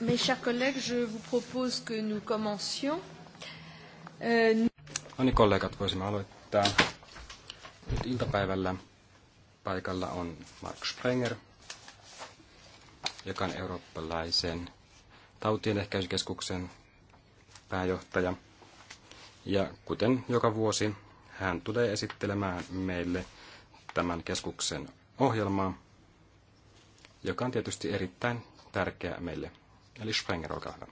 Mes chers collègues, je vous propose que nous commencions. Euh, no niin, kollegat, voisimme aloittaa. Nyt iltapäivällä paikalla on Mark Sprenger, joka on eurooppalaisen tautien ehkäisykeskuksen pääjohtaja. Ja kuten joka vuosi, hän tulee esittelemään meille tämän keskuksen ohjelmaa, joka on tietysti erittäin tärkeä meille Eli Sprenger, olkaa hyvä.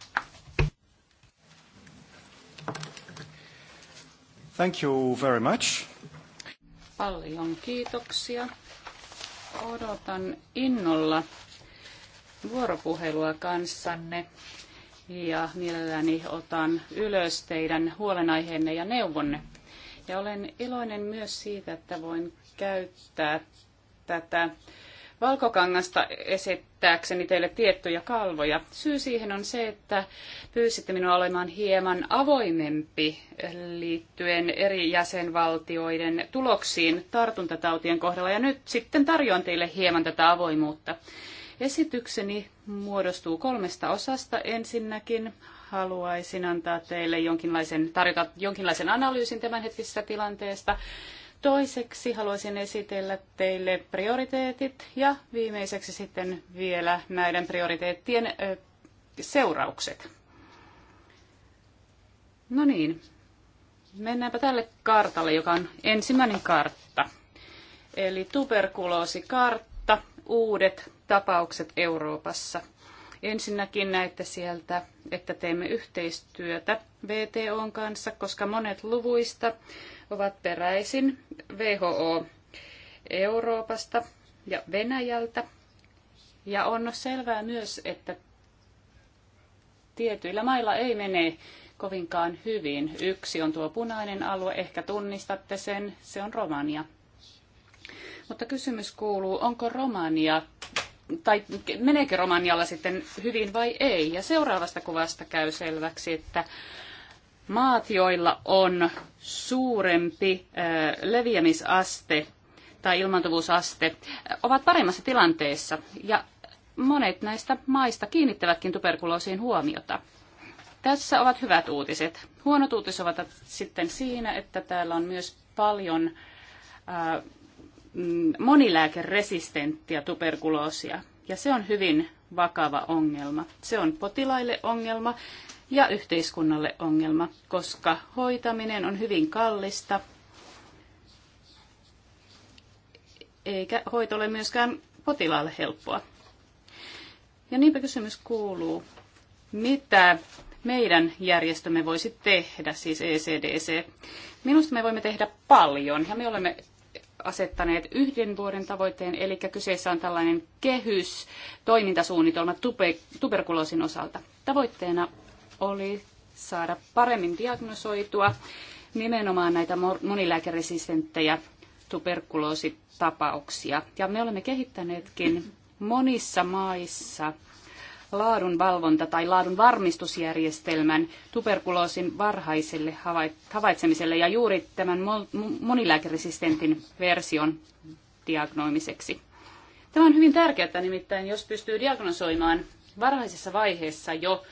Thank you very much. Paljon kiitoksia. Odotan innolla vuoropuhelua kanssanne ja mielelläni otan ylös teidän huolenaiheenne ja neuvonne. Ja olen iloinen myös siitä, että voin käyttää tätä Valkokangasta esittääkseni teille tiettyjä kalvoja. Syy siihen on se, että pyysitte minua olemaan hieman avoimempi liittyen eri jäsenvaltioiden tuloksiin tartuntatautien kohdalla. Ja nyt sitten tarjoan teille hieman tätä avoimuutta. Esitykseni muodostuu kolmesta osasta. Ensinnäkin haluaisin antaa teille jonkinlaisen, tarjota jonkinlaisen analyysin tämänhetkisestä tilanteesta. Toiseksi haluaisin esitellä teille prioriteetit ja viimeiseksi sitten vielä näiden prioriteettien seuraukset. No niin, mennäänpä tälle kartalle, joka on ensimmäinen kartta. Eli tuberkuloosikartta, uudet tapaukset Euroopassa. Ensinnäkin näette sieltä, että teemme yhteistyötä VTOn kanssa, koska monet luvuista ovat peräisin WHO Euroopasta ja Venäjältä. Ja on selvää myös, että tietyillä mailla ei mene kovinkaan hyvin. Yksi on tuo punainen alue, ehkä tunnistatte sen, se on Romania. Mutta kysymys kuuluu, onko Romania, tai meneekö Romanialla sitten hyvin vai ei? Ja seuraavasta kuvasta käy selväksi, että Maat, joilla on suurempi leviämisaste tai ilmantuvuusaste, ovat paremmassa tilanteessa ja monet näistä maista kiinnittävätkin tuberkuloosiin huomiota. Tässä ovat hyvät uutiset. Huonot uutiset ovat sitten siinä, että täällä on myös paljon mm, monilääkeresistenttiä tuberkuloosia. Ja se on hyvin vakava ongelma. Se on potilaille ongelma, ja yhteiskunnalle ongelma, koska hoitaminen on hyvin kallista, eikä hoito ole myöskään potilaalle helppoa. Ja niinpä kysymys kuuluu, mitä meidän järjestömme voisi tehdä, siis ECDC. Minusta me voimme tehdä paljon ja me olemme asettaneet yhden vuoden tavoitteen, eli kyseessä on tällainen kehys, toimintasuunnitelma tuberkuloosin osalta. Tavoitteena oli saada paremmin diagnosoitua nimenomaan näitä monilääkeresistenttejä tuberkuloositapauksia. Ja me olemme kehittäneetkin monissa maissa laadunvalvonta- tai laadun varmistusjärjestelmän tuberkuloosin varhaiselle havaitsemiselle ja juuri tämän monilääkeresistentin version diagnoimiseksi. Tämä on hyvin tärkeää nimittäin, jos pystyy diagnosoimaan varhaisessa vaiheessa jo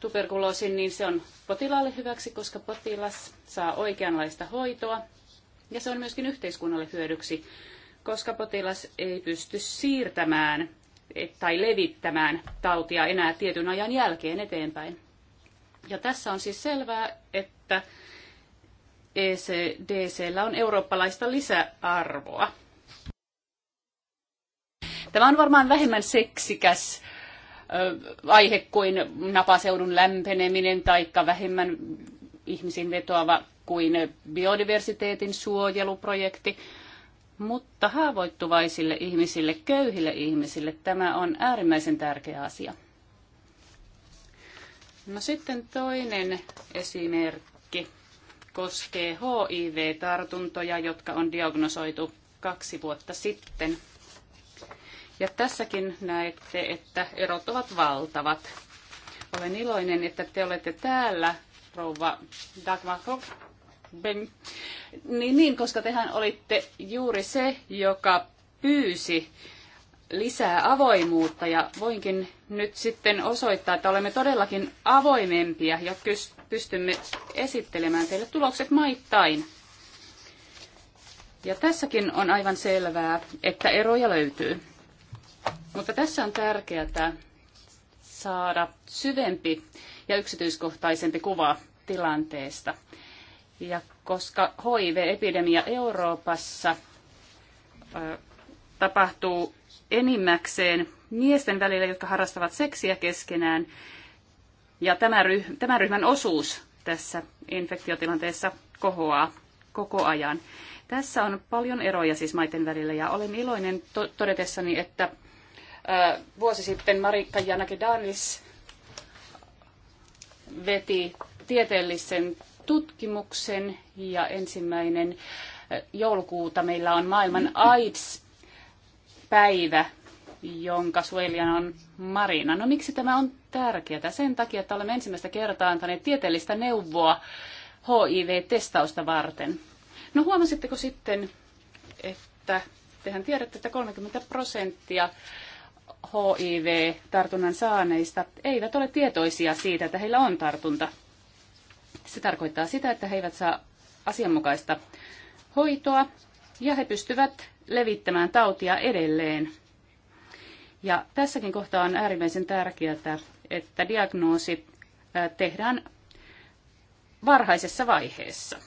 tuberkuloosin, niin se on potilaalle hyväksi, koska potilas saa oikeanlaista hoitoa. Ja se on myöskin yhteiskunnalle hyödyksi, koska potilas ei pysty siirtämään tai levittämään tautia enää tietyn ajan jälkeen eteenpäin. Ja tässä on siis selvää, että ECDCllä on eurooppalaista lisäarvoa. Tämä on varmaan vähemmän seksikäs aihe kuin napaseudun lämpeneminen tai vähemmän ihmisiin vetoava kuin biodiversiteetin suojeluprojekti. Mutta haavoittuvaisille ihmisille, köyhille ihmisille tämä on äärimmäisen tärkeä asia. No sitten toinen esimerkki koskee HIV-tartuntoja, jotka on diagnosoitu kaksi vuotta sitten – ja tässäkin näette, että erot ovat valtavat. Olen iloinen, että te olette täällä, rouva Dagmar Ben. Niin, niin, koska tehän olitte juuri se, joka pyysi lisää avoimuutta ja voinkin nyt sitten osoittaa, että olemme todellakin avoimempia ja pystymme esittelemään teille tulokset maittain. Ja tässäkin on aivan selvää, että eroja löytyy. Mutta tässä on tärkeää saada syvempi ja yksityiskohtaisempi kuva tilanteesta. Ja koska HIV-epidemia Euroopassa tapahtuu enimmäkseen miesten välillä, jotka harrastavat seksiä keskenään, ja tämän ryhmän osuus tässä infektiotilanteessa kohoaa koko ajan. Tässä on paljon eroja siis maiden välillä ja olen iloinen to- todetessani, että vuosi sitten Marikka Janakidanis veti tieteellisen tutkimuksen ja ensimmäinen joulukuuta meillä on maailman AIDS-päivä, jonka suojelijana on Marina. No miksi tämä on tärkeää? Sen takia, että olemme ensimmäistä kertaa antaneet tieteellistä neuvoa HIV-testausta varten. No huomasitteko sitten, että tehän tiedätte, että 30 prosenttia HIV-tartunnan saaneista eivät ole tietoisia siitä, että heillä on tartunta. Se tarkoittaa sitä, että he eivät saa asianmukaista hoitoa ja he pystyvät levittämään tautia edelleen. Ja tässäkin kohtaa on äärimmäisen tärkeää, että diagnoosi tehdään varhaisessa vaiheessa.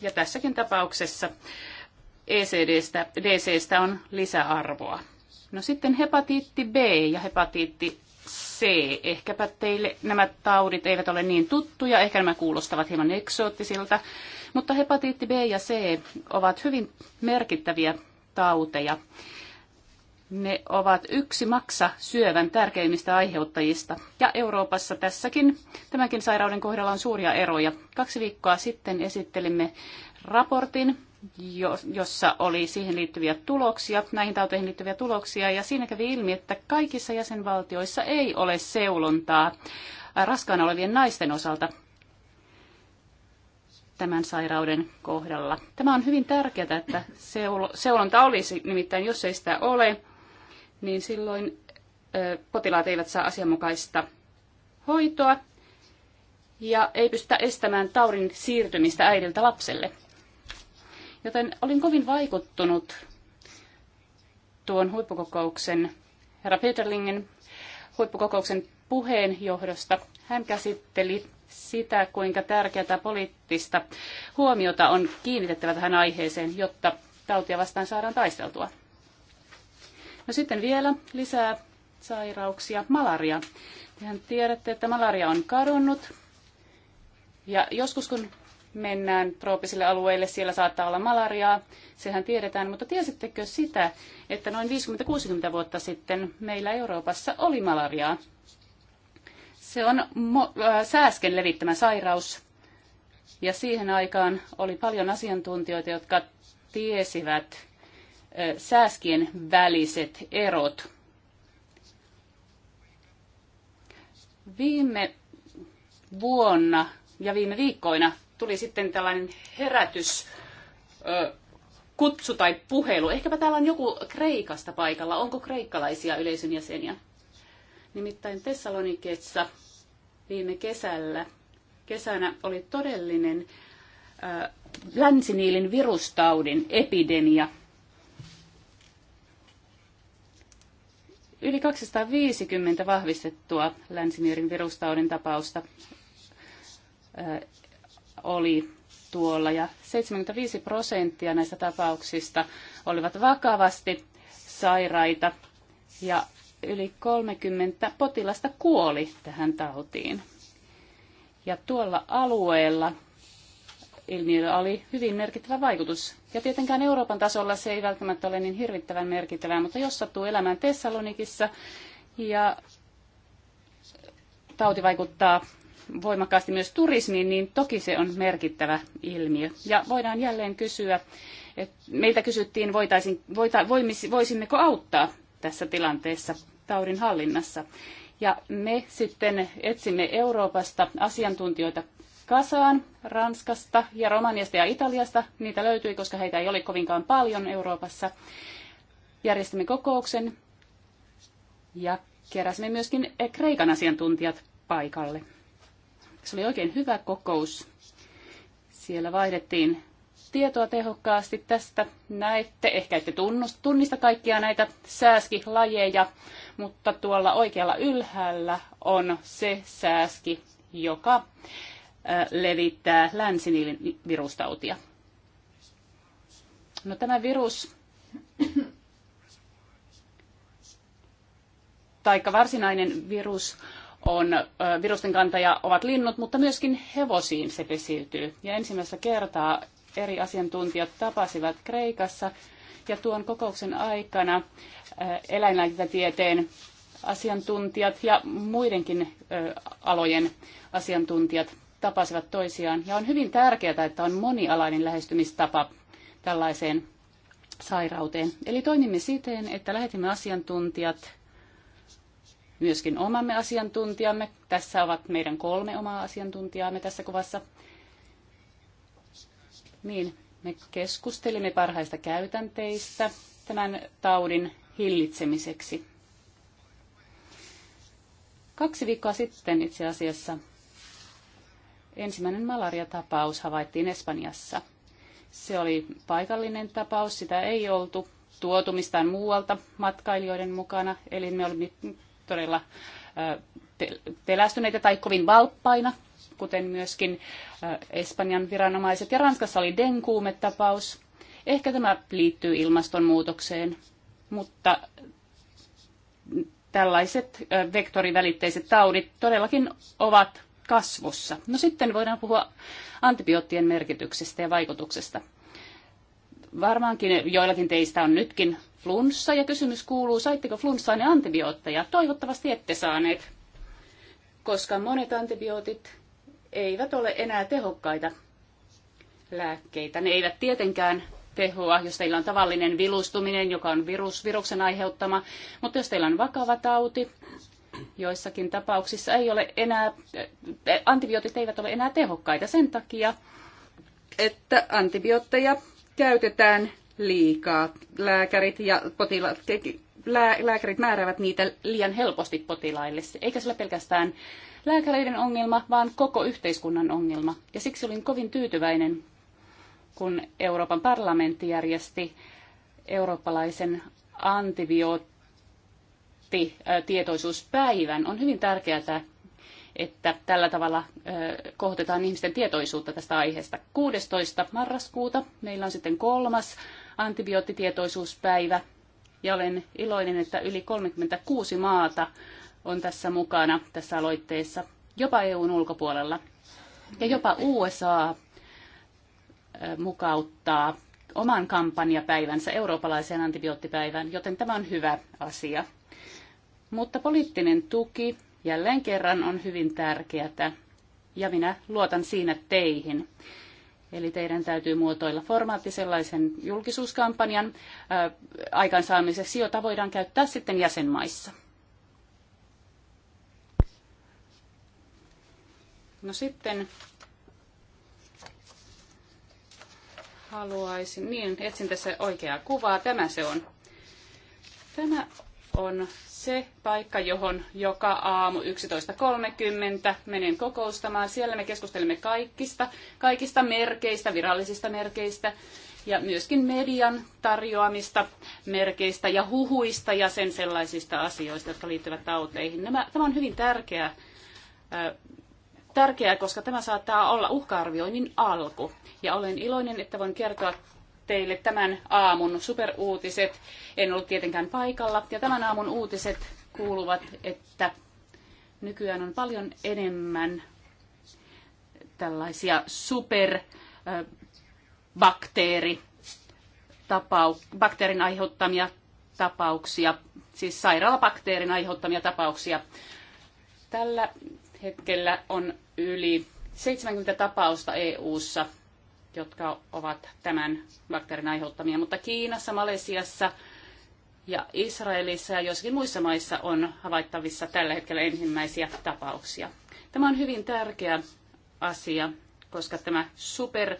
Ja tässäkin tapauksessa ECDstä, DCstä on lisäarvoa. No sitten hepatiitti B ja hepatiitti C. Ehkäpä teille nämä taudit eivät ole niin tuttuja, ehkä nämä kuulostavat hieman eksoottisilta, mutta hepatiitti B ja C ovat hyvin merkittäviä tauteja. Ne ovat yksi maksa syövän tärkeimmistä aiheuttajista. Ja Euroopassa tässäkin tämänkin sairauden kohdalla on suuria eroja. Kaksi viikkoa sitten esittelimme raportin jossa oli siihen liittyviä tuloksia, näihin tauteihin liittyviä tuloksia, ja siinä kävi ilmi, että kaikissa jäsenvaltioissa ei ole seulontaa raskaana olevien naisten osalta tämän sairauden kohdalla. Tämä on hyvin tärkeää, että seulonta olisi, nimittäin jos ei sitä ole, niin silloin potilaat eivät saa asianmukaista hoitoa ja ei pystytä estämään taudin siirtymistä äidiltä lapselle. Joten olin kovin vaikuttunut tuon huippukokouksen, herra Peterlingen huippukokouksen puheen johdosta. Hän käsitteli sitä, kuinka tärkeää poliittista huomiota on kiinnitettävä tähän aiheeseen, jotta tautia vastaan saadaan taisteltua. No sitten vielä lisää sairauksia. Malaria. Tehän tiedätte, että malaria on kadonnut. Ja joskus kun mennään trooppisille alueille, siellä saattaa olla malariaa, sehän tiedetään, mutta tiesittekö sitä, että noin 50-60 vuotta sitten meillä Euroopassa oli malariaa? Se on äh, sääsken levittämä sairaus, ja siihen aikaan oli paljon asiantuntijoita, jotka tiesivät äh, sääskien väliset erot. Viime vuonna ja viime viikkoina tuli sitten tällainen herätys kutsu tai puhelu. Ehkäpä täällä on joku Kreikasta paikalla. Onko kreikkalaisia yleisön jäseniä? Nimittäin Tessalonikessa viime kesällä, kesänä oli todellinen äh, länsiniilin virustaudin epidemia. Yli 250 vahvistettua länsiniirin virustaudin tapausta oli tuolla ja 75 prosenttia näistä tapauksista olivat vakavasti sairaita ja yli 30 potilasta kuoli tähän tautiin. Ja tuolla alueella ilmiöllä oli hyvin merkittävä vaikutus. Ja tietenkään Euroopan tasolla se ei välttämättä ole niin hirvittävän merkittävää, mutta jos sattuu elämään Tessalonikissa ja tauti vaikuttaa voimakkaasti myös turismiin, niin toki se on merkittävä ilmiö. Ja voidaan jälleen kysyä, että meiltä kysyttiin, voitaisin, voita, voisimmeko auttaa tässä tilanteessa taudin hallinnassa. Ja me sitten etsimme Euroopasta asiantuntijoita kasaan Ranskasta ja Romaniasta ja Italiasta. Niitä löytyi, koska heitä ei ole kovinkaan paljon Euroopassa. Järjestimme kokouksen ja keräsimme myöskin Kreikan asiantuntijat paikalle. Se oli oikein hyvä kokous. Siellä vaihdettiin tietoa tehokkaasti tästä. Näette, ehkä ette tunnista kaikkia näitä sääskilajeja, mutta tuolla oikealla ylhäällä on se sääski, joka äh, levittää länsinilin virustautia. No tämä virus, taikka varsinainen virus, on virusten kantaja ovat linnut, mutta myöskin hevosiin se pesiytyy. Ja ensimmäistä kertaa eri asiantuntijat tapasivat Kreikassa ja tuon kokouksen aikana eläinlääkintätieteen asiantuntijat ja muidenkin alojen asiantuntijat tapasivat toisiaan. Ja on hyvin tärkeää, että on monialainen lähestymistapa tällaiseen sairauteen. Eli toimimme siten, että lähetimme asiantuntijat myöskin omamme asiantuntijamme. Tässä ovat meidän kolme omaa asiantuntijaamme tässä kuvassa. Niin, me keskustelimme parhaista käytänteistä tämän taudin hillitsemiseksi. Kaksi viikkoa sitten itse asiassa ensimmäinen malariatapaus havaittiin Espanjassa. Se oli paikallinen tapaus, sitä ei oltu tuotumistaan muualta matkailijoiden mukana, eli me olimme todella pelästyneitä tai kovin valppaina, kuten myöskin Espanjan viranomaiset. Ja Ranskassa oli denkuumetapaus. Ehkä tämä liittyy ilmastonmuutokseen, mutta tällaiset vektorivälitteiset taudit todellakin ovat kasvussa. No sitten voidaan puhua antibioottien merkityksestä ja vaikutuksesta. Varmaankin joillakin teistä on nytkin flunssa ja kysymys kuuluu, saitteko flunssaan ne antibiootteja? Toivottavasti ette saaneet, koska monet antibiootit eivät ole enää tehokkaita lääkkeitä. Ne eivät tietenkään tehoa, jos teillä on tavallinen vilustuminen, joka on virus, viruksen aiheuttama, mutta jos teillä on vakava tauti, joissakin tapauksissa ei ole enää, eh, antibiootit eivät ole enää tehokkaita sen takia, että antibiootteja käytetään liikaa. Lääkärit ja potilaat, lääkärit määräävät niitä liian helposti potilaille. Eikä se ole pelkästään lääkäreiden ongelma, vaan koko yhteiskunnan ongelma. Ja siksi olin kovin tyytyväinen, kun Euroopan parlamentti järjesti eurooppalaisen antibioottitietoisuuspäivän. On hyvin tärkeää, että tällä tavalla kohotetaan ihmisten tietoisuutta tästä aiheesta. 16. marraskuuta meillä on sitten kolmas antibioottitietoisuuspäivä ja olen iloinen, että yli 36 maata on tässä mukana tässä aloitteessa, jopa EUn ulkopuolella. Ja jopa USA mukauttaa oman kampanjapäivänsä eurooppalaiseen antibioottipäivään, joten tämä on hyvä asia. Mutta poliittinen tuki jälleen kerran on hyvin tärkeää ja minä luotan siinä teihin. Eli teidän täytyy muotoilla formaatti sellaisen julkisuuskampanjan ää, äh, aikaansaamiseksi, jota voidaan käyttää sitten jäsenmaissa. No sitten haluaisin, niin etsin tässä oikeaa kuvaa, tämä se on. Tämä on se paikka, johon joka aamu 11.30 menen kokoustamaan. Siellä me keskustelemme kaikista, kaikista merkeistä, virallisista merkeistä ja myöskin median tarjoamista merkeistä ja huhuista ja sen sellaisista asioista, jotka liittyvät tauteihin. Nämä, tämä on hyvin tärkeä, tärkeää, koska tämä saattaa olla uhka-arvioinnin alku. Ja olen iloinen, että voin kertoa teille tämän aamun superuutiset. En ollut tietenkään paikalla. Ja tämän aamun uutiset kuuluvat, että nykyään on paljon enemmän tällaisia superbakteeri bakteerin aiheuttamia tapauksia, siis sairaalabakteerin aiheuttamia tapauksia. Tällä hetkellä on yli 70 tapausta EU:ssa jotka ovat tämän bakteerin aiheuttamia. Mutta Kiinassa, Malesiassa ja Israelissa ja joissakin muissa maissa on havaittavissa tällä hetkellä ensimmäisiä tapauksia. Tämä on hyvin tärkeä asia, koska tämä superpöpö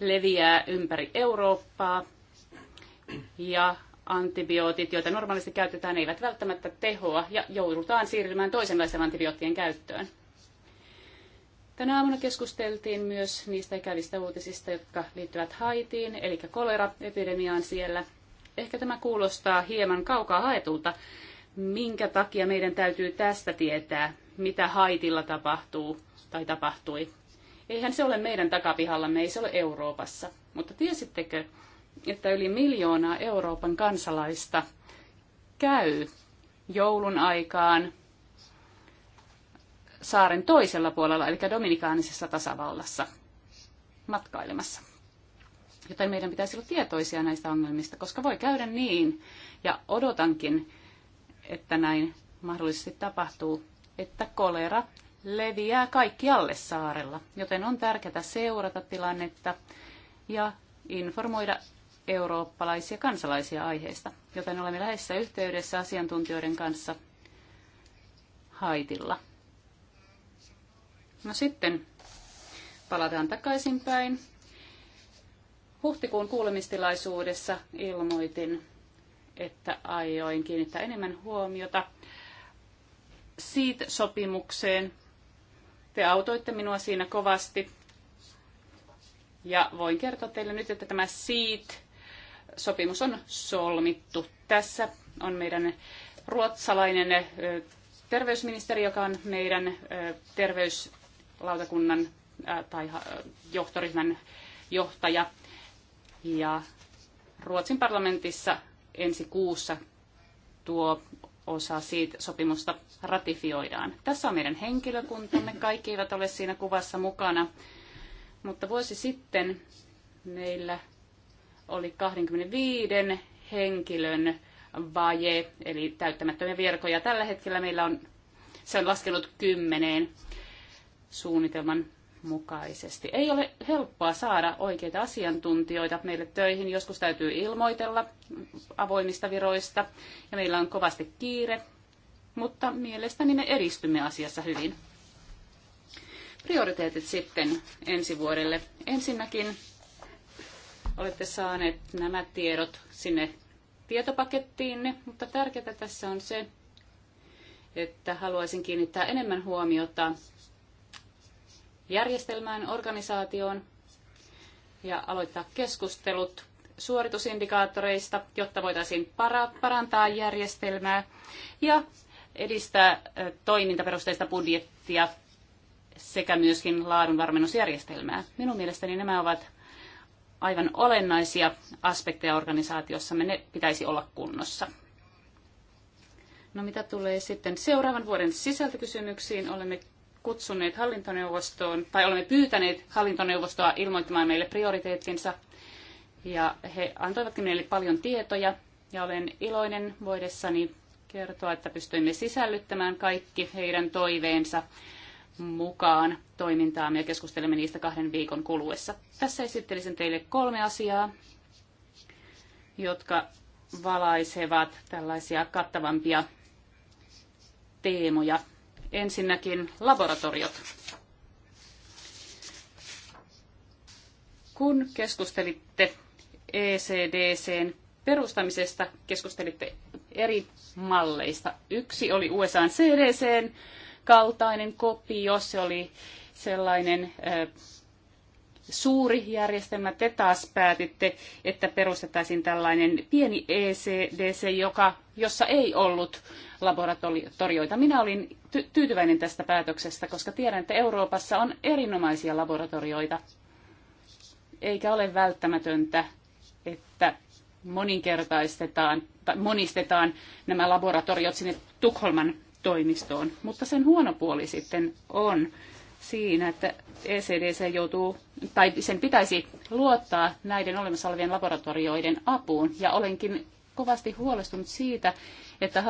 leviää ympäri Eurooppaa ja antibiootit, joita normaalisti käytetään, eivät välttämättä tehoa ja joudutaan siirtymään toisenlaisen antibioottien käyttöön. Tänä aamuna keskusteltiin myös niistä ikävistä uutisista, jotka liittyvät Haitiin, eli koleraepidemiaan siellä. Ehkä tämä kuulostaa hieman kaukaa haetulta, minkä takia meidän täytyy tästä tietää, mitä Haitilla tapahtuu tai tapahtui. Eihän se ole meidän takapihallamme, ei se ole Euroopassa. Mutta tiesittekö, että yli miljoonaa Euroopan kansalaista käy joulun aikaan saaren toisella puolella, eli Dominikaanisessa tasavallassa matkailemassa. Joten meidän pitäisi olla tietoisia näistä ongelmista, koska voi käydä niin, ja odotankin, että näin mahdollisesti tapahtuu, että kolera leviää kaikkialle saarella, joten on tärkeää seurata tilannetta ja informoida eurooppalaisia kansalaisia aiheesta, joten olemme läheisessä yhteydessä asiantuntijoiden kanssa Haitilla. No sitten palataan takaisinpäin. Huhtikuun kuulemistilaisuudessa ilmoitin, että aioin kiinnittää enemmän huomiota siitä sopimukseen. Te autoitte minua siinä kovasti. Ja voin kertoa teille nyt, että tämä siit sopimus on solmittu. Tässä on meidän ruotsalainen terveysministeri, joka on meidän terveys lautakunnan äh, tai äh, johtoryhmän johtaja. Ja Ruotsin parlamentissa ensi kuussa tuo osa siitä sopimusta ratifioidaan. Tässä on meidän henkilökuntamme. Kaikki eivät ole siinä kuvassa mukana. Mutta vuosi sitten meillä oli 25 henkilön vaje, eli täyttämättömiä virkoja. Tällä hetkellä meillä on, se on laskenut kymmeneen suunnitelman mukaisesti. Ei ole helppoa saada oikeita asiantuntijoita meille töihin. Joskus täytyy ilmoitella avoimista viroista ja meillä on kovasti kiire, mutta mielestäni me edistymme asiassa hyvin. Prioriteetit sitten ensi vuodelle. Ensinnäkin olette saaneet nämä tiedot sinne tietopakettiinne, mutta tärkeää tässä on se, että haluaisin kiinnittää enemmän huomiota järjestelmään, organisaatioon ja aloittaa keskustelut suoritusindikaattoreista, jotta voitaisiin para- parantaa järjestelmää ja edistää toimintaperusteista budjettia sekä myöskin laadunvarmennusjärjestelmää. Minun mielestäni nämä ovat aivan olennaisia aspekteja organisaatiossamme, ne pitäisi olla kunnossa. No mitä tulee sitten seuraavan vuoden sisältökysymyksiin, olemme kutsuneet hallintoneuvostoon, tai olemme pyytäneet hallintoneuvostoa ilmoittamaan meille prioriteettinsa, ja he antoivatkin meille paljon tietoja, ja olen iloinen voidessani kertoa, että pystyimme sisällyttämään kaikki heidän toiveensa mukaan toimintaamme ja keskustelemme niistä kahden viikon kuluessa. Tässä esittelisin teille kolme asiaa, jotka valaisevat tällaisia kattavampia teemoja Ensinnäkin laboratoriot. Kun keskustelitte ECDCn perustamisesta, keskustelitte eri malleista. Yksi oli USAn CDCn kaltainen kopio, se oli sellainen suuri järjestelmä. Te taas päätitte, että perustettaisiin tällainen pieni ECDC, joka, jossa ei ollut laboratorioita. Minä olin ty- tyytyväinen tästä päätöksestä, koska tiedän, että Euroopassa on erinomaisia laboratorioita, eikä ole välttämätöntä, että moninkertaistetaan tai monistetaan nämä laboratoriot sinne Tukholman toimistoon. Mutta sen huono puoli sitten on siinä, että ECDC joutuu, tai sen pitäisi luottaa näiden olemassa olevien laboratorioiden apuun. Ja olenkin kovasti huolestunut siitä, että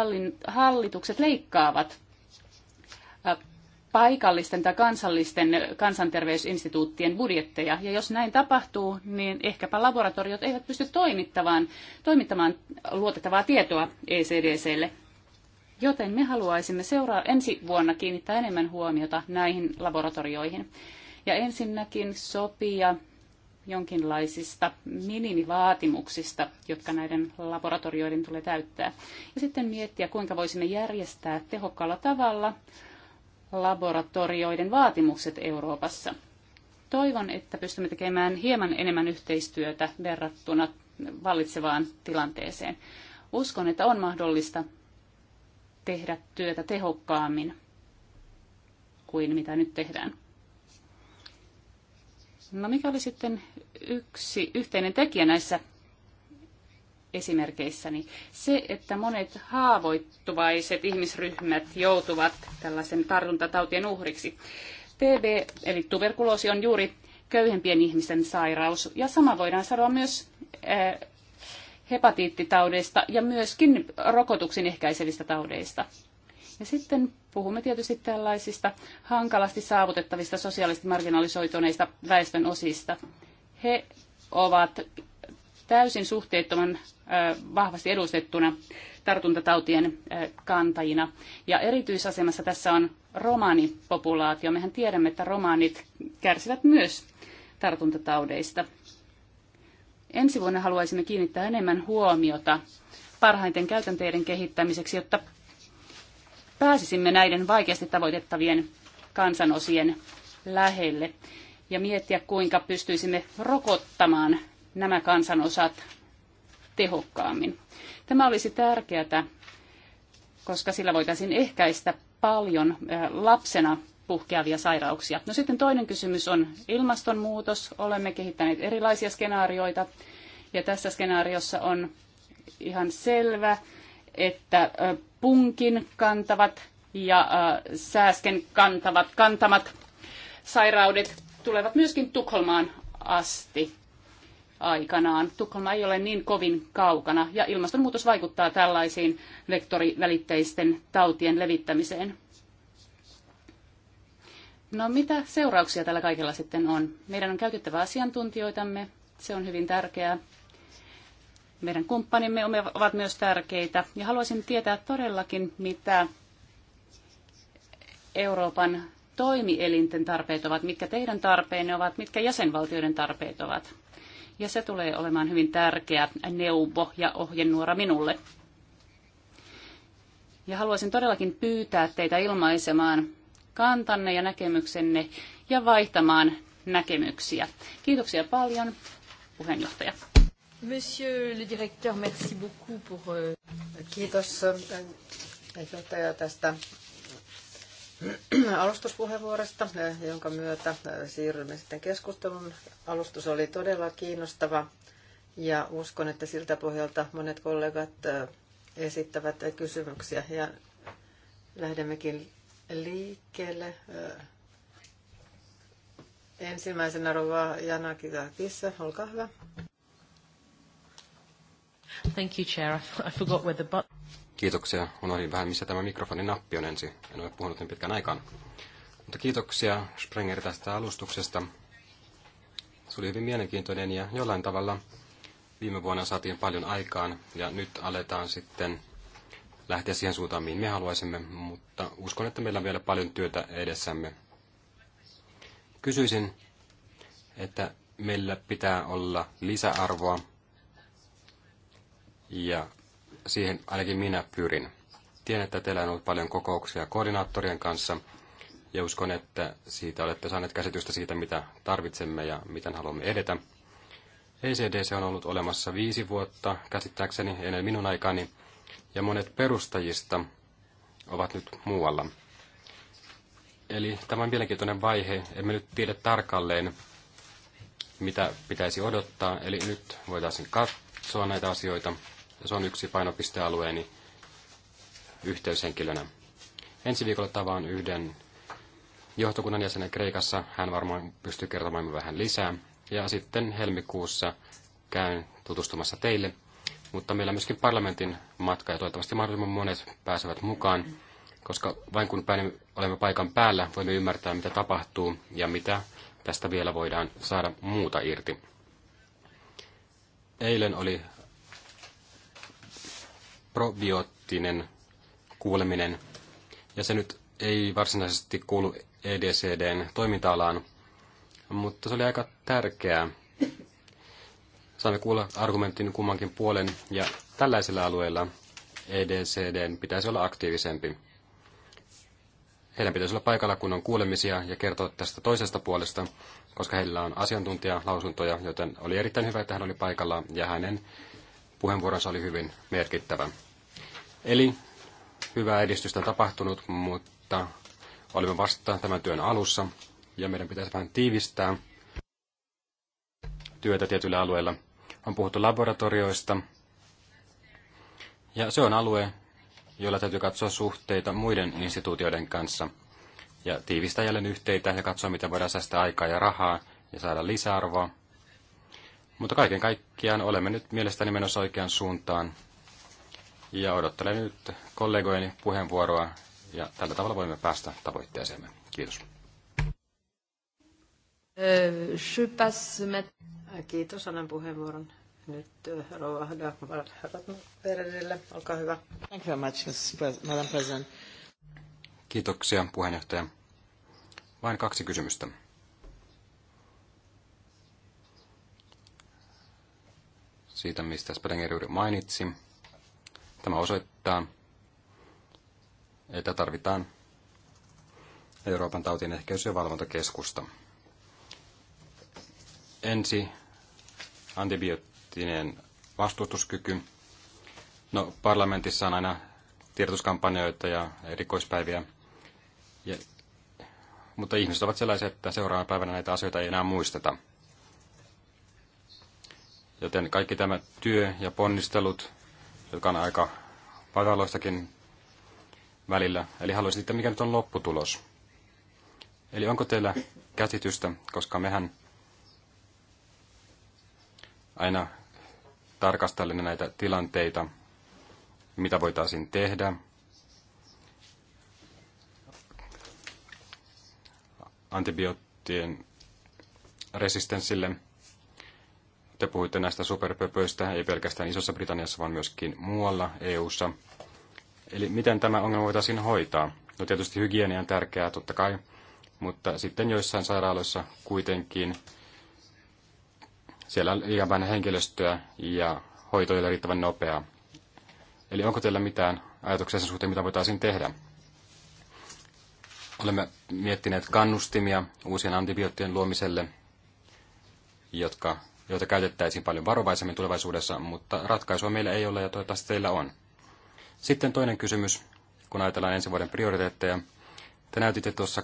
hallitukset leikkaavat paikallisten tai kansallisten kansanterveysinstituuttien budjetteja. Ja jos näin tapahtuu, niin ehkäpä laboratoriot eivät pysty toimittamaan, toimittamaan luotettavaa tietoa ECDClle. Joten me haluaisimme seuraa ensi vuonna kiinnittää enemmän huomiota näihin laboratorioihin. Ja ensinnäkin sopia jonkinlaisista minimivaatimuksista, jotka näiden laboratorioiden tulee täyttää. Ja sitten miettiä, kuinka voisimme järjestää tehokkaalla tavalla laboratorioiden vaatimukset Euroopassa. Toivon, että pystymme tekemään hieman enemmän yhteistyötä verrattuna vallitsevaan tilanteeseen. Uskon, että on mahdollista tehdä työtä tehokkaammin kuin mitä nyt tehdään. No mikä oli sitten yksi yhteinen tekijä näissä esimerkeissä, niin se, että monet haavoittuvaiset ihmisryhmät joutuvat tällaisen tartuntatautien uhriksi. TB eli tuberkuloosi on juuri köyhempien ihmisten sairaus ja sama voidaan sanoa myös eh, hepatiittitaudeista ja myöskin rokotuksen ehkäisevistä taudeista. Ja sitten puhumme tietysti tällaisista hankalasti saavutettavista sosiaalisesti marginalisoituneista väestön osista. He ovat täysin suhteettoman vahvasti edustettuna tartuntatautien kantajina. Ja erityisasemassa tässä on romaanipopulaatio. Mehän tiedämme, että romaanit kärsivät myös tartuntataudeista. Ensi vuonna haluaisimme kiinnittää enemmän huomiota parhaiten käytänteiden kehittämiseksi, jotta pääsisimme näiden vaikeasti tavoitettavien kansanosien lähelle ja miettiä, kuinka pystyisimme rokottamaan nämä kansanosat tehokkaammin. Tämä olisi tärkeää, koska sillä voitaisiin ehkäistä paljon lapsena puhkeavia sairauksia. No sitten toinen kysymys on ilmastonmuutos. Olemme kehittäneet erilaisia skenaarioita ja tässä skenaariossa on ihan selvä, että punkin kantavat ja äh, sääsken kantavat, kantamat sairaudet tulevat myöskin Tukholmaan asti aikanaan. Tukholma ei ole niin kovin kaukana ja ilmastonmuutos vaikuttaa tällaisiin vektorivälitteisten tautien levittämiseen. No mitä seurauksia tällä kaikella sitten on? Meidän on käytettävä asiantuntijoitamme, se on hyvin tärkeää meidän kumppanimme ovat myös tärkeitä. Ja haluaisin tietää todellakin, mitä Euroopan toimielinten tarpeet ovat, mitkä teidän tarpeenne ovat, mitkä jäsenvaltioiden tarpeet ovat. Ja se tulee olemaan hyvin tärkeä neuvo ja ohjenuora minulle. Ja haluaisin todellakin pyytää teitä ilmaisemaan kantanne ja näkemyksenne ja vaihtamaan näkemyksiä. Kiitoksia paljon, puheenjohtaja. Monsieur le directeur, merci beaucoup pour... Euh, Kiitos ähm, johtaja tästä alustuspuheenvuorosta, äh, jonka myötä äh, siirrymme sitten keskustelun. Alustus oli todella kiinnostava ja uskon, että siltä pohjalta monet kollegat äh, esittävät kysymyksiä ja lähdemmekin liikkeelle. Ensimmäisenä Rova Jana kisa, olkaa hyvä. Thank you, Chair. I forgot where the Kiitoksia. Unohdin vähän, missä tämä mikrofonin nappi on ensin. En ole puhunut niin pitkän aikaan. Mutta kiitoksia Sprenger tästä alustuksesta. Se oli hyvin mielenkiintoinen ja jollain tavalla viime vuonna saatiin paljon aikaan ja nyt aletaan sitten lähteä siihen suuntaan, mihin me haluaisimme, mutta uskon, että meillä on vielä paljon työtä edessämme. Kysyisin, että meillä pitää olla lisäarvoa ja siihen ainakin minä pyrin. Tiedän, että teillä on ollut paljon kokouksia koordinaattorien kanssa, ja uskon, että siitä olette saaneet käsitystä siitä, mitä tarvitsemme ja miten haluamme edetä. ECDC on ollut olemassa viisi vuotta, käsittääkseni ennen minun aikani, ja monet perustajista ovat nyt muualla. Eli tämä on mielenkiintoinen vaihe. Emme nyt tiedä tarkalleen, mitä pitäisi odottaa. Eli nyt voitaisiin katsoa näitä asioita. Se on yksi painopistealueeni yhteyshenkilönä. Ensi viikolla tavaan yhden johtokunnan jäsenen Kreikassa. Hän varmaan pystyy kertomaan vähän lisää. Ja sitten helmikuussa käyn tutustumassa teille. Mutta meillä on myöskin parlamentin matka ja toivottavasti mahdollisimman monet pääsevät mukaan, koska vain kun olemme paikan päällä, voimme ymmärtää, mitä tapahtuu ja mitä tästä vielä voidaan saada muuta irti. Eilen oli probioottinen kuuleminen, ja se nyt ei varsinaisesti kuulu EDCDn toiminta-alaan, mutta se oli aika tärkeää. Saamme kuulla argumentin kummankin puolen, ja tällaisilla alueilla EDCDn pitäisi olla aktiivisempi. Heidän pitäisi olla paikalla, kun on kuulemisia ja kertoa tästä toisesta puolesta, koska heillä on asiantuntijalausuntoja, joten oli erittäin hyvä, että hän oli paikalla ja hänen puheenvuoronsa oli hyvin merkittävä. Eli hyvää edistystä on tapahtunut, mutta olimme vasta tämän työn alussa ja meidän pitäisi vähän tiivistää työtä tietyillä alueilla. On puhuttu laboratorioista ja se on alue, jolla täytyy katsoa suhteita muiden instituutioiden kanssa ja tiivistää jälleen yhteitä ja katsoa, miten voidaan säästää aikaa ja rahaa ja saada lisäarvoa. Mutta kaiken kaikkiaan olemme nyt mielestäni menossa oikeaan suuntaan ja odottelen nyt kollegojeni puheenvuoroa ja tällä tavalla voimme päästä tavoitteeseemme. Kiitos. Äh, Kiitos, annan puheenvuoron nyt äh, rouva Ratnaperille. Olkaa hyvä. Thank you very much, Madam President. Kiitoksia, puheenjohtaja. Vain kaksi kysymystä. Siitä, mistä Spedengeri mainitsi, Tämä osoittaa, että tarvitaan Euroopan tautien ehkäisy- ja valvontakeskusta. Ensi antibioottinen vastustuskyky. No, parlamentissa on aina tiedotuskampanjoita ja erikoispäiviä. Ja, mutta ihmiset ovat sellaisia, että seuraavana päivänä näitä asioita ei enää muisteta. Joten kaikki tämä työ ja ponnistelut, joka on aika vakaloistakin välillä. Eli haluaisin sitten, mikä nyt on lopputulos. Eli onko teillä käsitystä, koska mehän aina tarkastelemme näitä tilanteita, mitä voitaisiin tehdä, antibioottien resistenssille. Te puhuitte näistä superpöpöistä, ei pelkästään Isossa Britanniassa, vaan myöskin muualla EU:ssa. Eli miten tämä ongelma voitaisiin hoitaa? No tietysti hygienia on tärkeää totta kai, mutta sitten joissain sairaaloissa kuitenkin siellä on liian vähän henkilöstöä ja hoito ei ole riittävän nopeaa. Eli onko teillä mitään ajatuksia sen suhteen, mitä voitaisiin tehdä? Olemme miettineet kannustimia uusien antibioottien luomiselle, jotka joita käytettäisiin paljon varovaisemmin tulevaisuudessa, mutta ratkaisua meillä ei ole ja toivottavasti teillä on. Sitten toinen kysymys, kun ajatellaan ensi vuoden prioriteetteja. Te näytitte tuossa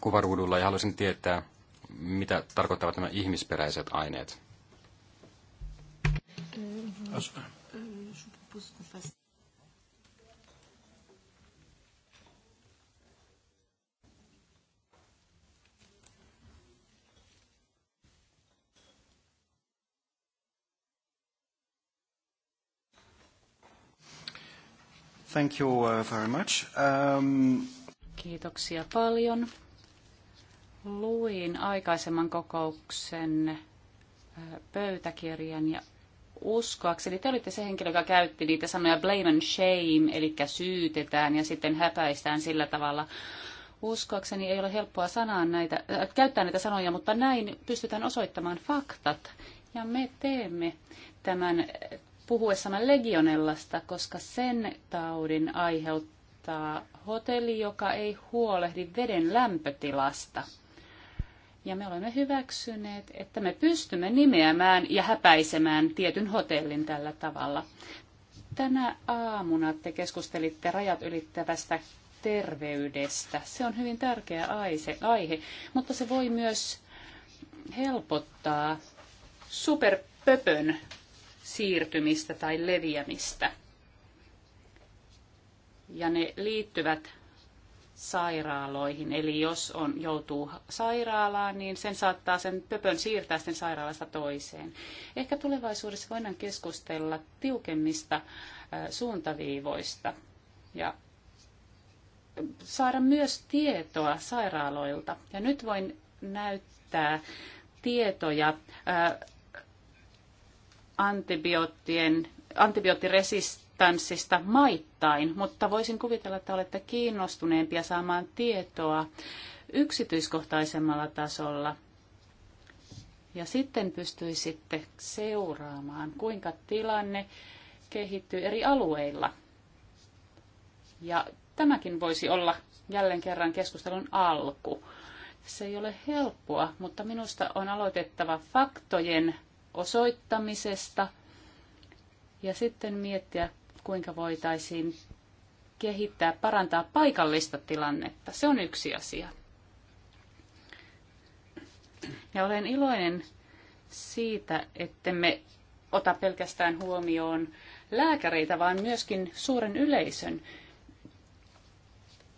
kuvaruudulla ja haluaisin tietää, mitä tarkoittavat nämä ihmisperäiset aineet. Mm-hmm. Thank you uh, very much. Um... Kiitoksia paljon. Luin aikaisemman kokouksen uh, pöytäkirjan ja uskoakseni te olitte se henkilö, joka käytti niitä sanoja blame and shame, eli syytetään ja sitten häpäistään sillä tavalla. Uskoakseni ei ole helppoa sanaa näitä, äh, käyttää näitä sanoja, mutta näin pystytään osoittamaan faktat. Ja me teemme tämän puhuessamme legionellasta, koska sen taudin aiheuttaa hotelli, joka ei huolehdi veden lämpötilasta. Ja me olemme hyväksyneet, että me pystymme nimeämään ja häpäisemään tietyn hotellin tällä tavalla. Tänä aamuna te keskustelitte rajat ylittävästä terveydestä. Se on hyvin tärkeä aihe, mutta se voi myös helpottaa superpöpön siirtymistä tai leviämistä. Ja ne liittyvät sairaaloihin. Eli jos on, joutuu sairaalaan, niin sen saattaa sen pöpön siirtää sen sairaalasta toiseen. Ehkä tulevaisuudessa voidaan keskustella tiukemmista suuntaviivoista ja saada myös tietoa sairaaloilta. Ja nyt voin näyttää tietoja antibioottien, antibioottiresistanssista maittain, mutta voisin kuvitella, että olette kiinnostuneempia saamaan tietoa yksityiskohtaisemmalla tasolla. Ja sitten pystyisitte seuraamaan, kuinka tilanne kehittyy eri alueilla. Ja tämäkin voisi olla jälleen kerran keskustelun alku. Se ei ole helppoa, mutta minusta on aloitettava faktojen osoittamisesta ja sitten miettiä, kuinka voitaisiin kehittää, parantaa paikallista tilannetta. Se on yksi asia. Ja olen iloinen siitä, että me ota pelkästään huomioon lääkäreitä, vaan myöskin suuren yleisön.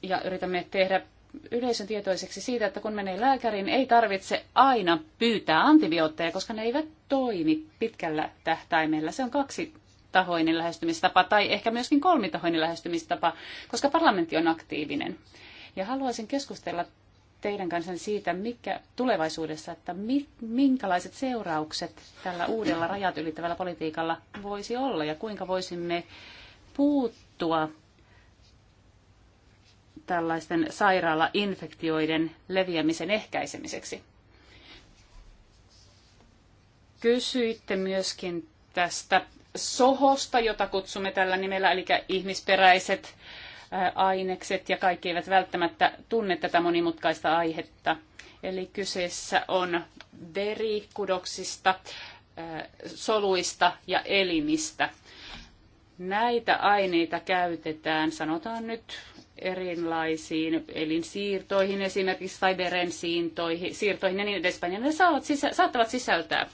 Ja yritämme tehdä yleisön tietoiseksi siitä, että kun menee lääkäriin, ei tarvitse aina pyytää antibiootteja, koska ne eivät toimi pitkällä tähtäimellä. Se on kaksi tahoinen lähestymistapa tai ehkä myöskin kolmitahoinen lähestymistapa, koska parlamentti on aktiivinen. Ja haluaisin keskustella teidän kanssanne siitä, mikä tulevaisuudessa, että minkälaiset seuraukset tällä uudella rajat ylittävällä politiikalla voisi olla ja kuinka voisimme puuttua tällaisten sairaalainfektioiden leviämisen ehkäisemiseksi. Kysyitte myöskin tästä sohosta, jota kutsumme tällä nimellä, eli ihmisperäiset ainekset, ja kaikki eivät välttämättä tunne tätä monimutkaista aihetta. Eli kyseessä on verikudoksista, soluista ja elimistä. Näitä aineita käytetään, sanotaan nyt erilaisiin elinsiirtoihin, esimerkiksi tai siirtoihin ja niin edespäin. Ja ne saavat sisä, saattavat sisältää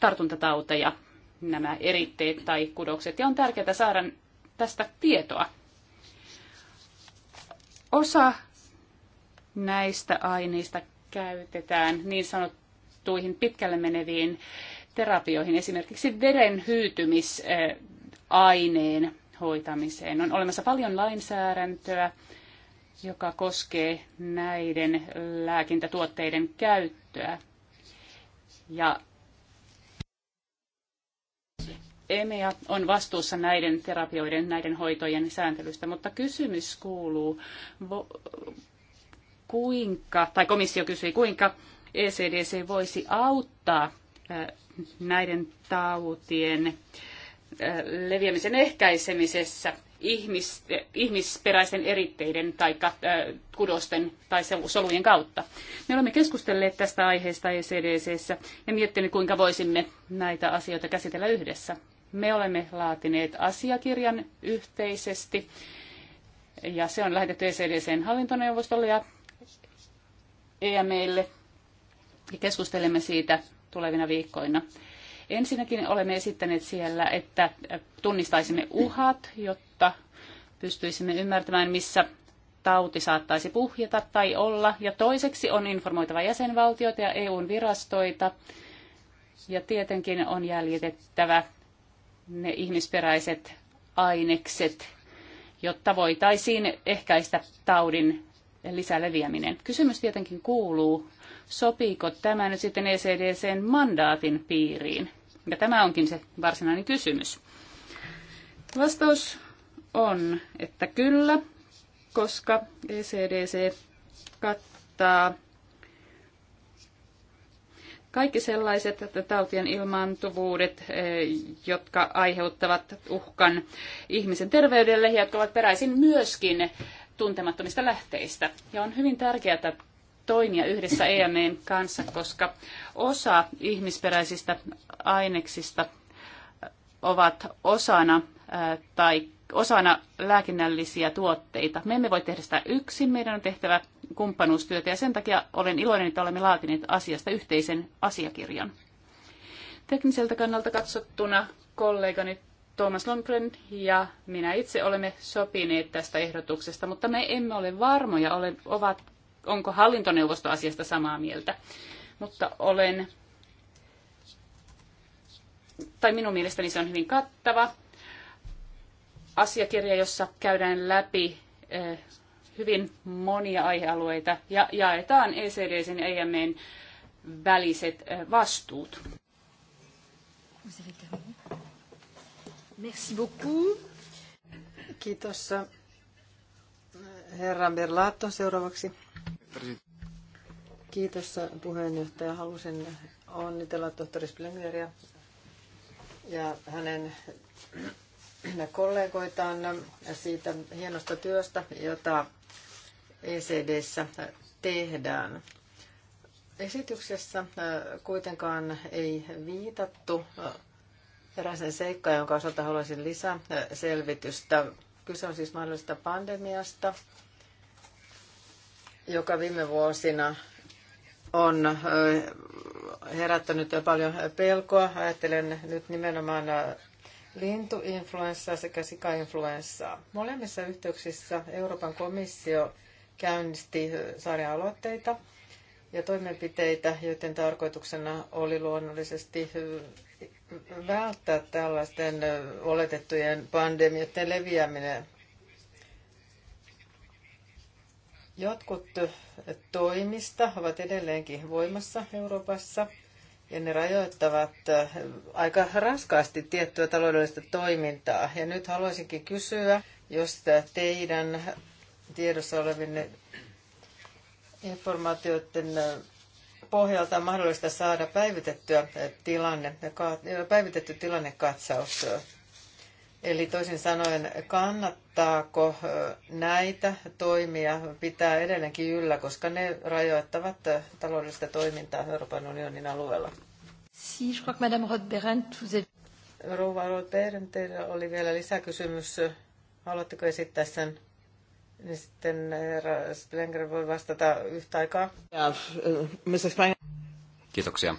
tartuntatauteja, nämä eritteet tai kudokset. Ja on tärkeää saada tästä tietoa. Osa näistä aineista käytetään niin sanottuihin pitkälle meneviin terapioihin, esimerkiksi veren hyytymisaineen eh, hoitamiseen. On olemassa paljon lainsäädäntöä, joka koskee näiden lääkintätuotteiden käyttöä. Ja EMEA on vastuussa näiden terapioiden, näiden hoitojen sääntelystä, mutta kysymys kuuluu, kuinka, tai komissio kysyi, kuinka ECDC voisi auttaa näiden tautien leviämisen ehkäisemisessä ihmis, ihmisperäisten eritteiden tai äh, kudosten tai solujen kautta. Me olemme keskustelleet tästä aiheesta ECDCssä ja miettineet, kuinka voisimme näitä asioita käsitellä yhdessä. Me olemme laatineet asiakirjan yhteisesti ja se on lähetetty ECDCn hallintoneuvostolle ja EMEille ja keskustelemme siitä tulevina viikkoina. Ensinnäkin olemme esittäneet siellä, että tunnistaisimme uhat, jotta pystyisimme ymmärtämään, missä tauti saattaisi puhjeta tai olla. Ja toiseksi on informoitava jäsenvaltioita ja EUn virastoita. Ja tietenkin on jäljitettävä ne ihmisperäiset ainekset, jotta voitaisiin ehkäistä taudin lisäleviäminen. Kysymys tietenkin kuuluu, sopiiko tämä nyt sitten ECDCn mandaatin piiriin? Ja tämä onkin se varsinainen kysymys. Vastaus on, että kyllä, koska ECDC kattaa kaikki sellaiset tautien ilmaantuvuudet, e, jotka aiheuttavat uhkan ihmisen terveydelle ja jotka ovat peräisin myöskin tuntemattomista lähteistä. Ja on hyvin tärkeää toimia yhdessä EMEn kanssa, koska osa ihmisperäisistä aineksista ovat osana tai osana lääkinnällisiä tuotteita. Me emme voi tehdä sitä yksin, meidän on tehtävä kumppanuustyötä ja sen takia olen iloinen, että olemme laatineet asiasta yhteisen asiakirjan. Tekniseltä kannalta katsottuna kollegani Thomas Lundgren ja minä itse olemme sopineet tästä ehdotuksesta, mutta me emme ole varmoja, ole, ovat, onko hallintoneuvosto asiasta samaa mieltä mutta olen, tai minun mielestäni se on hyvin kattava asiakirja, jossa käydään läpi eh, hyvin monia aihealueita ja jaetaan ECDCn ja EMEn väliset eh, vastuut. Merci beaucoup. Kiitos. Eh, herra Berlato seuraavaksi. Kiitos puheenjohtaja. Halusin onnitella tohtori Splengeria ja hänen kollegoitaan siitä hienosta työstä, jota ECDssä tehdään. Esityksessä kuitenkaan ei viitattu eräisen seikkaan, jonka osalta haluaisin lisää selvitystä. Kyse on siis mahdollisesta pandemiasta, joka viime vuosina on herättänyt paljon pelkoa. Ajattelen nyt nimenomaan lintuinfluenssaa sekä sikainfluenssaa. Molemmissa yhteyksissä Euroopan komissio käynnisti sarja-aloitteita ja toimenpiteitä, joiden tarkoituksena oli luonnollisesti välttää tällaisten oletettujen pandemioiden leviäminen Jotkut toimista ovat edelleenkin voimassa Euroopassa ja ne rajoittavat aika raskaasti tiettyä taloudellista toimintaa. Ja nyt haluaisinkin kysyä, jos teidän tiedossa olevien informaatioiden pohjalta on mahdollista saada päivitettyä tilanne, päivitetty tilannekatsaus Eli toisin sanoen, kannattaako näitä toimia pitää edelleenkin yllä, koska ne rajoittavat taloudellista toimintaa Euroopan unionin alueella? Si, je crois que Madame Rothberent, vous avez... Rouva Rothberent, teillä oli vielä lisäkysymys. Haluatteko esittää sen? Niin sitten äh, herra Splenger voi vastata yhtä aikaa. Äh, Kiitoksia.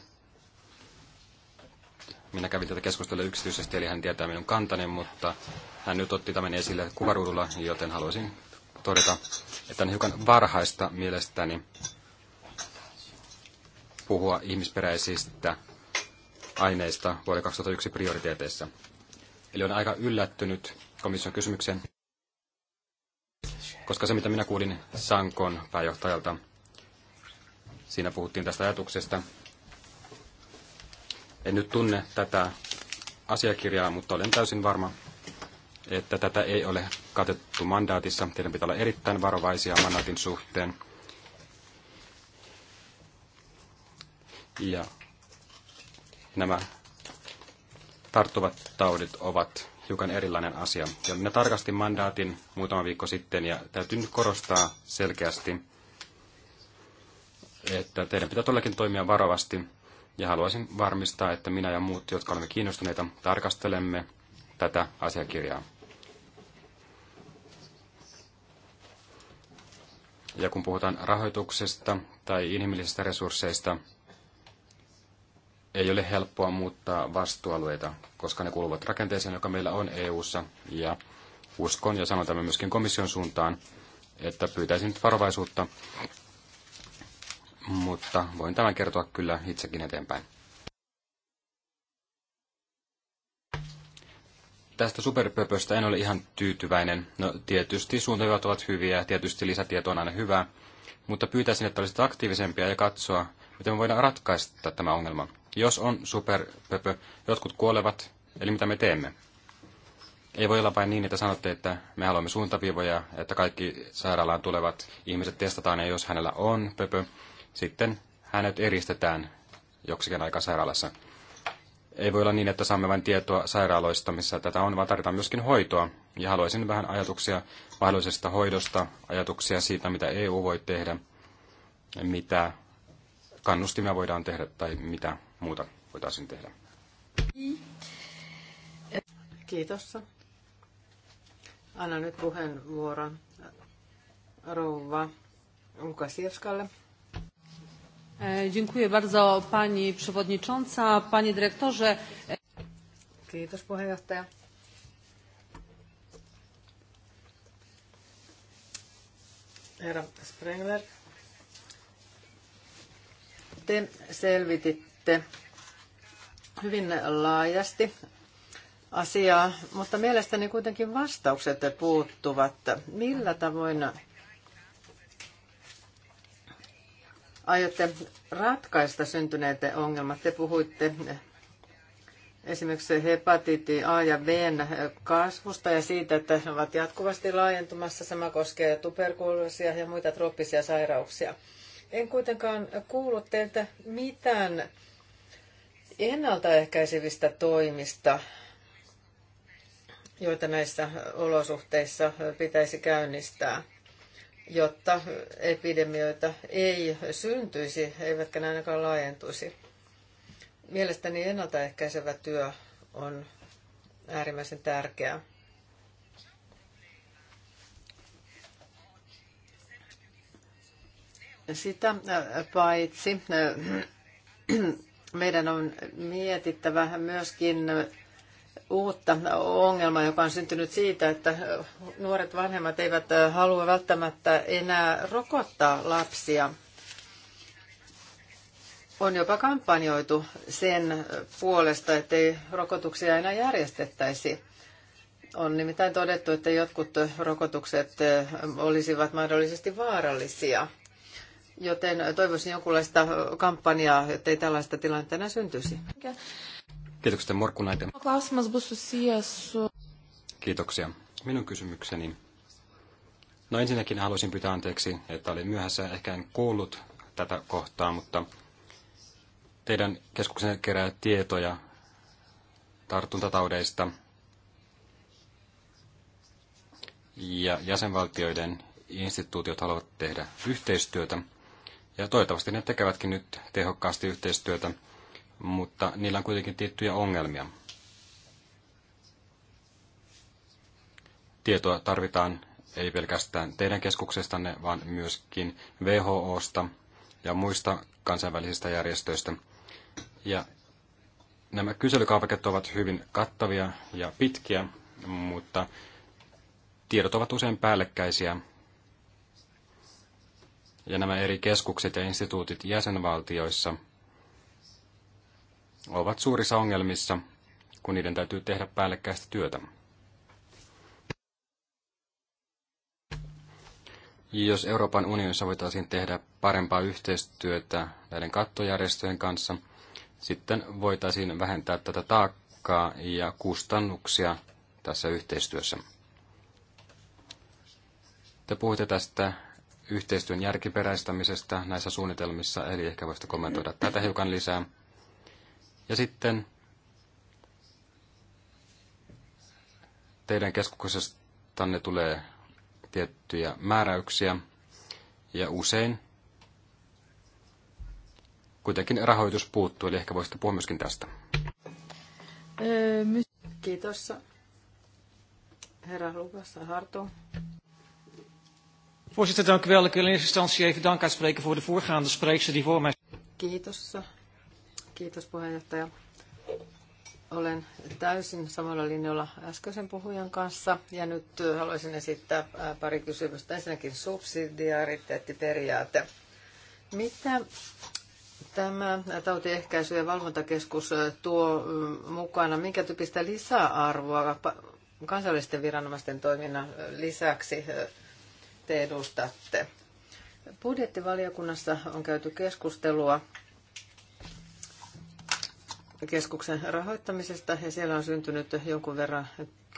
Minä kävin tätä keskustelua yksityisesti, eli hän tietää minun kantani, mutta hän nyt otti tämän esille kuvaruudulla, joten haluaisin todeta, että on hiukan varhaista mielestäni puhua ihmisperäisistä aineista vuoden 2001 prioriteeteissa. Eli on aika yllättynyt komission kysymykseen, koska se mitä minä kuulin Sankon pääjohtajalta, siinä puhuttiin tästä ajatuksesta, en nyt tunne tätä asiakirjaa, mutta olen täysin varma, että tätä ei ole katettu mandaatissa. Teidän pitää olla erittäin varovaisia mandaatin suhteen. Ja nämä tarttuvat taudit ovat hiukan erilainen asia. Ja minä tarkastin mandaatin muutama viikko sitten ja täytyy nyt korostaa selkeästi, että teidän pitää todellakin toimia varovasti. Ja haluaisin varmistaa, että minä ja muut, jotka olemme kiinnostuneita, tarkastelemme tätä asiakirjaa. Ja kun puhutaan rahoituksesta tai inhimillisistä resursseista, ei ole helppoa muuttaa vastuualueita, koska ne kuuluvat rakenteeseen, joka meillä on EU:ssa. Ja uskon, ja sanon tämän myöskin komission suuntaan, että pyytäisin nyt varovaisuutta, mutta voin tämän kertoa kyllä itsekin eteenpäin. Tästä superpöpöstä en ole ihan tyytyväinen. No tietysti suuntaviivat ovat hyviä, tietysti lisätieto on aina hyvää, mutta pyytäisin, että olisit aktiivisempia ja katsoa, miten me voidaan ratkaista tämä ongelma. Jos on superpöpö, jotkut kuolevat, eli mitä me teemme? Ei voi olla vain niin, että sanotte, että me haluamme suuntaviivoja, että kaikki sairaalaan tulevat ihmiset testataan, ja jos hänellä on pöpö, sitten hänet eristetään joksikin aika sairaalassa. Ei voi olla niin, että saamme vain tietoa sairaaloista, missä tätä on, vaan tarvitaan myöskin hoitoa. Ja haluaisin vähän ajatuksia mahdollisesta hoidosta, ajatuksia siitä, mitä EU voi tehdä, mitä kannustimia voidaan tehdä tai mitä muuta voitaisiin tehdä. Kiitos. Anna nyt puheenvuoron rouva Lukasirskalle. E, dziękuję bardzo pani przewodnicząca, panie dyrektorze. E, Kiitos puheenjohtaja. Herra Sprengler, te selvititte hyvin laajasti asiaa, mutta mielestäni kuitenkin vastaukset puuttuvat. Millä tavoin aiotte ratkaista syntyneet ongelmat? Te puhuitte esimerkiksi hepatiitti A ja B kasvusta ja siitä, että ne ovat jatkuvasti laajentumassa. Sama koskee tuberkuloosia ja muita trooppisia sairauksia. En kuitenkaan kuullut teiltä mitään ennaltaehkäisevistä toimista, joita näissä olosuhteissa pitäisi käynnistää jotta epidemioita ei syntyisi, eivätkä ne ainakaan laajentuisi. Mielestäni ennaltaehkäisevä työ on äärimmäisen tärkeää. Sitä paitsi meidän on mietittävä myöskin uutta ongelmaa, joka on syntynyt siitä, että nuoret vanhemmat eivät halua välttämättä enää rokottaa lapsia. On jopa kampanjoitu sen puolesta, ettei rokotuksia enää järjestettäisi. On nimittäin todettu, että jotkut rokotukset olisivat mahdollisesti vaarallisia. Joten toivoisin jonkunlaista kampanjaa, ettei tällaista tilannetta enää syntyisi. Okay. Kiitoksia, Morkkunaite. Kiitoksia. Minun kysymykseni. No ensinnäkin haluaisin pyytää anteeksi, että olin myöhässä. Ehkä en kuullut tätä kohtaa, mutta teidän keskuksen kerää tietoja tartuntataudeista ja jäsenvaltioiden instituutiot haluavat tehdä yhteistyötä. Ja toivottavasti ne tekevätkin nyt tehokkaasti yhteistyötä mutta niillä on kuitenkin tiettyjä ongelmia. Tietoa tarvitaan ei pelkästään teidän keskuksestanne, vaan myöskin WHOsta ja muista kansainvälisistä järjestöistä. Ja nämä kyselykaavaket ovat hyvin kattavia ja pitkiä, mutta tiedot ovat usein päällekkäisiä. Ja nämä eri keskukset ja instituutit jäsenvaltioissa – ovat suurissa ongelmissa, kun niiden täytyy tehdä päällekkäistä työtä. Jos Euroopan unionissa voitaisiin tehdä parempaa yhteistyötä näiden kattojärjestöjen kanssa, sitten voitaisiin vähentää tätä taakkaa ja kustannuksia tässä yhteistyössä. Te puhutte tästä yhteistyön järkiperäistämisestä näissä suunnitelmissa, eli ehkä voisitte kommentoida tätä hiukan lisää. Ja sitten teidän keskuksestanne tulee tiettyjä määräyksiä ja usein kuitenkin rahoitus puuttuu, eli ehkä voisitte puhua myöskin tästä. Kiitos. Herra Lukas Harto. Voorzitter, dank u wel. Ik wil in eerste instantie even dank uitspreken voor de voorgaande spreekster die voor mij... Kiitos. Kiitos puheenjohtaja. Olen täysin samalla linjalla äskeisen puhujan kanssa ja nyt haluaisin esittää pari kysymystä. Ensinnäkin subsidiariteettiperiaate. Mitä tämä tautiehkäisy- ja valvontakeskus tuo mukana? Minkä tyyppistä lisäarvoa kansallisten viranomaisten toiminnan lisäksi te edustatte? Budjettivaliokunnassa on käyty keskustelua keskuksen rahoittamisesta ja siellä on syntynyt jonkun verran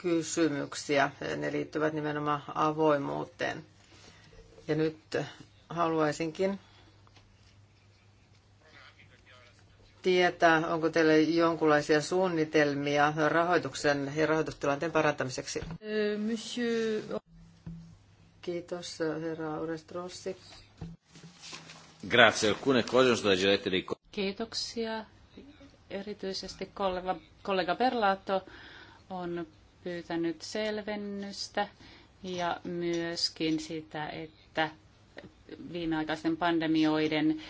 kysymyksiä. Ne liittyvät nimenomaan avoimuuteen. Ja nyt haluaisinkin tietää, onko teille jonkinlaisia suunnitelmia rahoituksen ja rahoitustilanteen parantamiseksi? Kiitos, herra Orestrossi. Grazie. Alcune cose sono già dette dei... Kiitoksia. Erityisesti kollega, kollega Berlato on pyytänyt selvennystä ja myöskin sitä, että viimeaikaisten pandemioiden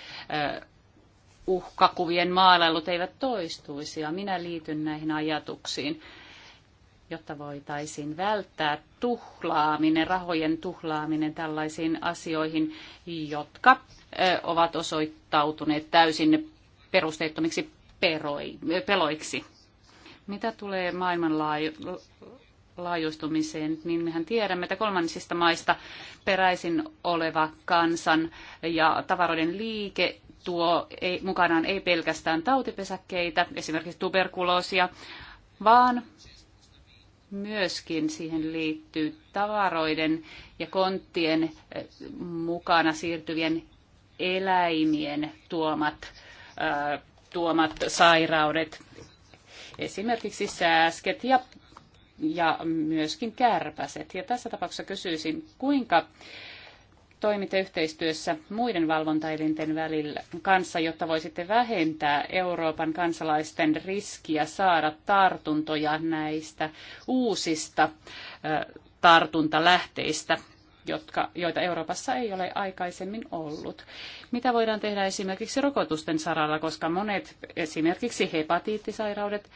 uhkakuvien maalailut eivät toistuisi ja minä liityn näihin ajatuksiin, jotta voitaisiin välttää tuhlaaminen, rahojen tuhlaaminen tällaisiin asioihin, jotka ovat osoittautuneet täysin perusteettomiksi peroi, peloiksi. Mitä tulee maailman niin mehän tiedämme, että kolmansista maista peräisin oleva kansan ja tavaroiden liike tuo ei, mukanaan ei pelkästään tautipesäkkeitä, esimerkiksi tuberkuloosia, vaan myöskin siihen liittyy tavaroiden ja konttien eh, mukana siirtyvien eläimien tuomat eh, tuomat sairaudet, esimerkiksi sääsket ja, ja myöskin kärpäset. Ja tässä tapauksessa kysyisin, kuinka toimitte yhteistyössä muiden valvontaelinten välillä kanssa, jotta voisitte vähentää Euroopan kansalaisten riskiä saada tartuntoja näistä uusista tartuntalähteistä jotka, joita Euroopassa ei ole aikaisemmin ollut. Mitä voidaan tehdä esimerkiksi rokotusten saralla, koska monet esimerkiksi hepatiittisairaudet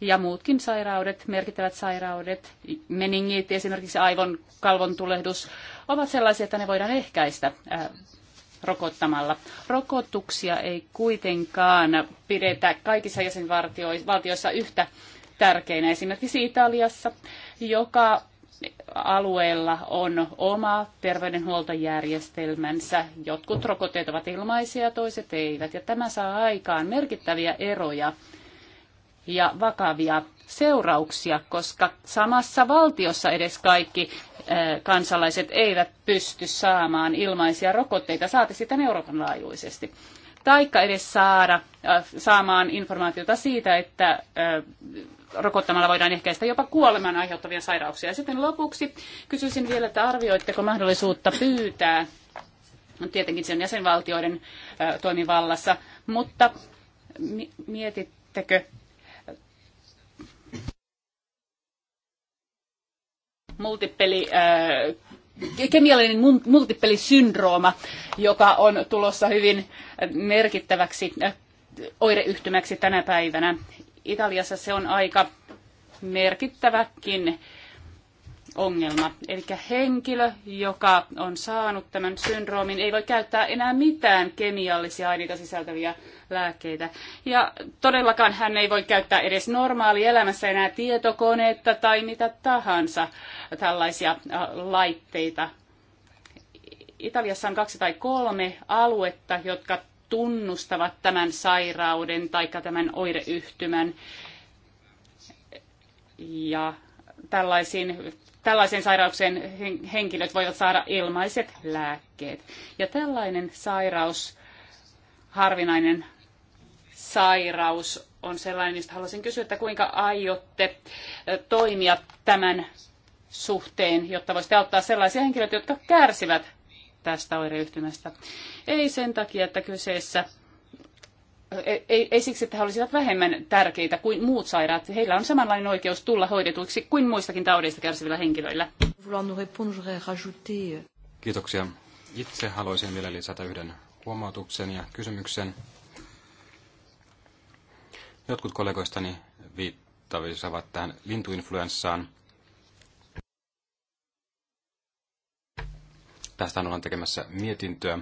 ja muutkin sairaudet, merkittävät sairaudet, meningiitti, esimerkiksi aivon kalvon tulehdus, ovat sellaisia, että ne voidaan ehkäistä rokottamalla. Rokotuksia ei kuitenkaan pidetä kaikissa jäsenvaltioissa yhtä tärkeinä, esimerkiksi Italiassa, joka alueella on oma terveydenhuoltojärjestelmänsä. Jotkut rokotteet ovat ilmaisia, toiset eivät. Ja tämä saa aikaan merkittäviä eroja ja vakavia seurauksia, koska samassa valtiossa edes kaikki eh, kansalaiset eivät pysty saamaan ilmaisia rokotteita, saati sitten Euroopan laajuisesti. Taikka edes saada, eh, saamaan informaatiota siitä, että eh, rokottamalla voidaan ehkäistä jopa kuoleman aiheuttavia sairauksia. Sitten lopuksi kysyisin vielä, että arvioitteko mahdollisuutta pyytää, no tietenkin se on jäsenvaltioiden toimivallassa, mutta mietittekö multipeli, kemiallinen multipelisyndrooma, joka on tulossa hyvin merkittäväksi oireyhtymäksi tänä päivänä. Italiassa se on aika merkittäväkin ongelma. Eli henkilö, joka on saanut tämän syndroomin, ei voi käyttää enää mitään kemiallisia aineita sisältäviä lääkkeitä. Ja todellakaan hän ei voi käyttää edes normaali elämässä enää tietokoneetta tai mitä tahansa tällaisia laitteita. Italiassa on kaksi tai kolme aluetta, jotka tunnustavat tämän sairauden tai tämän oireyhtymän. Ja tällaisiin, tällaisen sairauksen henkilöt voivat saada ilmaiset lääkkeet. Ja tällainen sairaus, harvinainen sairaus on sellainen, josta haluaisin kysyä, että kuinka aiotte toimia tämän suhteen, jotta voisitte auttaa sellaisia henkilöitä, jotka kärsivät tästä oireyhtymästä. Ei sen takia, että kyseessä ei, ei, ei siksi, että he olisivat vähemmän tärkeitä kuin muut sairaat. Heillä on samanlainen oikeus tulla hoidetuiksi kuin muistakin taudeista kärsivillä henkilöillä. Euh, Kiitoksia. Itse haluaisin vielä lisätä yhden huomautuksen ja kysymyksen. Jotkut kollegoistani viittavisivat tähän lintuinfluenssaan, Tästä ollaan tekemässä mietintöä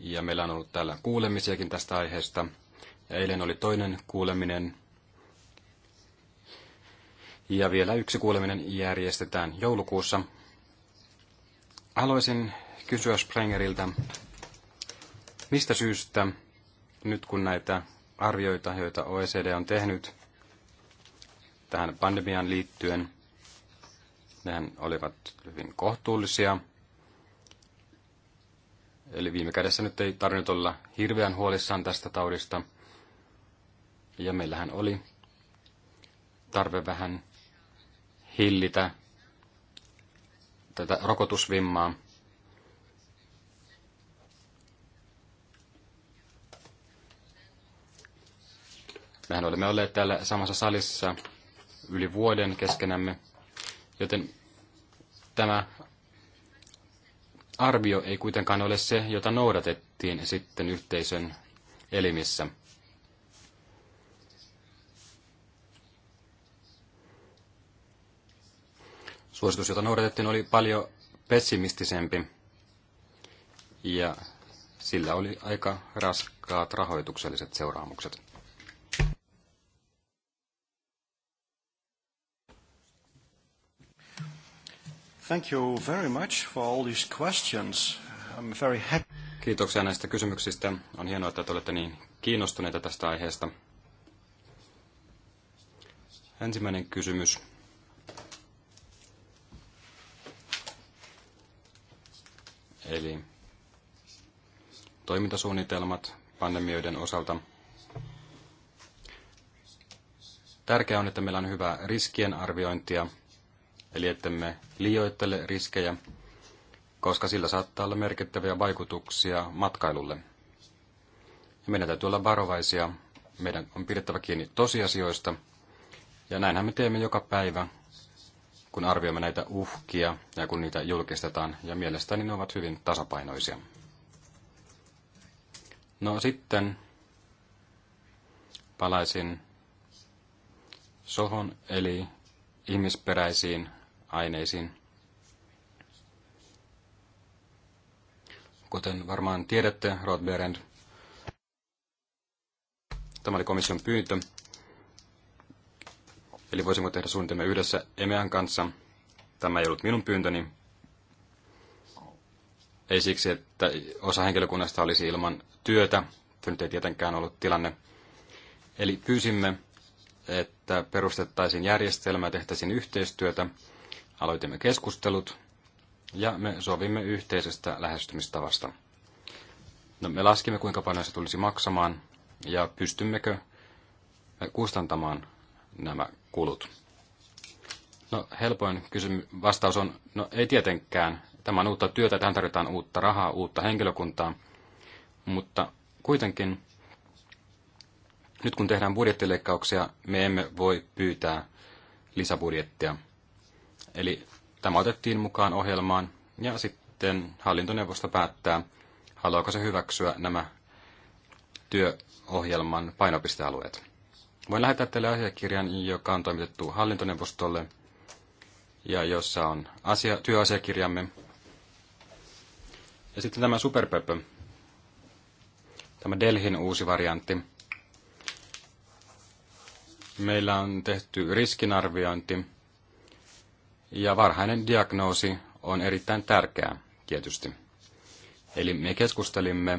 ja meillä on ollut täällä kuulemisiakin tästä aiheesta. Ja eilen oli toinen kuuleminen ja vielä yksi kuuleminen järjestetään joulukuussa. Haluaisin kysyä Sprengeriltä, mistä syystä nyt kun näitä arvioita, joita OECD on tehnyt tähän pandemiaan liittyen, nehän olivat hyvin kohtuullisia Eli viime kädessä nyt ei tarvinnut olla hirveän huolissaan tästä taudista. Ja meillähän oli tarve vähän hillitä tätä rokotusvimmaa. Mehän olemme olleet täällä samassa salissa yli vuoden keskenämme, joten tämä arvio ei kuitenkaan ole se, jota noudatettiin sitten yhteisön elimissä. Suositus, jota noudatettiin, oli paljon pessimistisempi ja sillä oli aika raskaat rahoitukselliset seuraamukset. Thank you very much for all these questions. I'm very happy. Kiitoksia näistä kysymyksistä. On hienoa, että te olette niin kiinnostuneita tästä aiheesta. Ensimmäinen kysymys. Eli toimintasuunnitelmat pandemioiden osalta. Tärkeää on, että meillä on hyvää riskien arviointia eli ettemme liioittele riskejä, koska sillä saattaa olla merkittäviä vaikutuksia matkailulle. Ja meidän täytyy olla varovaisia, meidän on pidettävä kiinni tosiasioista, ja näinhän me teemme joka päivä, kun arvioimme näitä uhkia ja kun niitä julkistetaan, ja mielestäni ne ovat hyvin tasapainoisia. No sitten palaisin sohon eli ihmisperäisiin aineisiin. Kuten varmaan tiedätte, Rod Berend, tämä oli komission pyyntö. Eli voisimme tehdä suunnitelmia yhdessä EMEAN kanssa. Tämä ei ollut minun pyyntöni. Ei siksi, että osa henkilökunnasta olisi ilman työtä. Tämä nyt ei tietenkään ollut tilanne. Eli pyysimme, että perustettaisiin järjestelmä, tehtäisiin yhteistyötä aloitimme keskustelut ja me sovimme yhteisestä lähestymistavasta. No, me laskimme, kuinka paljon se tulisi maksamaan ja pystymmekö me kustantamaan nämä kulut. No, helpoin kysymys, vastaus on, no ei tietenkään. Tämä on uutta työtä, tähän tarvitaan uutta rahaa, uutta henkilökuntaa. Mutta kuitenkin, nyt kun tehdään budjettileikkauksia, me emme voi pyytää lisäbudjettia – Eli tämä otettiin mukaan ohjelmaan ja sitten hallintoneuvosto päättää, haluaako se hyväksyä nämä työohjelman painopistealueet. Voin lähettää teille asiakirjan, joka on toimitettu hallintoneuvostolle ja jossa on asia, työasiakirjamme. Ja sitten tämä superpöpö, tämä Delhin uusi variantti. Meillä on tehty riskinarviointi ja varhainen diagnoosi on erittäin tärkeää tietysti. Eli me keskustelimme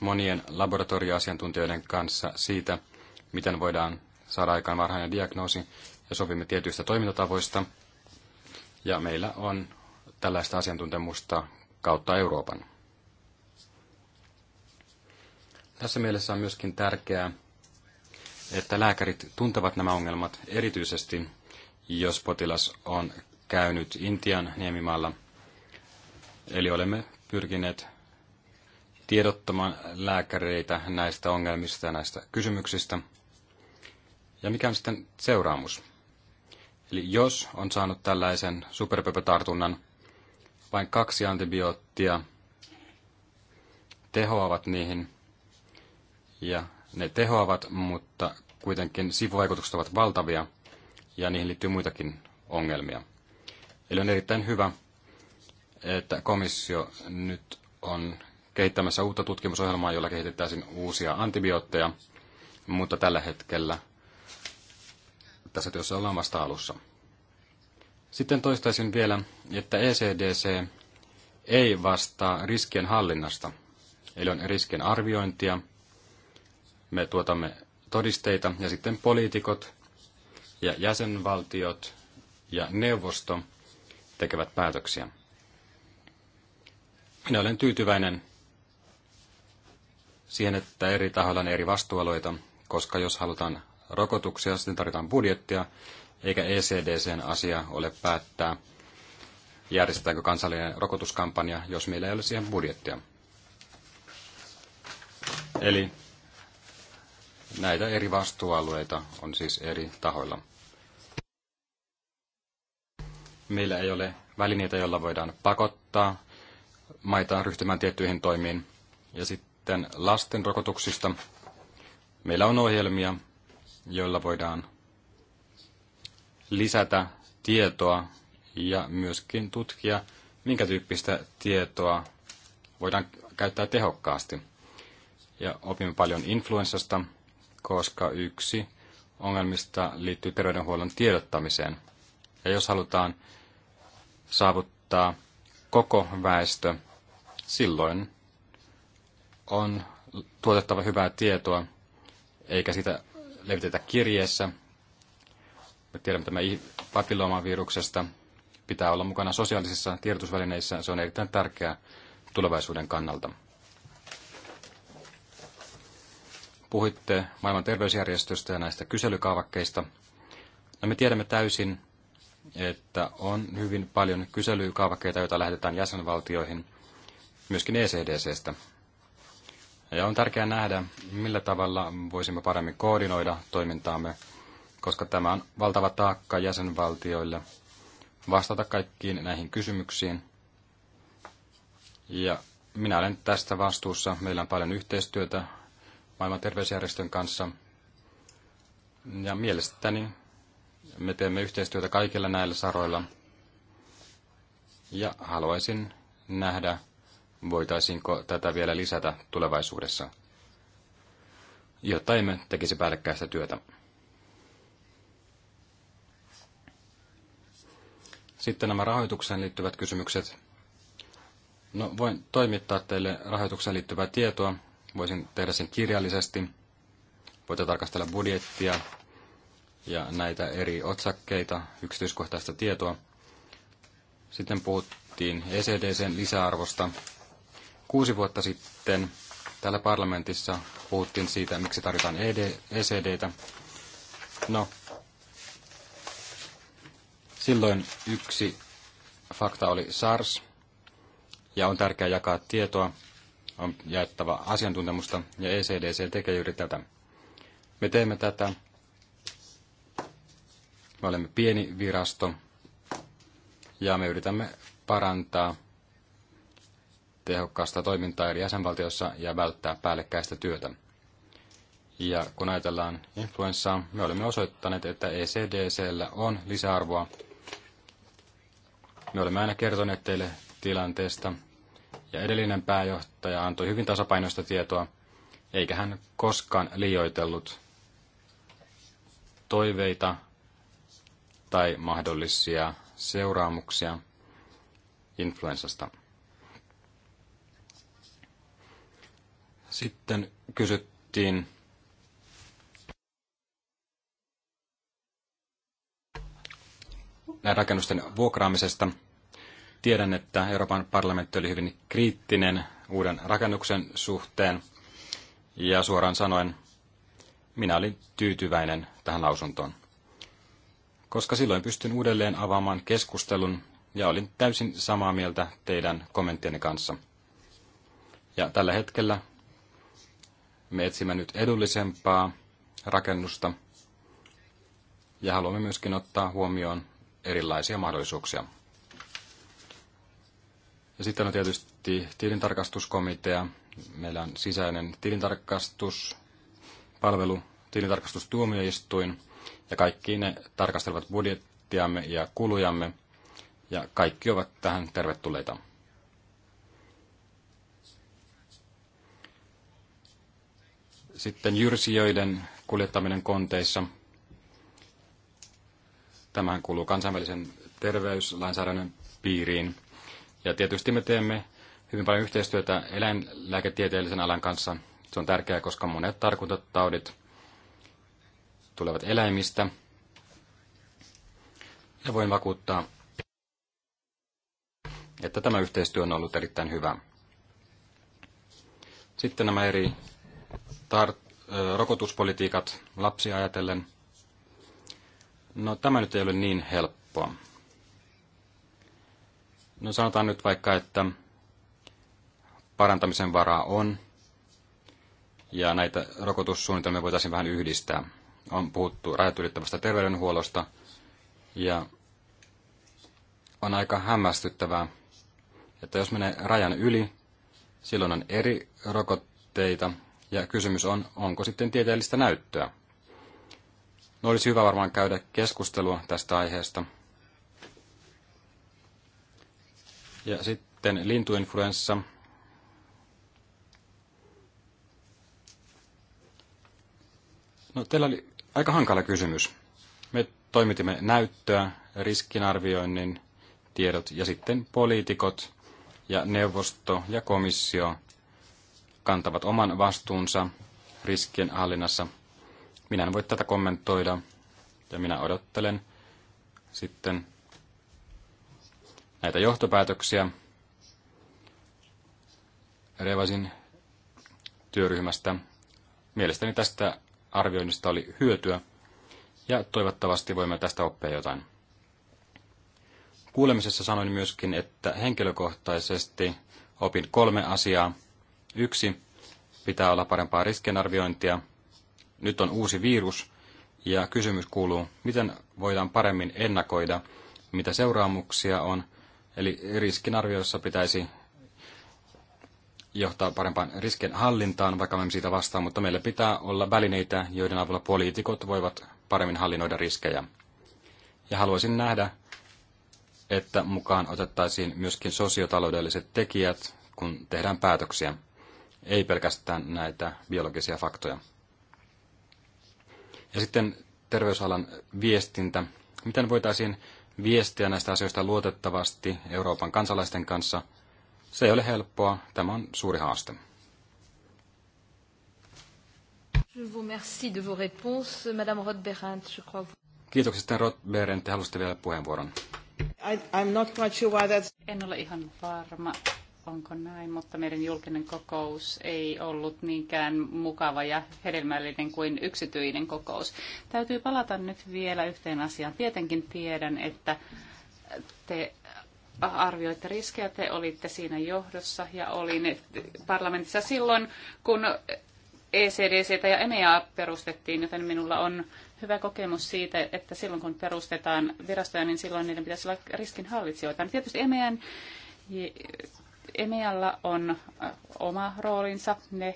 monien laboratorioasiantuntijoiden kanssa siitä, miten voidaan saada aikaan varhainen diagnoosi, ja sovimme tietyistä toimintatavoista. Ja meillä on tällaista asiantuntemusta kautta Euroopan. Tässä mielessä on myöskin tärkeää, että lääkärit tuntevat nämä ongelmat erityisesti jos potilas on käynyt Intian niemimaalla. Eli olemme pyrkineet tiedottamaan lääkäreitä näistä ongelmista ja näistä kysymyksistä. Ja mikä on sitten seuraamus? Eli jos on saanut tällaisen superpöpötartunnan, vain kaksi antibioottia tehoavat niihin, ja ne tehoavat, mutta kuitenkin sivuvaikutukset ovat valtavia – ja niihin liittyy muitakin ongelmia. Eli on erittäin hyvä, että komissio nyt on kehittämässä uutta tutkimusohjelmaa, jolla kehitettäisiin uusia antibiootteja, mutta tällä hetkellä tässä työssä ollaan vasta alussa. Sitten toistaisin vielä, että ECDC ei vastaa riskien hallinnasta, eli on riskien arviointia, me tuotamme todisteita ja sitten poliitikot ja jäsenvaltiot ja neuvosto tekevät päätöksiä. Minä olen tyytyväinen siihen, että eri tahoilla on eri vastuualoita, koska jos halutaan rokotuksia, sitten tarvitaan budjettia, eikä ECDCn asia ole päättää, järjestetäänkö kansallinen rokotuskampanja, jos meillä ei ole siihen budjettia. Eli näitä eri vastuualueita on siis eri tahoilla. Meillä ei ole välineitä, joilla voidaan pakottaa maita ryhtymään tiettyihin toimiin. Ja sitten lasten rokotuksista. Meillä on ohjelmia, joilla voidaan lisätä tietoa ja myöskin tutkia, minkä tyyppistä tietoa voidaan käyttää tehokkaasti. Ja opimme paljon influenssasta, koska yksi ongelmista liittyy terveydenhuollon tiedottamiseen. Ja jos halutaan saavuttaa koko väestö, silloin on tuotettava hyvää tietoa, eikä sitä levitetä kirjeessä. Me tiedämme tämä papilloomaviruksesta. Pitää olla mukana sosiaalisissa tiedotusvälineissä. Se on erittäin tärkeää tulevaisuuden kannalta. Puhuitte maailman terveysjärjestöstä ja näistä kyselykaavakkeista. No me tiedämme täysin, että on hyvin paljon kyselykaavakkeita, joita lähetetään jäsenvaltioihin, myöskin ECDCstä. Ja on tärkeää nähdä, millä tavalla voisimme paremmin koordinoida toimintaamme, koska tämä on valtava taakka jäsenvaltioille vastata kaikkiin näihin kysymyksiin. Ja minä olen tästä vastuussa. Meillä on paljon yhteistyötä maailman terveysjärjestön kanssa. Ja mielestäni me teemme yhteistyötä kaikilla näillä saroilla. Ja haluaisin nähdä, voitaisiinko tätä vielä lisätä tulevaisuudessa, jotta emme tekisi päällekkäistä työtä. Sitten nämä rahoitukseen liittyvät kysymykset. No, voin toimittaa teille rahoitukseen liittyvää tietoa. Voisin tehdä sen kirjallisesti. Voitte tarkastella budjettia ja näitä eri otsakkeita, yksityiskohtaista tietoa. Sitten puhuttiin ECDCn lisäarvosta. Kuusi vuotta sitten täällä parlamentissa puhuttiin siitä, miksi tarvitaan ED, ECDtä. No, silloin yksi fakta oli SARS, ja on tärkeää jakaa tietoa, on jaettava asiantuntemusta, ja ECDC tekee juuri tätä. Me teemme tätä me olemme pieni virasto ja me yritämme parantaa tehokkaasta toimintaa eri jäsenvaltioissa ja välttää päällekkäistä työtä. Ja kun ajatellaan influenssaa, me olemme osoittaneet, että ECDCllä on lisäarvoa. Me olemme aina kertoneet teille tilanteesta, ja edellinen pääjohtaja antoi hyvin tasapainoista tietoa, eikä hän koskaan liioitellut toiveita tai mahdollisia seuraamuksia influenssasta. Sitten kysyttiin rakennusten vuokraamisesta. Tiedän, että Euroopan parlamentti oli hyvin kriittinen uuden rakennuksen suhteen. Ja suoraan sanoen, minä olin tyytyväinen tähän lausuntoon koska silloin pystyn uudelleen avaamaan keskustelun ja olin täysin samaa mieltä teidän kommenttienne kanssa. Ja tällä hetkellä me etsimme nyt edullisempaa rakennusta ja haluamme myöskin ottaa huomioon erilaisia mahdollisuuksia. Ja sitten on tietysti tilintarkastuskomitea. Meillä on sisäinen tilintarkastuspalvelu, tilintarkastustuomioistuin – ja kaikki ne tarkastelevat budjettiamme ja kulujamme, ja kaikki ovat tähän tervetulleita. Sitten jyrsijöiden kuljettaminen konteissa. Tämähän kuuluu kansainvälisen terveyslainsäädännön piiriin. Ja tietysti me teemme hyvin paljon yhteistyötä eläinlääketieteellisen alan kanssa. Se on tärkeää, koska monet tartuntataudit tulevat eläimistä. Ja voin vakuuttaa, että tämä yhteistyö on ollut erittäin hyvä. Sitten nämä eri tar- rokotuspolitiikat lapsia ajatellen. No tämä nyt ei ole niin helppoa. No sanotaan nyt vaikka, että parantamisen varaa on, ja näitä rokotussuunnitelmia voitaisiin vähän yhdistää on puhuttu rajat ylittävästä terveydenhuollosta ja on aika hämmästyttävää, että jos menee rajan yli, silloin on eri rokotteita ja kysymys on, onko sitten tieteellistä näyttöä. No olisi hyvä varmaan käydä keskustelua tästä aiheesta. Ja sitten lintuinfluenssa. No teillä oli aika hankala kysymys. Me toimitimme näyttöä, riskinarvioinnin tiedot ja sitten poliitikot ja neuvosto ja komissio kantavat oman vastuunsa riskien hallinnassa. Minä en voi tätä kommentoida ja minä odottelen sitten näitä johtopäätöksiä Revasin työryhmästä. Mielestäni tästä arvioinnista oli hyötyä ja toivottavasti voimme tästä oppia jotain. Kuulemisessa sanoin myöskin, että henkilökohtaisesti opin kolme asiaa. Yksi, pitää olla parempaa riskienarviointia. Nyt on uusi virus ja kysymys kuuluu, miten voidaan paremmin ennakoida, mitä seuraamuksia on. Eli riskinarvioissa pitäisi johtaa parempaan riskien hallintaan, vaikka me siitä vastaan, mutta meillä pitää olla välineitä, joiden avulla poliitikot voivat paremmin hallinnoida riskejä. Ja haluaisin nähdä, että mukaan otettaisiin myöskin sosiotaloudelliset tekijät, kun tehdään päätöksiä, ei pelkästään näitä biologisia faktoja. Ja sitten terveysalan viestintä. Miten voitaisiin viestiä näistä asioista luotettavasti Euroopan kansalaisten kanssa – se ei ole helppoa. Tämä on suuri haaste. Kiitoksia sitten Rod Berend. Te halusitte vielä puheenvuoron. I, I'm not quite sure why that's... En ole ihan varma, onko näin, mutta meidän julkinen kokous ei ollut niinkään mukava ja hedelmällinen kuin yksityinen kokous. Täytyy palata nyt vielä yhteen asiaan. Tietenkin tiedän, että te arvioitte riskejä, te olitte siinä johdossa ja olin parlamentissa silloin, kun ECDC ja EMEA perustettiin, joten minulla on hyvä kokemus siitä, että silloin kun perustetaan virastoja, niin silloin niiden pitäisi olla riskinhallitsijoita. Tietysti EMEAn, EMEAlla on äh, oma roolinsa. Ne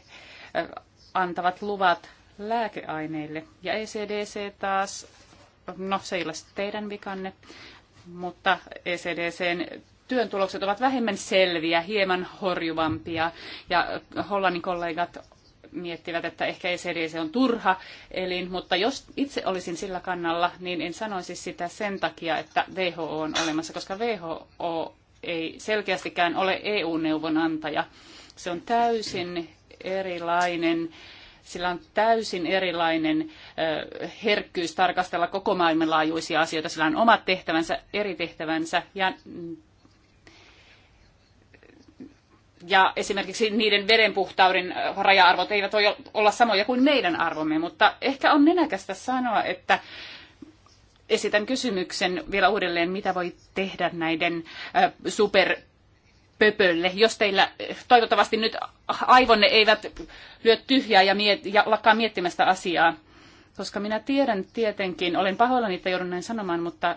äh, antavat luvat lääkeaineille. Ja ECDC taas, no se ei ole teidän vikanne, mutta ECDCn työn tulokset ovat vähemmän selviä, hieman horjuvampia ja Hollannin kollegat miettivät, että ehkä ECDC on turha elin, mutta jos itse olisin sillä kannalla, niin en sanoisi sitä sen takia, että WHO on olemassa, koska WHO ei selkeästikään ole EU-neuvonantaja. Se on täysin erilainen sillä on täysin erilainen herkkyys tarkastella koko maailman laajuisia asioita. Sillä on omat tehtävänsä, eri tehtävänsä ja mm, ja esimerkiksi niiden vedenpuhtauden raja-arvot eivät voi olla samoja kuin meidän arvomme, mutta ehkä on nenäkästä sanoa, että esitän kysymyksen vielä uudelleen, mitä voi tehdä näiden super pöpölle, jos teillä toivottavasti nyt aivonne eivät lyö tyhjää ja, miet- ja lakkaa miettimästä asiaa. Koska minä tiedän tietenkin, olen pahoillani, että joudun näin sanomaan, mutta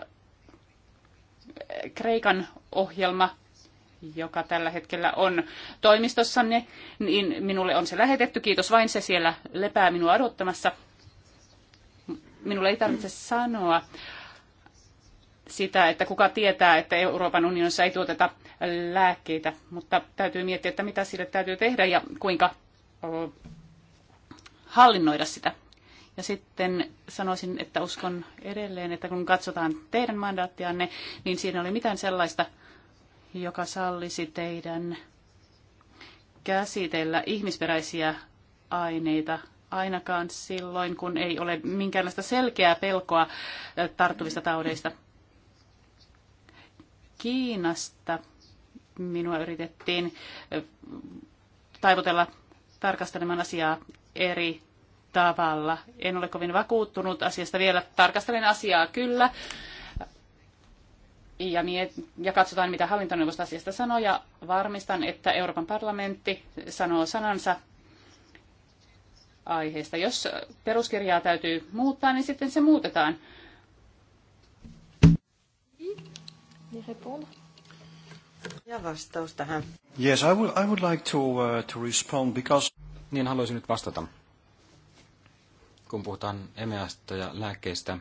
eh, Kreikan ohjelma, joka tällä hetkellä on toimistossanne, niin minulle on se lähetetty. Kiitos vain, se siellä lepää minua odottamassa. Minulle ei tarvitse sanoa sitä, että kuka tietää, että Euroopan unionissa ei tuoteta lääkkeitä, mutta täytyy miettiä, että mitä sille täytyy tehdä ja kuinka hallinnoida sitä. Ja sitten sanoisin, että uskon edelleen, että kun katsotaan teidän mandaattianne, niin siinä oli mitään sellaista, joka sallisi teidän käsitellä ihmisperäisiä aineita ainakaan silloin, kun ei ole minkäänlaista selkeää pelkoa tarttuvista taudeista. Kiinasta minua yritettiin taivutella tarkastelemaan asiaa eri tavalla. En ole kovin vakuuttunut asiasta vielä. Tarkastelen asiaa kyllä. Ja, miet, ja katsotaan, mitä hallintoneuvosto asiasta sanoo, ja varmistan, että Euroopan parlamentti sanoo sanansa aiheesta. Jos peruskirjaa täytyy muuttaa, niin sitten se muutetaan. Niin ja vastaus tähän. Yes, I would, I would like to, uh, to respond because... Niin haluaisin nyt vastata. Kun puhutaan EMEAsta ja lääkkeistä,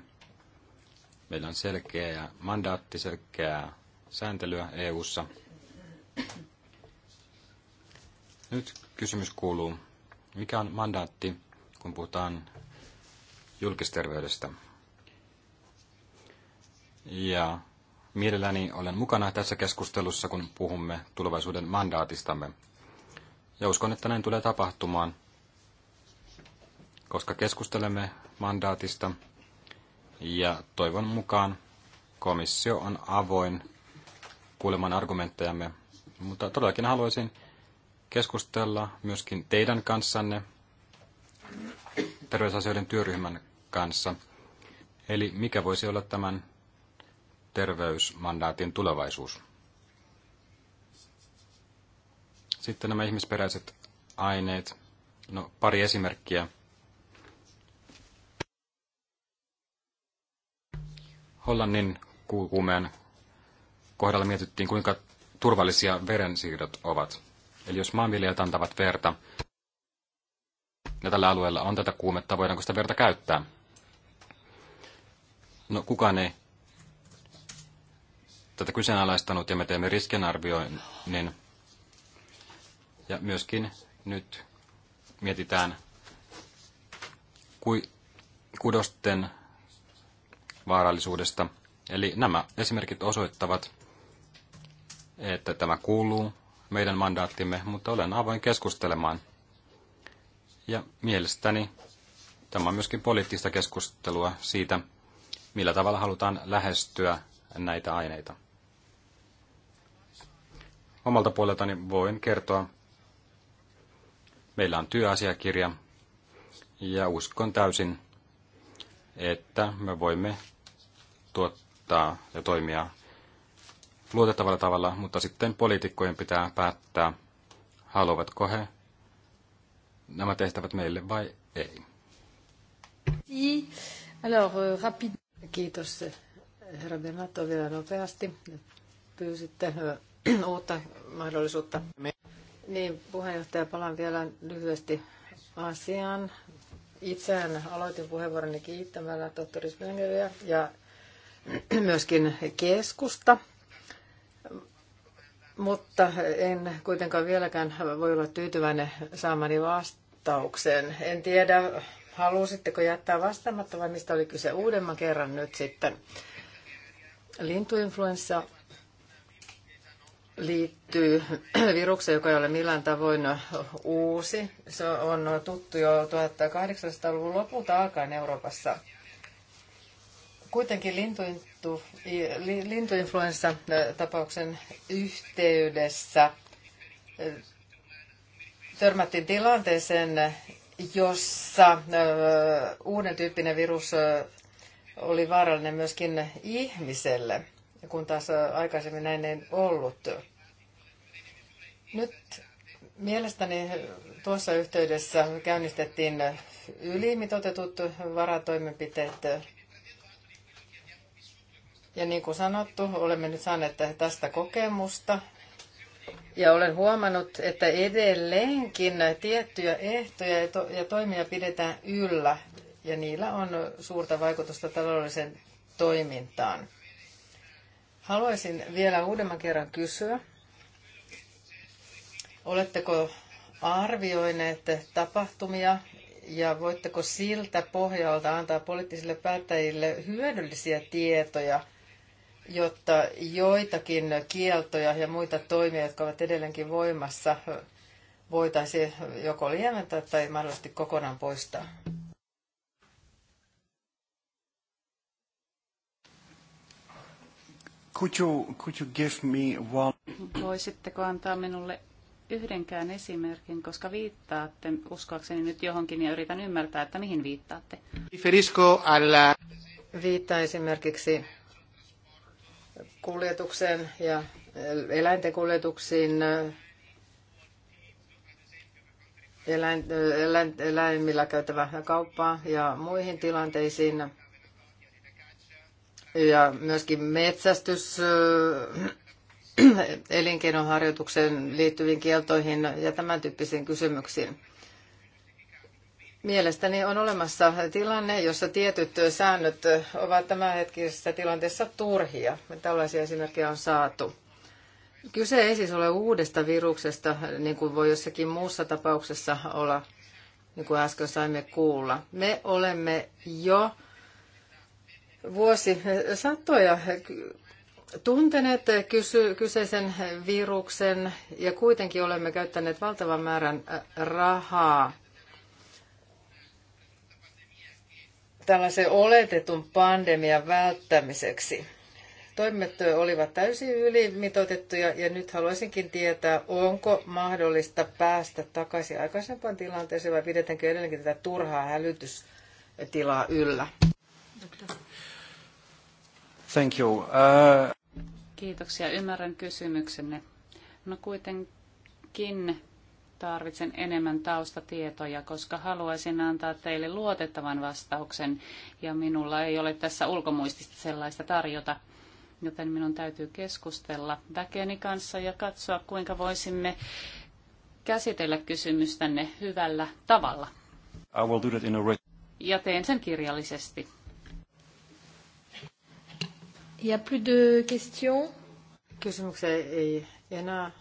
meillä on selkeä mandaatti, selkeää sääntelyä EU:ssa. Nyt kysymys kuuluu, mikä on mandaatti, kun puhutaan julkisterveydestä? Ja Mielelläni olen mukana tässä keskustelussa, kun puhumme tulevaisuuden mandaatistamme. Ja uskon, että näin tulee tapahtumaan, koska keskustelemme mandaatista ja toivon mukaan komissio on avoin kuulemaan argumenttejamme. Mutta todellakin haluaisin keskustella myöskin teidän kanssanne, terveysasioiden työryhmän kanssa. Eli mikä voisi olla tämän terveysmandaatin tulevaisuus. Sitten nämä ihmisperäiset aineet. No, pari esimerkkiä. Hollannin kuumeen kohdalla mietittiin, kuinka turvallisia verensiirrot ovat. Eli jos maanviljelijät antavat verta, ja tällä alueella on tätä kuumetta, voidaanko sitä verta käyttää? No kukaan ei tätä kyseenalaistanut ja me teemme riskenarvioinnin. Ja myöskin nyt mietitään kudosten vaarallisuudesta. Eli nämä esimerkit osoittavat, että tämä kuuluu meidän mandaattimme, mutta olen avoin keskustelemaan. Ja mielestäni tämä on myöskin poliittista keskustelua siitä, millä tavalla halutaan lähestyä näitä aineita omalta puoleltani voin kertoa, meillä on työasiakirja ja uskon täysin, että me voimme tuottaa ja toimia luotettavalla tavalla, mutta sitten poliitikkojen pitää päättää, haluavatko he nämä tehtävät meille vai ei. Euh, Kiitos herra Bernato vielä nopeasti. Pyysitte uutta mahdollisuutta. Niin, puheenjohtaja, palaan vielä lyhyesti asiaan. Itseään aloitin puheenvuoroni kiittämällä tohtori Spengeriä ja myöskin keskusta, mutta en kuitenkaan vieläkään voi olla tyytyväinen saamani vastaukseen. En tiedä, halusitteko jättää vastaamatta vai mistä oli kyse uudemman kerran nyt sitten. Lintuinfluenssa liittyy virukseen, joka ei ole millään tavoin uusi. Se on tuttu jo 1800-luvun lopulta alkaen Euroopassa. Kuitenkin lintuinfluenssatapauksen yhteydessä eh, törmättiin tilanteeseen, jossa eh, uuden tyyppinen virus eh, oli vaarallinen myöskin ihmiselle, kun taas aikaisemmin näin ei ollut. Nyt mielestäni tuossa yhteydessä käynnistettiin ylimitotetut varatoimenpiteet. Ja niin kuin sanottu, olemme nyt saaneet tästä kokemusta. Ja olen huomannut, että edelleenkin tiettyjä ehtoja ja toimia pidetään yllä, ja niillä on suurta vaikutusta taloudelliseen toimintaan. Haluaisin vielä uudemman kerran kysyä, Oletteko arvioineet tapahtumia ja voitteko siltä pohjalta antaa poliittisille päättäjille hyödyllisiä tietoja, jotta joitakin kieltoja ja muita toimia, jotka ovat edelleenkin voimassa, voitaisiin joko lieventää tai mahdollisesti kokonaan poistaa? Could you, could you give me one... Voisitteko antaa minulle yhdenkään esimerkin, koska viittaatte uskoakseni nyt johonkin ja yritän ymmärtää, että mihin viittaatte. Viittaa esimerkiksi kuljetukseen ja eh, eläinten kuljetuksiin, eh, eläin, eh, eläin, eläimillä käytävä kauppaa ja muihin tilanteisiin. Ja myöskin metsästys elinkeinonharjoitukseen liittyviin kieltoihin ja tämän tyyppisiin kysymyksiin. Mielestäni on olemassa tilanne, jossa tietyt säännöt ovat tämänhetkisessä tilanteessa turhia. Tällaisia esimerkkejä on saatu. Kyse ei siis ole uudesta viruksesta, niin kuin voi jossakin muussa tapauksessa olla, niin kuin äsken saimme kuulla. Me olemme jo vuosi satoja tunteneet kysy, kyseisen viruksen ja kuitenkin olemme käyttäneet valtavan määrän rahaa tällaisen oletetun pandemian välttämiseksi. Toimet olivat täysin ylimitoitettuja ja nyt haluaisinkin tietää, onko mahdollista päästä takaisin aikaisempaan tilanteeseen vai pidetäänkö edelleenkin tätä turhaa hälytystilaa yllä? Thank you. Uh... Kiitoksia, ymmärrän kysymyksenne. No kuitenkin tarvitsen enemmän taustatietoja, koska haluaisin antaa teille luotettavan vastauksen ja minulla ei ole tässä ulkomuistista sellaista tarjota. Joten minun täytyy keskustella väkeni kanssa ja katsoa, kuinka voisimme käsitellä kysymystänne hyvällä tavalla. I will do that in a... Ja teen sen kirjallisesti. Il a plus de questions. Kysymyksiä ei enää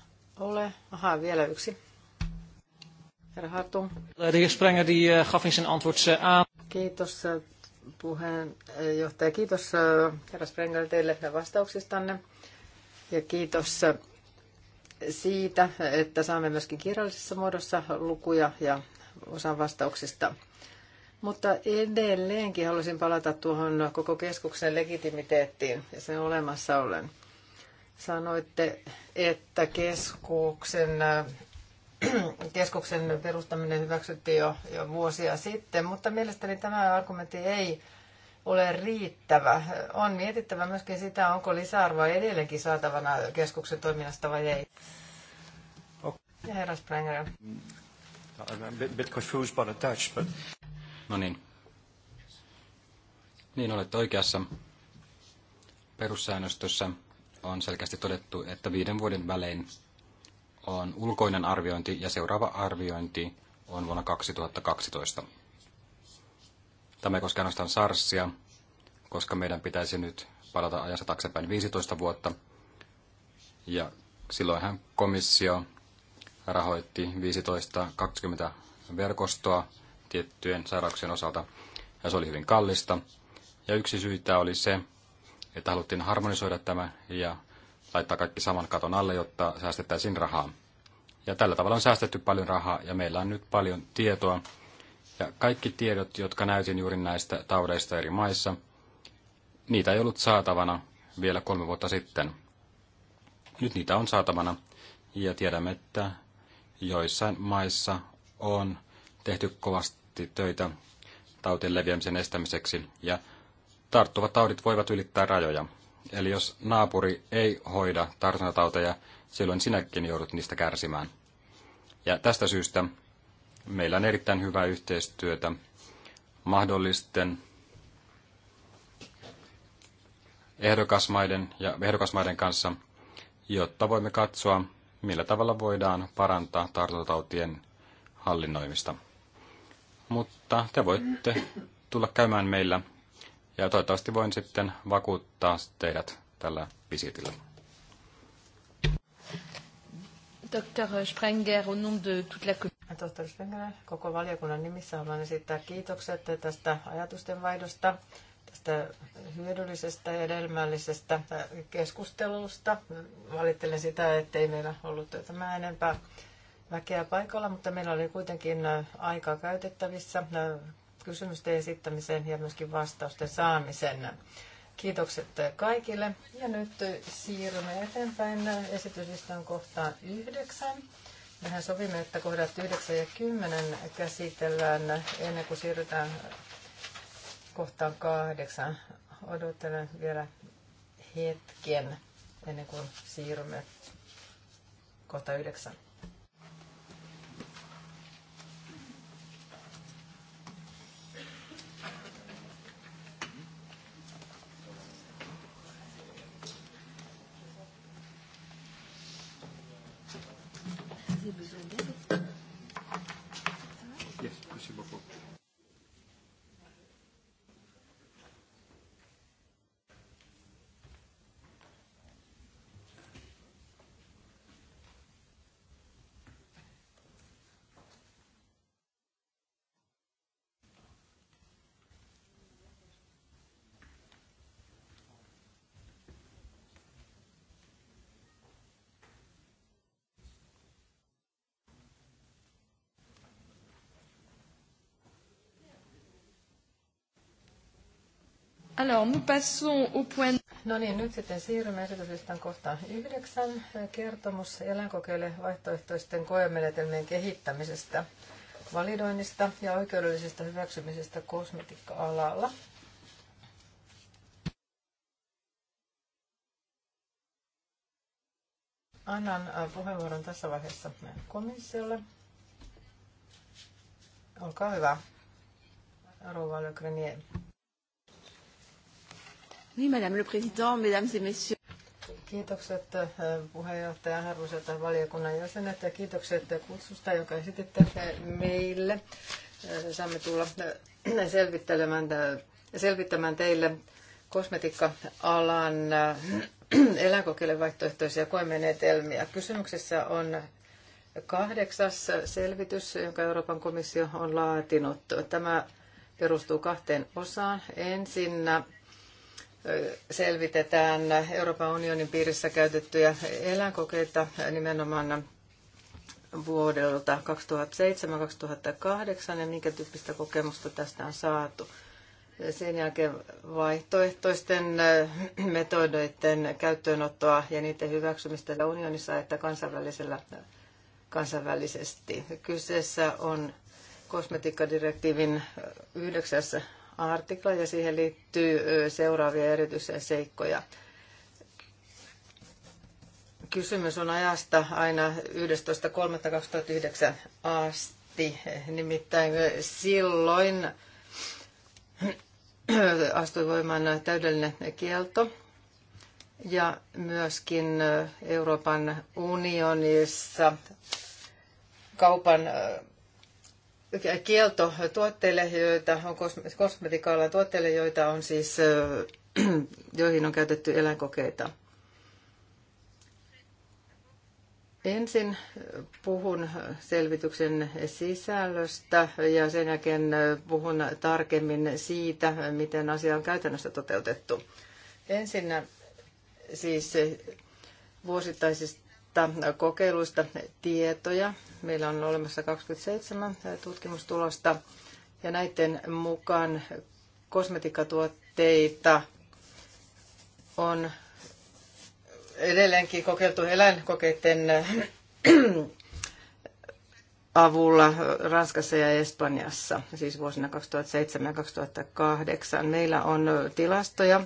ole. Aha, vielä yksi. Herra Hartung. De gesprenger die eh, gaf in zijn antwoord eh, aan. Kiitos eh, puheenjohtaja. Kiitos herra Sprenger teille vastauksistanne. Ja kiitos siitä, että saamme myöskin kirjallisessa muodossa lukuja ja osan vastauksista. Mutta edelleenkin haluaisin palata tuohon koko keskuksen legitimiteettiin ja sen olemassa ollen. Sanoitte, että keskuksen, keskuksen perustaminen hyväksyttiin jo, jo vuosia sitten, mutta mielestäni tämä argumentti ei ole riittävä. On mietittävä myöskin sitä, onko lisäarvoa edelleenkin saatavana keskuksen toiminnasta vai ei. Okay. Herra Sprenger. Mm, I'm a bit confused by the but... No niin. Niin olet oikeassa. Perussäännöstössä on selkeästi todettu, että viiden vuoden välein on ulkoinen arviointi ja seuraava arviointi on vuonna 2012. Tämä ei koske ainoastaan SARSia, koska meidän pitäisi nyt palata ajassa taaksepäin 15 vuotta. Ja silloinhan komissio rahoitti 15-20 verkostoa tiettyjen sairauksien osalta, ja se oli hyvin kallista. Ja yksi syytä oli se, että haluttiin harmonisoida tämä ja laittaa kaikki saman katon alle, jotta säästettäisiin rahaa. Ja tällä tavalla on säästetty paljon rahaa ja meillä on nyt paljon tietoa. Ja kaikki tiedot, jotka näytin juuri näistä taudeista eri maissa, niitä ei ollut saatavana vielä kolme vuotta sitten. Nyt niitä on saatavana ja tiedämme, että joissain maissa on tehty kovasti kovasti töitä tautien leviämisen estämiseksi ja tarttuvat taudit voivat ylittää rajoja. Eli jos naapuri ei hoida tartuntatauteja, silloin sinäkin joudut niistä kärsimään. Ja tästä syystä meillä on erittäin hyvää yhteistyötä mahdollisten ehdokasmaiden ja ehdokasmaiden kanssa, jotta voimme katsoa, millä tavalla voidaan parantaa tartuntatautien hallinnoimista mutta te voitte tulla käymään meillä ja toivottavasti voin sitten vakuuttaa teidät tällä visitillä. Dr. Sprenger, on nom de toute la Dr. Sprenger, koko valiokunnan nimissä haluan esittää kiitokset tästä ajatusten vaihdosta, tästä hyödyllisestä ja edelmällisestä keskustelusta. Valittelen sitä, ettei meillä ollut tämä enempää väkeä paikalla, mutta meillä oli kuitenkin aikaa käytettävissä kysymysten esittämisen ja myöskin vastausten saamisen. Kiitokset kaikille. Ja nyt siirrymme eteenpäin esityslistan kohtaan yhdeksän. Mehän sovimme, että kohdat 9 ja 10 käsitellään ennen kuin siirrytään kohtaan kahdeksan. Odottelen vielä hetken ennen kuin siirrymme kohta yhdeksän. Alors, nous passons au point... No niin, nyt sitten siirrymme esityslistan kohtaan yhdeksän. Kertomus eläinkokeille vaihtoehtoisten koemenetelmien kehittämisestä, validoinnista ja oikeudellisesta hyväksymisestä kosmetiikka-alalla. Annan äh, puheenvuoron tässä vaiheessa komissiolle. Olkaa hyvä, Rouva Le Grenier. Niin, madame le président, mesdames et messieurs. Kiitokset äh, puheenjohtaja arvoiselta valiokunnan jäsenet ja kiitokset kutsusta, joka esititte äh, meille. Äh, saamme tulla selvittelemään, selvittämään teille kosmetiikka-alan eläinkokeille vaihtoehtoisia koemenetelmiä. Kysymyksessä on kahdeksas selvitys, jonka Euroopan komissio on laatinut. Tämä perustuu kahteen osaan. Ensinnä selvitetään Euroopan unionin piirissä käytettyjä eläinkokeita nimenomaan vuodelta 2007-2008 ja minkä tyyppistä kokemusta tästä on saatu. Sen jälkeen vaihtoehtoisten metodeiden käyttöönottoa ja niiden hyväksymistä unionissa että kansainvälisellä, kansainvälisesti. Kyseessä on kosmetiikkadirektiivin yhdeksässä artikla ja siihen liittyy seuraavia erityisiä seikkoja. Kysymys on ajasta aina 11.3.2009 asti, nimittäin silloin astui voimaan täydellinen kielto ja myöskin Euroopan unionissa kaupan kielto tuotteille, joita on kosmetiikka tuotteille, joita on siis, joihin on käytetty eläinkokeita. Ensin puhun selvityksen sisällöstä ja sen jälkeen puhun tarkemmin siitä, miten asia on käytännössä toteutettu. Ensin siis vuosittaisista tuoreista kokeiluista tietoja. Meillä on olemassa 27 tutkimustulosta ja näiden mukaan kosmetiikkatuotteita on edelleenkin kokeiltu eläinkokeiden avulla Ranskassa ja Espanjassa, siis vuosina 2007 ja 2008. Meillä on tilastoja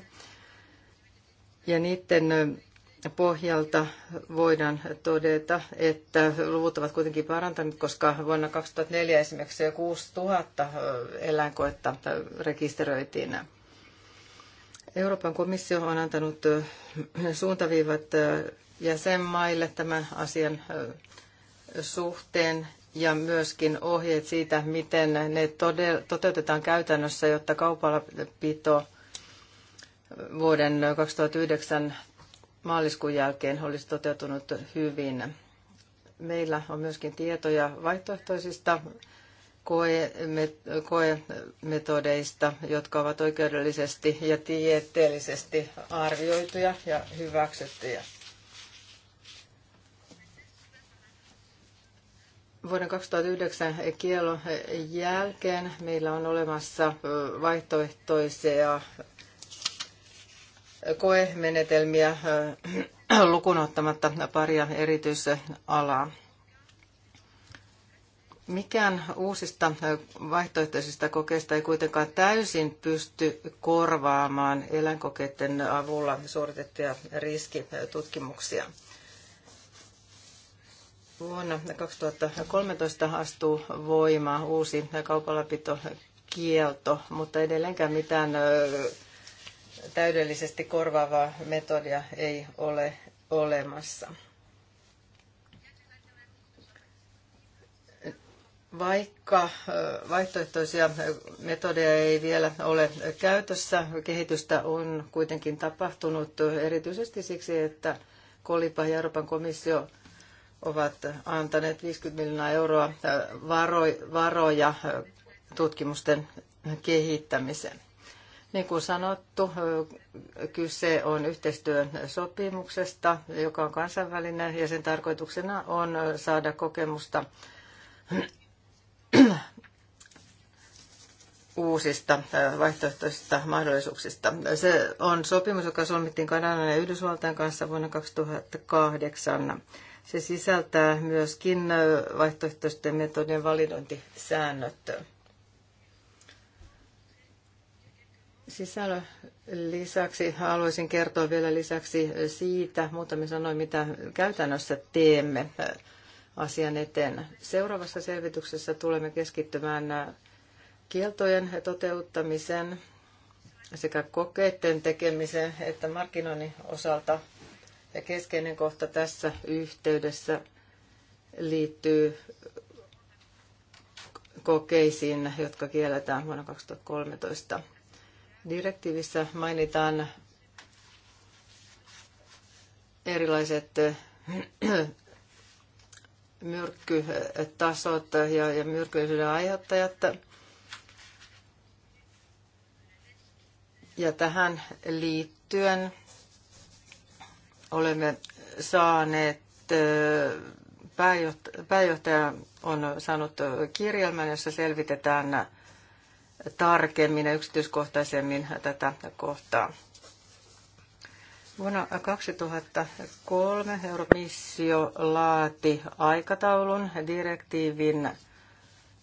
ja niiden pohjalta voidaan todeta, että luvut ovat kuitenkin parantaneet, koska vuonna 2004 esimerkiksi jo 6000 eläinkoetta rekisteröitiin. Euroopan komissio on antanut suuntaviivat jäsenmaille tämän asian suhteen ja myöskin ohjeet siitä, miten ne toteutetaan käytännössä, jotta kaupallapito vuoden 2009 maaliskuun jälkeen olisi toteutunut hyvin. Meillä on myöskin tietoja vaihtoehtoisista koemetodeista, jotka ovat oikeudellisesti ja tieteellisesti arvioituja ja hyväksyttyjä. Vuoden 2009 kielon jälkeen meillä on olemassa vaihtoehtoisia koemenetelmiä äh, lukunottamatta paria erityisalaa. Mikään uusista äh, vaihtoehtoisista kokeista ei kuitenkaan täysin pysty korvaamaan eläinkokeiden avulla suoritettuja riskitutkimuksia. Vuonna 2013 astuu voimaan uusi kaupallapitokielto, mutta edelleenkään mitään äh, täydellisesti korvaavaa metodia ei ole olemassa. Vaikka vaihtoehtoisia metodeja ei vielä ole käytössä, kehitystä on kuitenkin tapahtunut erityisesti siksi, että Kolipa ja Euroopan komissio ovat antaneet 50 miljoonaa euroa varoja tutkimusten kehittämiseen. Niin kuin sanottu, kyse on yhteistyön sopimuksesta, joka on kansainvälinen ja sen tarkoituksena on saada kokemusta uusista vaihtoehtoisista mahdollisuuksista. Se on sopimus, joka solmittiin Kanadan ja Yhdysvaltain kanssa vuonna 2008. Se sisältää myöskin vaihtoehtoisten metodien validointisäännöt. sisällön lisäksi haluaisin kertoa vielä lisäksi siitä, muutamia sanoin, mitä käytännössä teemme äh, asian eteen. Seuraavassa selvityksessä tulemme keskittymään äh, kieltojen toteuttamisen sekä kokeiden tekemisen että markkinoinnin osalta. Ja keskeinen kohta tässä yhteydessä liittyy kokeisiin, jotka kielletään vuonna 2013. Direktiivissä mainitaan erilaiset äh, myrkkytasot ja, ja myrkyllisyyden aiheuttajat. Ja tähän liittyen olemme saaneet, äh, pääjohtaja, pääjohtaja on saanut kirjelmän, jossa selvitetään tarkemmin ja yksityiskohtaisemmin tätä kohtaa. Vuonna 2003 Euromissio laati aikataulun direktiivin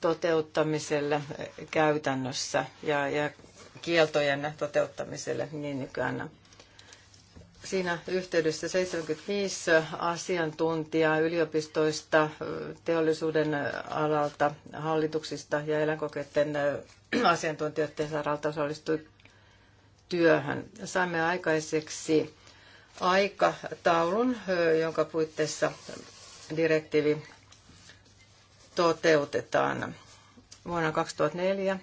toteuttamiselle käytännössä ja, ja kieltojen toteuttamiselle niin ikään siinä yhteydessä 75 asiantuntijaa yliopistoista, teollisuuden alalta, hallituksista ja eläinkokeiden äh, asiantuntijoiden saralta osallistui työhön. Saimme aikaiseksi aikataulun, äh, jonka puitteissa direktiivi toteutetaan. Vuonna 2004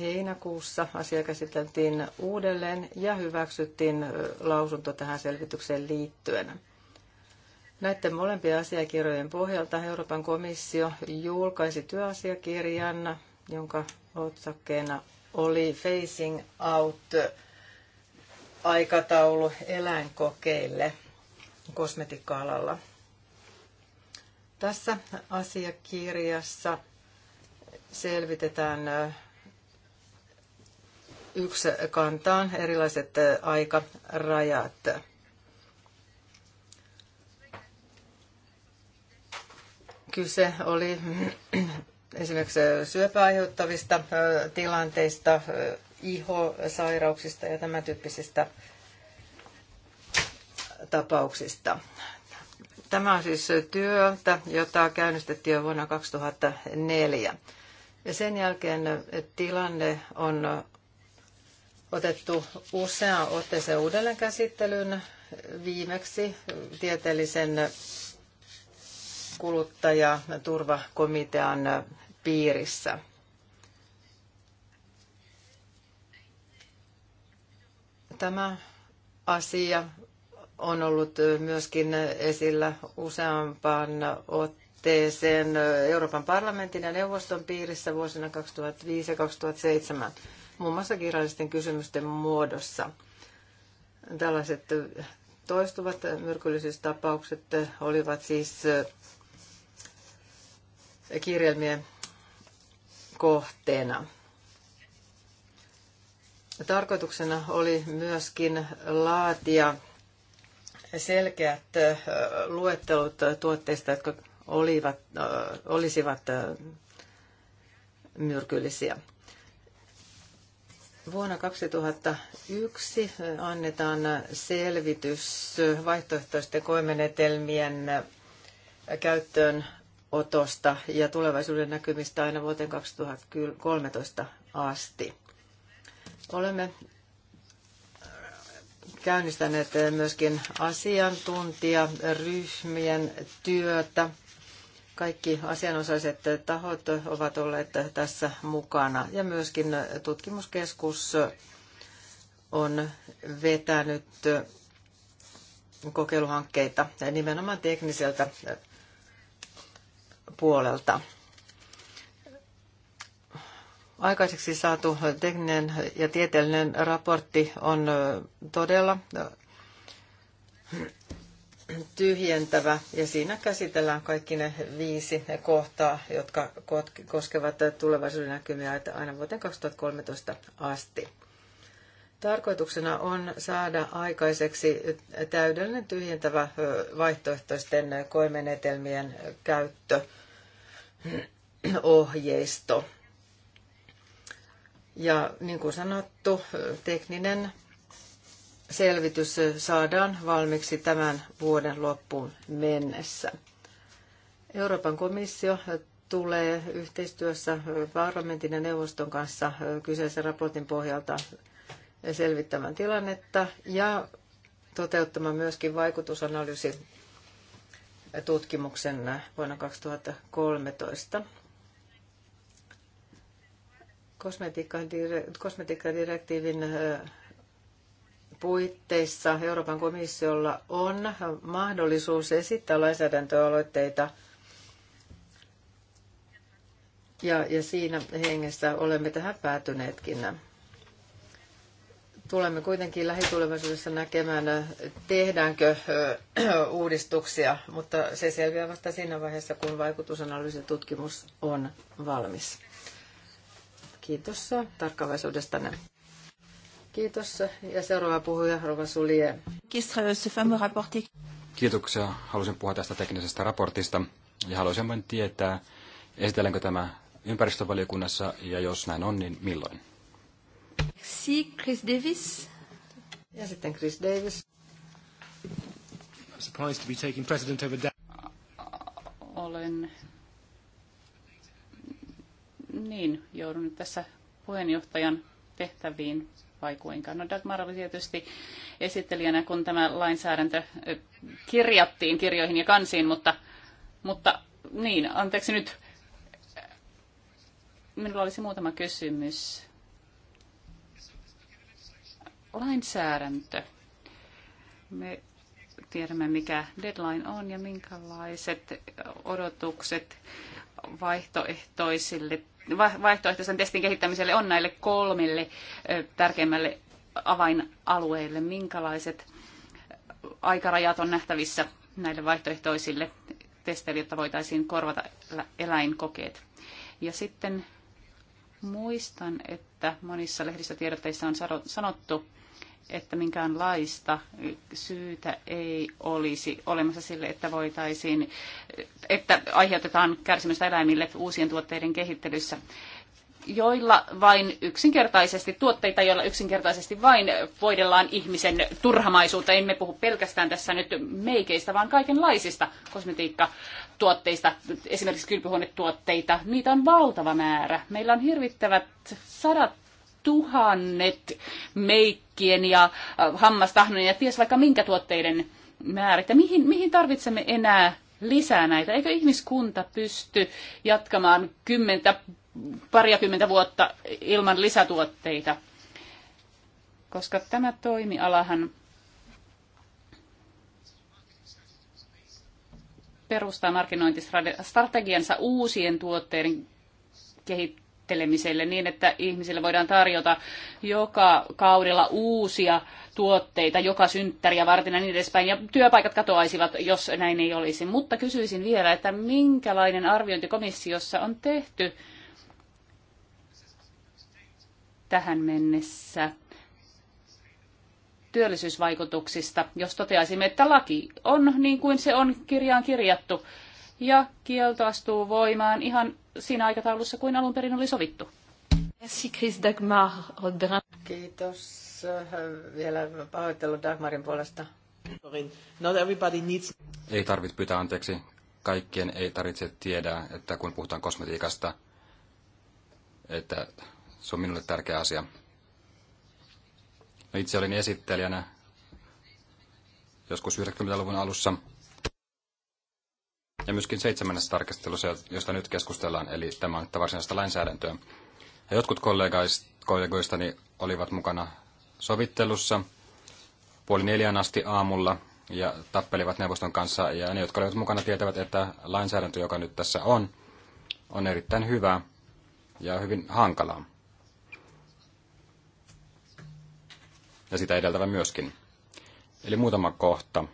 heinäkuussa asia käsiteltiin uudelleen ja hyväksyttiin lausunto tähän selvitykseen liittyen. Näiden molempien asiakirjojen pohjalta Euroopan komissio julkaisi työasiakirjan, jonka otsakkeena oli Facing Out aikataulu eläinkokeille kosmetiikka-alalla. Tässä asiakirjassa selvitetään yksi kantaan erilaiset aikarajat. Kyse oli esimerkiksi syöpäaiheuttavista tilanteista, ihosairauksista ja tämän tyyppisistä tapauksista. Tämä on siis työtä, jota käynnistettiin jo vuonna 2004. Ja sen jälkeen tilanne on otettu useaan otteeseen uudelleen käsittelyn viimeksi tieteellisen kuluttajaturvakomitean piirissä. Tämä asia on ollut myöskin esillä useampaan otteeseen Euroopan parlamentin ja neuvoston piirissä vuosina 2005 ja 2007 muun muassa kirjallisten kysymysten muodossa. Tällaiset toistuvat myrkyllisyystapaukset olivat siis äh, kirjelmien kohteena. Tarkoituksena oli myöskin laatia selkeät äh, luettelut tuotteista, jotka olivat, äh, olisivat myrkyllisiä. Vuonna 2001 annetaan selvitys vaihtoehtoisten koemenetelmien käyttöön otosta ja tulevaisuuden näkymistä aina vuoteen 2013 asti. Olemme käynnistäneet myöskin asiantuntijaryhmien työtä kaikki asianosaiset tahot ovat olleet tässä mukana ja myöskin tutkimuskeskus on vetänyt kokeiluhankkeita nimenomaan tekniseltä puolelta. Aikaiseksi saatu tekninen ja tieteellinen raportti on todella tyhjentävä ja siinä käsitellään kaikki ne viisi kohtaa, jotka koskevat tulevaisuuden näkymiä aina vuoteen 2013 asti. Tarkoituksena on saada aikaiseksi täydellinen tyhjentävä vaihtoehtoisten koemenetelmien käyttöohjeisto. Ja niin kuin sanottu, tekninen selvitys saadaan valmiiksi tämän vuoden loppuun mennessä. Euroopan komissio tulee yhteistyössä parlamentin ja neuvoston kanssa kyseisen raportin pohjalta selvittämään tilannetta ja toteuttamaan myöskin vaikutusanalyysi tutkimuksen vuonna 2013. Kosmetiikkadirektiivin puitteissa Euroopan komissiolla on mahdollisuus esittää lainsäädäntöaloitteita ja, ja siinä hengessä olemme tähän päätyneetkin. Tulemme kuitenkin lähitulevaisuudessa näkemään, tehdäänkö uudistuksia, mutta se selviää vasta siinä vaiheessa, kun vaikutusanalyysitutkimus on valmis. Kiitos tarkkaavaisuudestanne. Kiitos. Ja seuraava puhuja, Rova Sulje. Äh, Kiitoksia. Haluaisin puhua tästä teknisestä raportista ja haluaisin vain tietää, esitelläänkö tämä ympäristövaliokunnassa ja jos näin on, niin milloin? Si, Chris Davis. Ja sitten Chris Davis. Surprised to be taking president over Olen niin, joudun nyt tässä puheenjohtajan tehtäviin vai kuinka? No Dagmar oli tietysti esittelijänä, kun tämä lainsäädäntö kirjattiin kirjoihin ja kansiin, mutta, mutta niin, anteeksi nyt. Minulla olisi muutama kysymys. Lainsäädäntö. Me tiedämme, mikä deadline on ja minkälaiset odotukset vaihtoehtoisille vaihtoehtoisen testin kehittämiselle on näille kolmelle tärkeimmälle avainalueelle? Minkälaiset aikarajat on nähtävissä näille vaihtoehtoisille testeille, jotta voitaisiin korvata eläinkokeet? Ja sitten muistan, että monissa lehdistötiedotteissa on sanottu, että minkäänlaista syytä ei olisi olemassa sille, että voitaisiin, että aiheutetaan kärsimystä eläimille uusien tuotteiden kehittelyssä joilla vain yksinkertaisesti, tuotteita, joilla yksinkertaisesti vain voidellaan ihmisen turhamaisuutta. Emme puhu pelkästään tässä nyt meikeistä, vaan kaikenlaisista kosmetiikkatuotteista, esimerkiksi kylpyhuonetuotteita. Niitä on valtava määrä. Meillä on hirvittävät sadat tuhannet meikkien ja äh, hammastahnojen ja ties vaikka minkä tuotteiden määrä, Ja mihin, mihin tarvitsemme enää lisää näitä? Eikö ihmiskunta pysty jatkamaan kymmentä, pariakymmentä vuotta ilman lisätuotteita? Koska tämä toimialahan perustaa markkinointistrategiansa uusien tuotteiden kehit- välittelemiselle niin, että ihmisille voidaan tarjota joka kaudella uusia tuotteita, joka synttäriä varten ja niin edespäin, ja työpaikat katoaisivat, jos näin ei olisi. Mutta kysyisin vielä, että minkälainen arviointi komissiossa on tehty tähän mennessä työllisyysvaikutuksista, jos toteaisimme, että laki on niin kuin se on kirjaan kirjattu, ja kielto astuu voimaan ihan siinä aikataulussa kuin alun perin oli sovittu. Merci Chris Dagmar. Kiitos vielä pahoittelu Dagmarin puolesta. Not everybody needs... Ei tarvitse pyytää anteeksi. Kaikkien ei tarvitse tiedää, että kun puhutaan kosmetiikasta, että se on minulle tärkeä asia. No itse olin esittelijänä joskus 90-luvun alussa ja myöskin seitsemännessä tarkastelussa, josta nyt keskustellaan, eli tämä on varsinaista lainsäädäntöä. Ja jotkut kollegoistani olivat mukana sovittelussa puoli neljän asti aamulla ja tappelivat neuvoston kanssa. Ja ne, jotka olivat mukana, tietävät, että lainsäädäntö, joka nyt tässä on, on erittäin hyvä ja hyvin hankalaa. Ja sitä edeltävä myöskin. Eli muutama kohta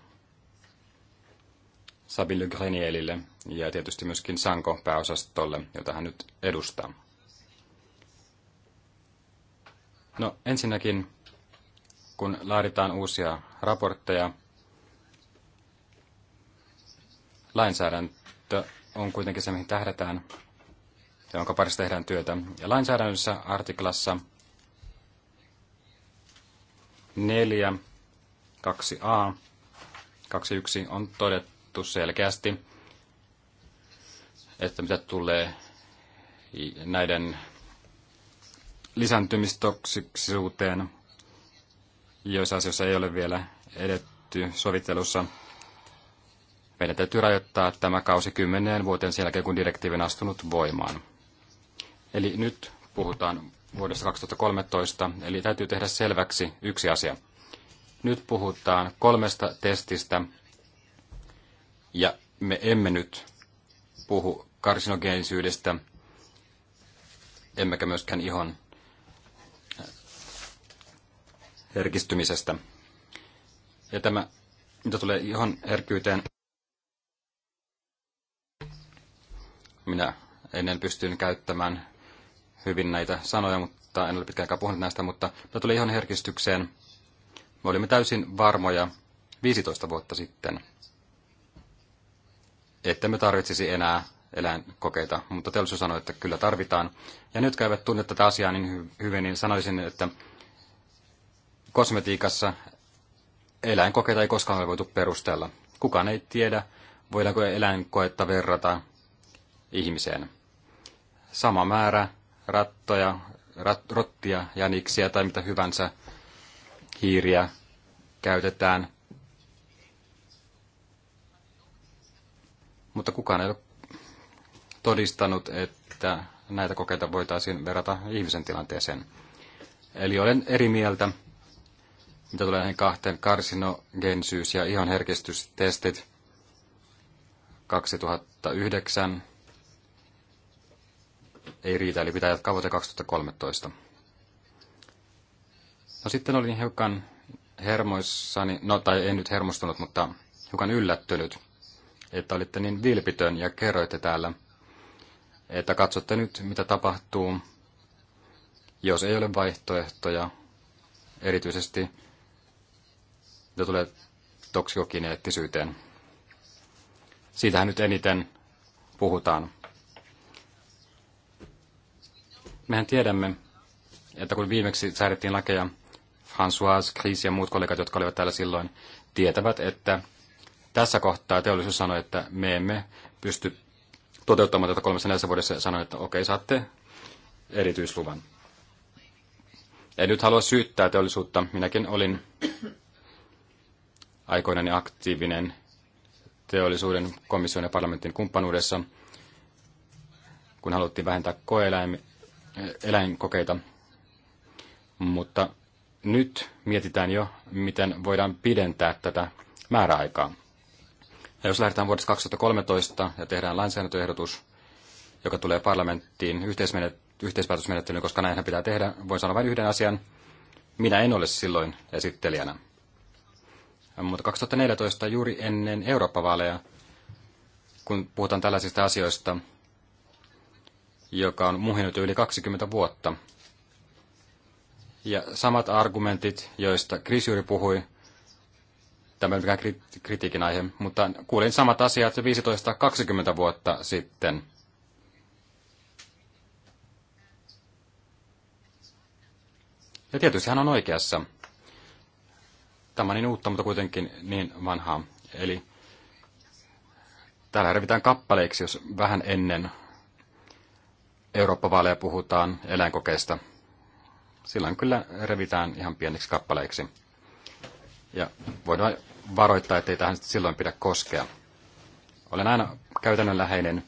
Sabine Grenielille ja tietysti myöskin Sanko-pääosastolle, jota hän nyt edustaa. No ensinnäkin, kun laaditaan uusia raportteja, lainsäädäntö on kuitenkin se, mihin tähdätään, ja jonka parissa tehdään työtä. Ja lainsäädännössä artiklassa 4, 2a, 21 on todettu, todettu selkeästi, että mitä tulee näiden lisääntymistoksisuuteen, joissa asioissa ei ole vielä edetty sovittelussa. Meidän täytyy rajoittaa tämä kausi kymmeneen vuoteen sen jälkeen, kun direktiivi on astunut voimaan. Eli nyt puhutaan vuodesta 2013, eli täytyy tehdä selväksi yksi asia. Nyt puhutaan kolmesta testistä, ja me emme nyt puhu karsinogeenisyydestä, emmekä myöskään ihon äh, herkistymisestä. Ja tämä, mitä tulee ihon herkkyyteen, minä ennen pystyin käyttämään hyvin näitä sanoja, mutta en ole pitkään puhunut näistä, mutta mitä tulee ihon herkistykseen, me olimme täysin varmoja 15 vuotta sitten – että me tarvitsisi enää eläinkokeita, mutta teollisuus sanoi, että kyllä tarvitaan. Ja nyt käyvät tunne tätä asiaa niin hyvin, niin sanoisin, että kosmetiikassa eläinkokeita ei koskaan ole voitu perustella. Kukaan ei tiedä, voidaanko eläinkoetta verrata ihmiseen. Sama määrä rattoja, rat, rottia, jäniksiä tai mitä hyvänsä hiiriä käytetään mutta kukaan ei ole todistanut, että näitä kokeita voitaisiin verrata ihmisen tilanteeseen. Eli olen eri mieltä, mitä tulee näihin kahteen karsinogensyys- ja ihonherkistystestit 2009 ei riitä, eli pitää jatkaa vuoteen 2013. No sitten olin hiukan hermoissani, no tai en nyt hermostunut, mutta hiukan yllättynyt – että olitte niin vilpitön ja kerroitte täällä, että katsotte nyt, mitä tapahtuu, jos ei ole vaihtoehtoja, erityisesti mitä tulee toksikokineettisyyteen. Siitähän nyt eniten puhutaan. Mehän tiedämme, että kun viimeksi säädettiin lakeja, François, Chris ja muut kollegat, jotka olivat täällä silloin, tietävät, että tässä kohtaa teollisuus sanoi, että me emme pysty toteuttamaan tätä kolmessa neljässä vuodessa ja sanoi, että okei, saatte erityisluvan. En nyt halua syyttää teollisuutta. Minäkin olin aikoinani aktiivinen teollisuuden komission ja parlamentin kumppanuudessa, kun haluttiin vähentää eläinkokeita, Mutta nyt mietitään jo, miten voidaan pidentää tätä määräaikaa. Ja jos lähdetään vuodesta 2013 ja tehdään lainsäädäntöehdotus, joka tulee parlamenttiin yhteispäätösmenettelyyn, koska näinhän pitää tehdä, voin sanoa vain yhden asian. Minä en ole silloin esittelijänä. Mutta 2014 juuri ennen Eurooppa-vaaleja, kun puhutaan tällaisista asioista, joka on muhinut yli 20 vuotta. Ja samat argumentit, joista Chris juuri puhui, tämä on mikään kritiikin aihe, mutta kuulin samat asiat 15-20 vuotta sitten. Ja tietysti hän on oikeassa. Tämä on niin uutta, mutta kuitenkin niin vanhaa. Eli täällä revitään kappaleiksi, jos vähän ennen Eurooppa-vaaleja puhutaan eläinkokeista. Silloin kyllä revitään ihan pieniksi kappaleiksi. Ja voidaan varoittaa, ettei tähän silloin pidä koskea. Olen aina käytännönläheinen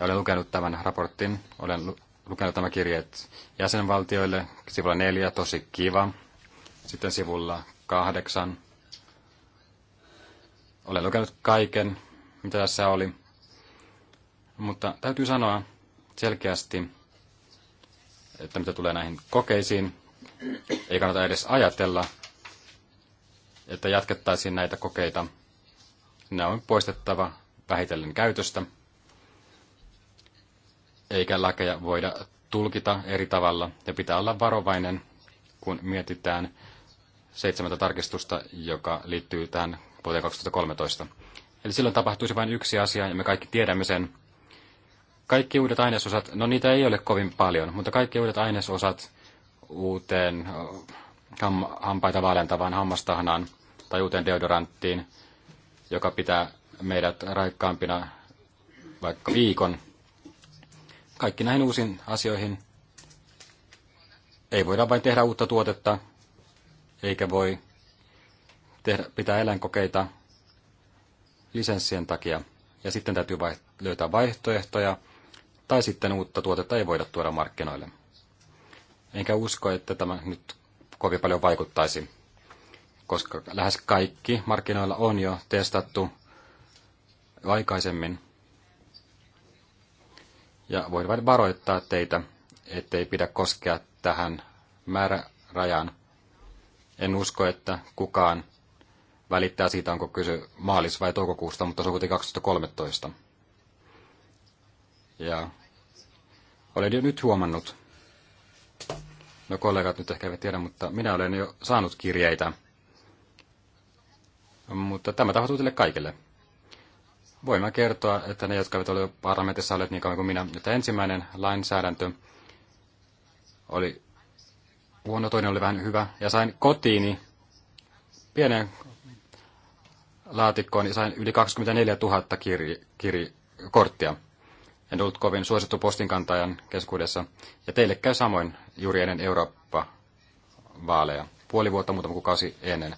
ja olen lukenut tämän raportin, olen lukenut tämä kirjeet jäsenvaltioille, sivulla neljä, tosi kiva. Sitten sivulla kahdeksan. Olen lukenut kaiken, mitä tässä oli. Mutta täytyy sanoa selkeästi, että mitä tulee näihin kokeisiin, ei kannata edes ajatella, että jatkettaisiin näitä kokeita. Nämä on poistettava vähitellen käytöstä, eikä lakeja voida tulkita eri tavalla ja pitää olla varovainen, kun mietitään seitsemäntä tarkistusta, joka liittyy tähän vuoteen 2013. Eli silloin tapahtuisi vain yksi asia ja me kaikki tiedämme sen. Kaikki uudet ainesosat, no niitä ei ole kovin paljon, mutta kaikki uudet ainesosat uuteen hampaita vaalentavaan hammastahnaan tai uuteen deodoranttiin, joka pitää meidät raikkaampina vaikka viikon. Kaikki näihin uusiin asioihin ei voida vain tehdä uutta tuotetta, eikä voi tehdä, pitää eläinkokeita lisenssien takia. Ja sitten täytyy vai, löytää vaihtoehtoja, tai sitten uutta tuotetta ei voida tuoda markkinoille. Enkä usko, että tämä nyt kovin paljon vaikuttaisi, koska lähes kaikki markkinoilla on jo testattu aikaisemmin. Ja voin vain varoittaa teitä, ettei pidä koskea tähän määrärajaan. En usko, että kukaan välittää siitä, onko kyse maalis- vai toukokuusta, mutta se on kuitenkin 2013. Ja olen jo nyt huomannut, No kollegat nyt ehkä eivät tiedä, mutta minä olen jo saanut kirjeitä. Mutta tämä tapahtuu teille kaikille. Voin mä kertoa, että ne, jotka eivät ole parlamentissa olleet niin kauan kuin minä, että ensimmäinen lainsäädäntö oli huono, toinen oli vähän hyvä, ja sain kotiini pienen laatikkoon, ja sain yli 24 000 kirjekorttia. kirj- en ollut kovin suosittu postinkantajan keskuudessa. Ja teille käy samoin juuri ennen Eurooppa-vaaleja, puoli vuotta, muutama kuukausi ennen.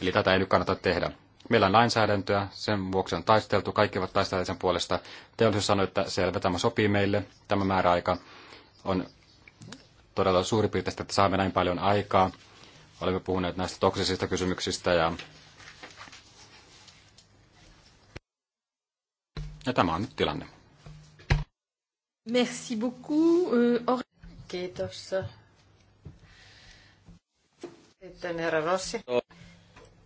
Eli tätä ei nyt kannata tehdä. Meillä on lainsäädäntöä, sen vuoksi on taisteltu, kaikki ovat taistelleet sen puolesta. Teollisuus sanoi, että selvä, tämä sopii meille, tämä määräaika on todella suuri piirteistä, että saamme näin paljon aikaa. Olemme puhuneet näistä toksisista kysymyksistä ja ja tämä on nyt tilanne. Merci beaucoup. Euh, Kiitos. Sitten herra Rossi.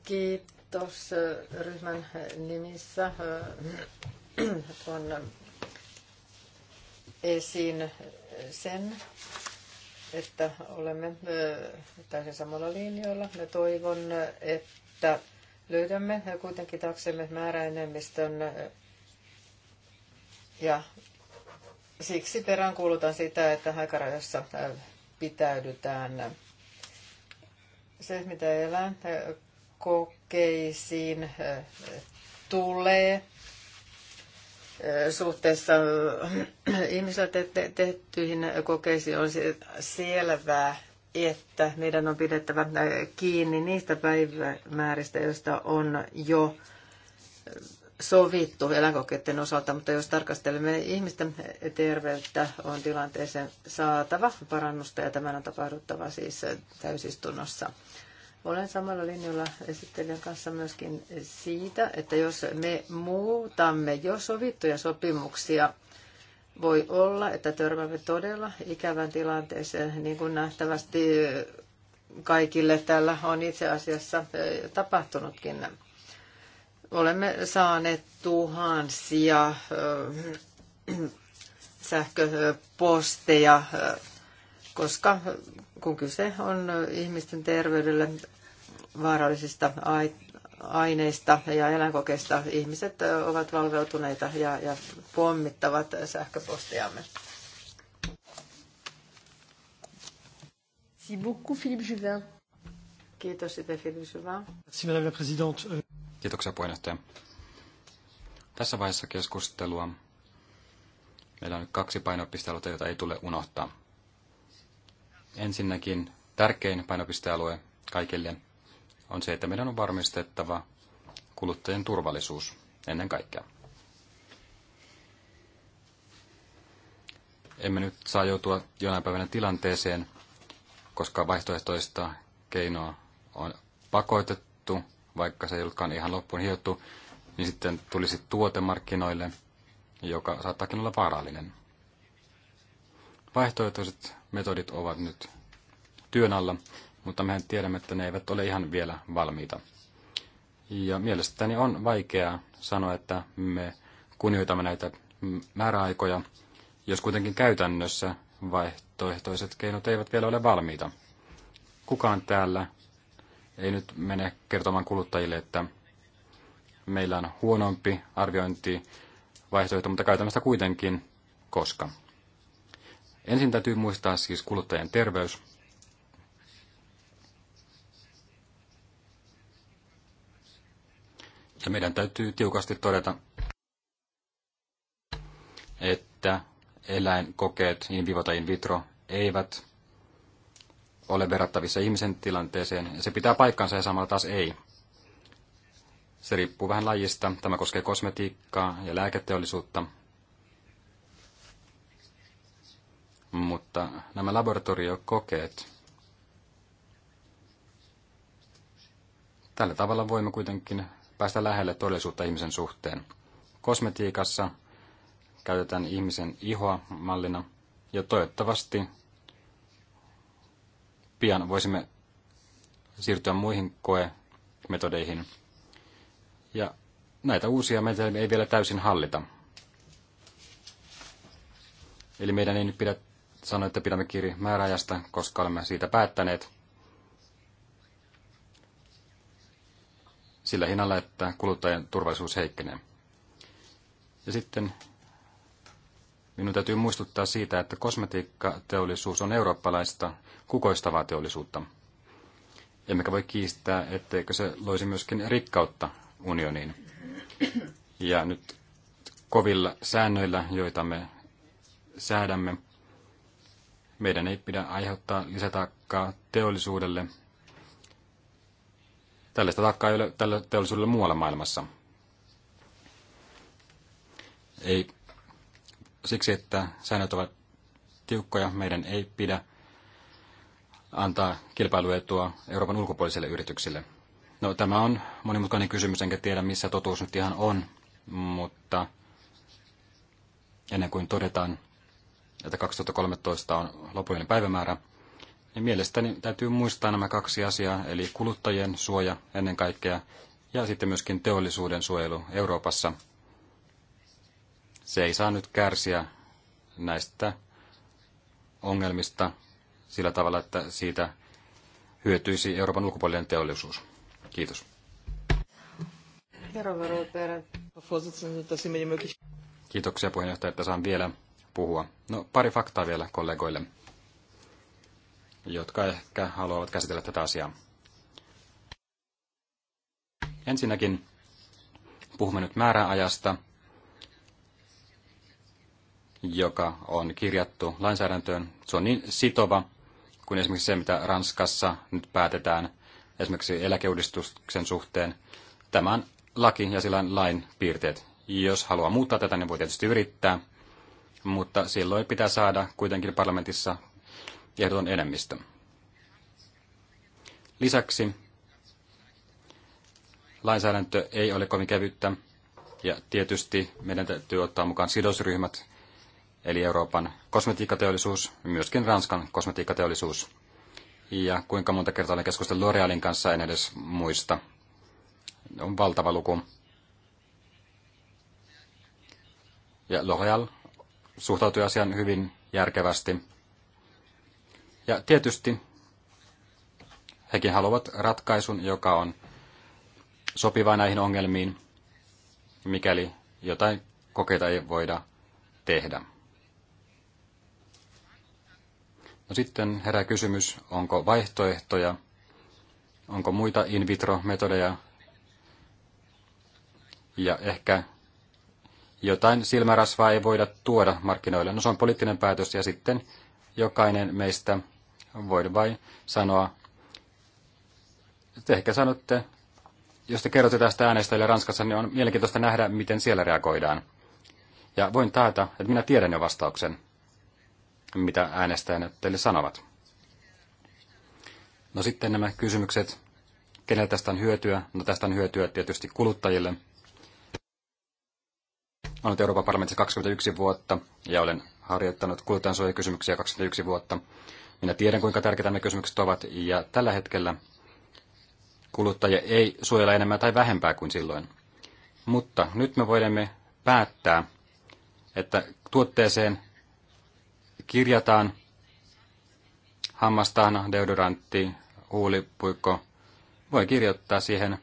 Kiitos äh, ryhmän nimissä äh, tuon äh, esiin sen, että olemme täysin samalla linjoilla. Me toivon, että löydämme kuitenkin taksemme määräenemmistön ja Siksi peräänkuulutan sitä, että aikarajassa pitäydytään. Se, mitä elän kokeisiin tulee suhteessa ihmisillä tehtyihin kokeisiin on selvää, että meidän on pidettävä kiinni niistä päivämääristä, joista on jo sovittu eläinkokeiden osalta, mutta jos tarkastelemme ihmisten terveyttä, on tilanteeseen saatava parannusta ja tämän on tapahduttava siis täysistunnossa. Olen samalla linjalla esittelijän kanssa myöskin siitä, että jos me muutamme jo sovittuja sopimuksia, voi olla, että törmäämme todella ikävän tilanteeseen, niin kuin nähtävästi kaikille täällä on itse asiassa eh, tapahtunutkin. Olemme saaneet tuhansia sähköposteja, koska kun kyse on ihmisten terveydelle vaarallisista aineista ja eläinkokeista, ihmiset ovat valveutuneita ja, ja pommittavat sähköpostejamme. Merci beaucoup, Philippe Juvin. Kiitos, Philippe Juvin. Merci, Madame la Présidente. Kiitoksia puheenjohtaja. Tässä vaiheessa keskustelua meillä on kaksi painopistealuetta, joita ei tule unohtaa. Ensinnäkin tärkein painopistealue kaikille on se, että meidän on varmistettava kuluttajien turvallisuus ennen kaikkea. Emme nyt saa joutua jonain päivänä tilanteeseen, koska vaihtoehtoista keinoa on pakotettu vaikka se ei ollutkaan ihan loppuun hiottu, niin sitten tulisi tuotemarkkinoille, joka saattaakin olla vaarallinen. Vaihtoehtoiset metodit ovat nyt työn alla, mutta mehän tiedämme, että ne eivät ole ihan vielä valmiita. Ja mielestäni on vaikeaa sanoa, että me kunnioitamme näitä määräaikoja, jos kuitenkin käytännössä vaihtoehtoiset keinot eivät vielä ole valmiita. Kukaan täällä ei nyt mene kertomaan kuluttajille, että meillä on huonompi arviointi vaihtoehto, mutta käytämme sitä kuitenkin, koska. Ensin täytyy muistaa siis kuluttajien terveys. Ja meidän täytyy tiukasti todeta, että eläinkokeet in vivo tai in vitro eivät ole verrattavissa ihmisen tilanteeseen. Se pitää paikkansa ja samalla taas ei. Se riippuu vähän lajista. Tämä koskee kosmetiikkaa ja lääketeollisuutta. Mutta nämä laboratoriokokeet, tällä tavalla voimme kuitenkin päästä lähelle todellisuutta ihmisen suhteen. Kosmetiikassa käytetään ihmisen ihoa mallina ja toivottavasti pian voisimme siirtyä muihin koemetodeihin. Ja näitä uusia menetelmiä ei vielä täysin hallita. Eli meidän ei nyt pidä sanoa, että pidämme kiiri määräajasta, koska olemme siitä päättäneet. Sillä hinnalla, että kuluttajan turvallisuus heikkenee. Ja sitten Minun täytyy muistuttaa siitä, että kosmetiikkateollisuus on eurooppalaista kukoistavaa teollisuutta. Emmekä voi kiistää, etteikö se loisi myöskin rikkautta unioniin. Ja nyt kovilla säännöillä, joita me säädämme, meidän ei pidä aiheuttaa lisätaakkaa teollisuudelle. Tällaista taakkaa ei ole tällä teollisuudella muualla maailmassa. Ei siksi, että säännöt ovat tiukkoja, meidän ei pidä antaa kilpailuetua Euroopan ulkopuolisille yrityksille. No, tämä on monimutkainen kysymys, enkä tiedä missä totuus nyt ihan on, mutta ennen kuin todetaan, että 2013 on lopullinen päivämäärä, niin mielestäni täytyy muistaa nämä kaksi asiaa, eli kuluttajien suoja ennen kaikkea ja sitten myöskin teollisuuden suojelu Euroopassa – se ei saa nyt kärsiä näistä ongelmista sillä tavalla, että siitä hyötyisi Euroopan ulkopuolinen teollisuus. Kiitos. Kiitoksia puheenjohtaja, että saan vielä puhua. No pari faktaa vielä kollegoille, jotka ehkä haluavat käsitellä tätä asiaa. Ensinnäkin puhumme nyt määräajasta joka on kirjattu lainsäädäntöön. Se on niin sitova kuin esimerkiksi se, mitä Ranskassa nyt päätetään esimerkiksi eläkeuudistuksen suhteen. Tämän laki ja sillä lain piirteet. Jos haluaa muuttaa tätä, niin voi tietysti yrittää, mutta silloin pitää saada kuitenkin parlamentissa ehdoton enemmistö. Lisäksi lainsäädäntö ei ole kovin kevyttä ja tietysti meidän täytyy ottaa mukaan sidosryhmät, eli Euroopan kosmetiikkateollisuus, myöskin Ranskan kosmetiikkateollisuus. Ja kuinka monta kertaa olen keskustellut L'Orealin kanssa, en edes muista. On valtava luku. Ja L'Oreal suhtautui asiaan hyvin järkevästi. Ja tietysti hekin haluavat ratkaisun, joka on sopiva näihin ongelmiin, mikäli jotain kokeita ei voida tehdä. No sitten herää kysymys, onko vaihtoehtoja, onko muita in vitro-metodeja ja ehkä jotain silmärasvaa ei voida tuoda markkinoille. No se on poliittinen päätös ja sitten jokainen meistä voi vain sanoa, että ehkä sanotte, jos te kerrotte tästä äänestäjille Ranskassa, niin on mielenkiintoista nähdä, miten siellä reagoidaan. Ja voin taata, että minä tiedän jo vastauksen mitä äänestäjät teille sanovat. No sitten nämä kysymykset, kenellä tästä on hyötyä? No tästä on hyötyä tietysti kuluttajille. Olen ollut Euroopan parlamentissa 21 vuotta ja olen harjoittanut kuluttajansuojakysymyksiä 21 vuotta. Minä tiedän, kuinka tärkeitä nämä kysymykset ovat ja tällä hetkellä kuluttaja ei suojella enemmän tai vähempää kuin silloin. Mutta nyt me voimme päättää, että tuotteeseen kirjataan hammastahna, deodorantti, huulipuikko. Voi kirjoittaa siihen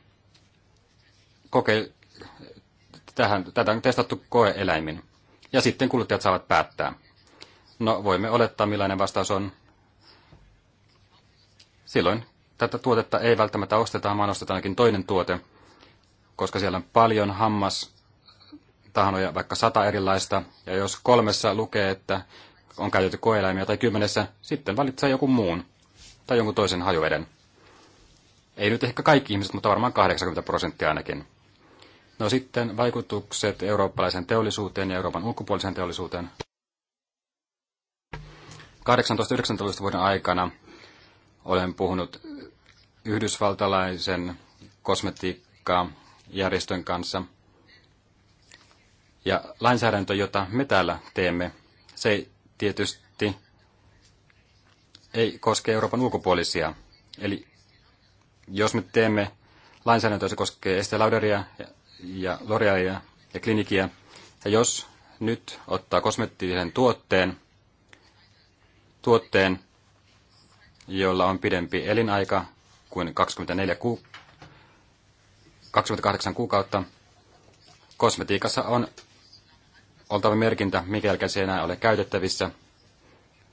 koke, tähän, tätä on testattu koeeläimin. Ja sitten kuluttajat saavat päättää. No voimme olettaa, millainen vastaus on. Silloin tätä tuotetta ei välttämättä osteta, vaan ostetaan ainakin toinen tuote, koska siellä on paljon hammas tahanoja, vaikka sata erilaista. Ja jos kolmessa lukee, että on käytetty koeläimiä tai kymmenessä, sitten valitsee joku muun tai jonkun toisen hajuveden. Ei nyt ehkä kaikki ihmiset, mutta varmaan 80 prosenttia ainakin. No sitten vaikutukset eurooppalaisen teollisuuteen ja Euroopan ulkopuoliseen teollisuuteen. 18-19 vuoden aikana olen puhunut yhdysvaltalaisen kosmetiikkajärjestön kanssa. Ja lainsäädäntö, jota me täällä teemme, se ei tietysti ei koske Euroopan ulkopuolisia. Eli jos me teemme lainsäädäntöä, se koskee Estee Lauderia ja L'Orealia ja Klinikia, ja jos nyt ottaa kosmettisen tuotteen, tuotteen, jolla on pidempi elinaika kuin 24 ku, 28 kuukautta. Kosmetiikassa on oltava merkintä, mikä jälkeen se ei enää ole käytettävissä.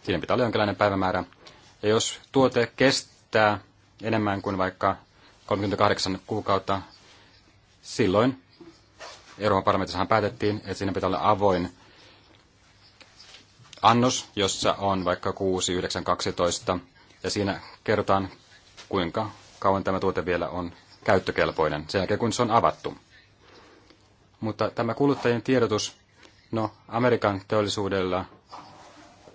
Siinä pitää olla jonkinlainen päivämäärä. Ja jos tuote kestää enemmän kuin vaikka 38 kuukautta, silloin Euroopan parlamentissahan päätettiin, että siinä pitää olla avoin annos, jossa on vaikka 6, 9, 12, ja siinä kerrotaan, kuinka kauan tämä tuote vielä on käyttökelpoinen sen jälkeen, kun se on avattu. Mutta tämä kuluttajien tiedotus No, Amerikan teollisuudella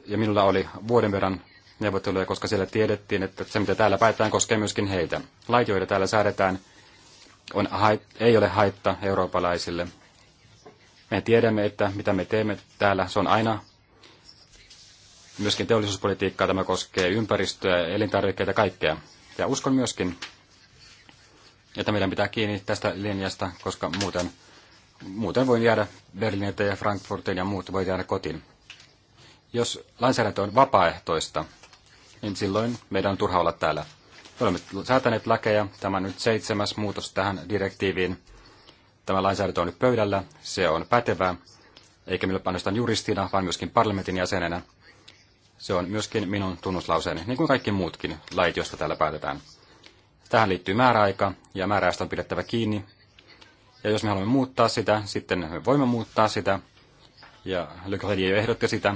ja minulla oli vuoden verran neuvotteluja, koska siellä tiedettiin, että se mitä täällä päätetään koskee myöskin heitä. Lait, joita täällä säädetään, on, ei ole haitta eurooppalaisille. Me tiedämme, että mitä me teemme täällä, se on aina myöskin teollisuuspolitiikkaa, tämä koskee ympäristöä, elintarvikkeita, kaikkea. Ja uskon myöskin, että meidän pitää kiinni tästä linjasta, koska muuten – muuten voin jäädä Berliiniltä ja Frankfurtiin ja muut voi jäädä kotiin. Jos lainsäädäntö on vapaaehtoista, niin silloin meidän on turha olla täällä. olemme säätäneet lakeja. Tämä on nyt seitsemäs muutos tähän direktiiviin. Tämä lainsäädäntö on nyt pöydällä. Se on pätevää, eikä minulle panostan juristina, vaan myöskin parlamentin jäsenenä. Se on myöskin minun tunnuslauseeni, niin kuin kaikki muutkin lait, joista täällä päätetään. Tähän liittyy määräaika, ja määräästä on pidettävä kiinni, ja jos me haluamme muuttaa sitä, sitten me voimme muuttaa sitä. Ja Le Corrier ehdotti sitä.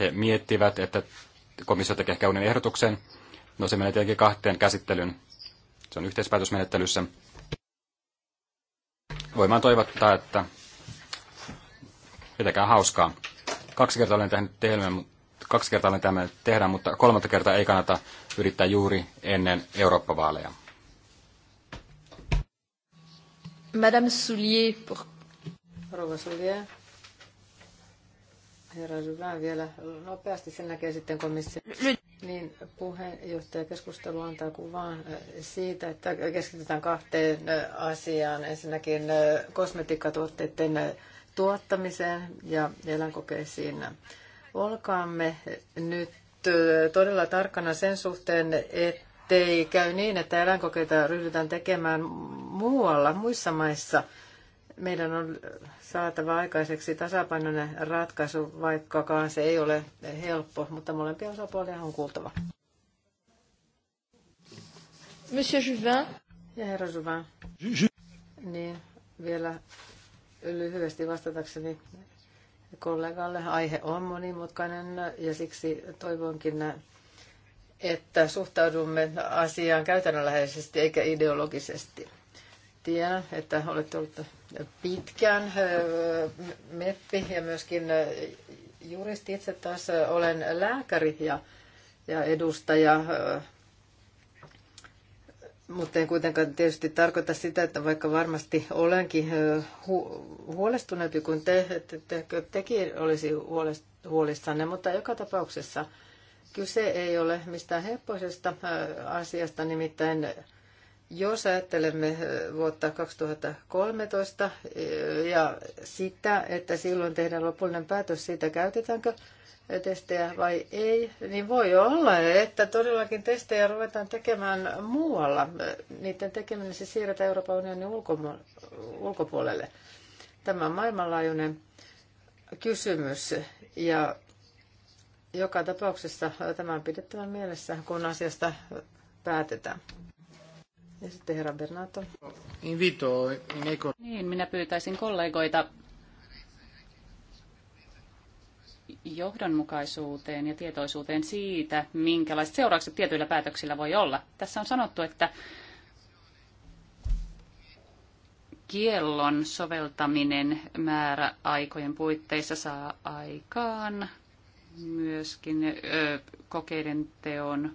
He miettivät, että komissio tekee ehkä uuden ehdotuksen. No se menee tietenkin kahteen käsittelyyn. Se on yhteispäätösmenettelyssä. Voimaan toivottaa, että pitäkää hauskaa. Kaksi kertaa olen tehnyt tehdä, kaksi kertaa olen tämän tehdä, mutta kolmatta kertaa ei kannata yrittää juuri ennen Eurooppa-vaaleja. Madame Soulier, pour... Rouva Soulier. Herra Syvään vielä nopeasti, sen näkee sitten komissio. Niin puheenjohtaja keskustelu antaa kuvan äh, siitä, että keskitytään kahteen äh, asiaan. Ensinnäkin äh, kosmetiikkatuotteiden tuottamiseen ja eläinkokeisiin. Olkaamme nyt todella tarkkana sen suhteen, että ettei käy niin, että eläinkokeita ryhdytään tekemään muualla, muissa maissa. Meidän on saatava aikaiseksi tasapainoinen ratkaisu, vaikkakaan se ei ole helppo, mutta molempia osapuolia on kuultava. Monsieur Juvin. Ja herra Juvin. Niin, vielä lyhyesti vastatakseni kollegalle. Aihe on monimutkainen ja siksi toivonkin että suhtaudumme asiaan käytännönläheisesti eikä ideologisesti. Tiedän, että olette ollut pitkään meppi ja myöskin juristi itse taas olen lääkäri ja, ja edustaja, mutta en kuitenkaan tietysti tarkoita sitä, että vaikka varmasti olenkin hu- huolestuneempi kuin te, että te, tekin olisi huolestunut huolissanne, mutta joka tapauksessa – Kyse ei ole mistään heppoisesta asiasta, nimittäin jos ajattelemme vuotta 2013 ja sitä, että silloin tehdään lopullinen päätös siitä, käytetäänkö testejä vai ei, niin voi olla, että todellakin testejä ruvetaan tekemään muualla. Niiden tekeminen siis siirretään Euroopan unionin ulkopuolelle. Tämä on maailmanlaajuinen kysymys ja joka tapauksessa tämä on pidettävä mielessä, kun asiasta päätetään. Ja sitten herra Bernato. Invito, Ineko. Niin, minä pyytäisin kollegoita johdonmukaisuuteen ja tietoisuuteen siitä, minkälaiset seuraukset tietyillä päätöksillä voi olla. Tässä on sanottu, että kiellon soveltaminen määräaikojen puitteissa saa aikaan myöskin kokeiden teon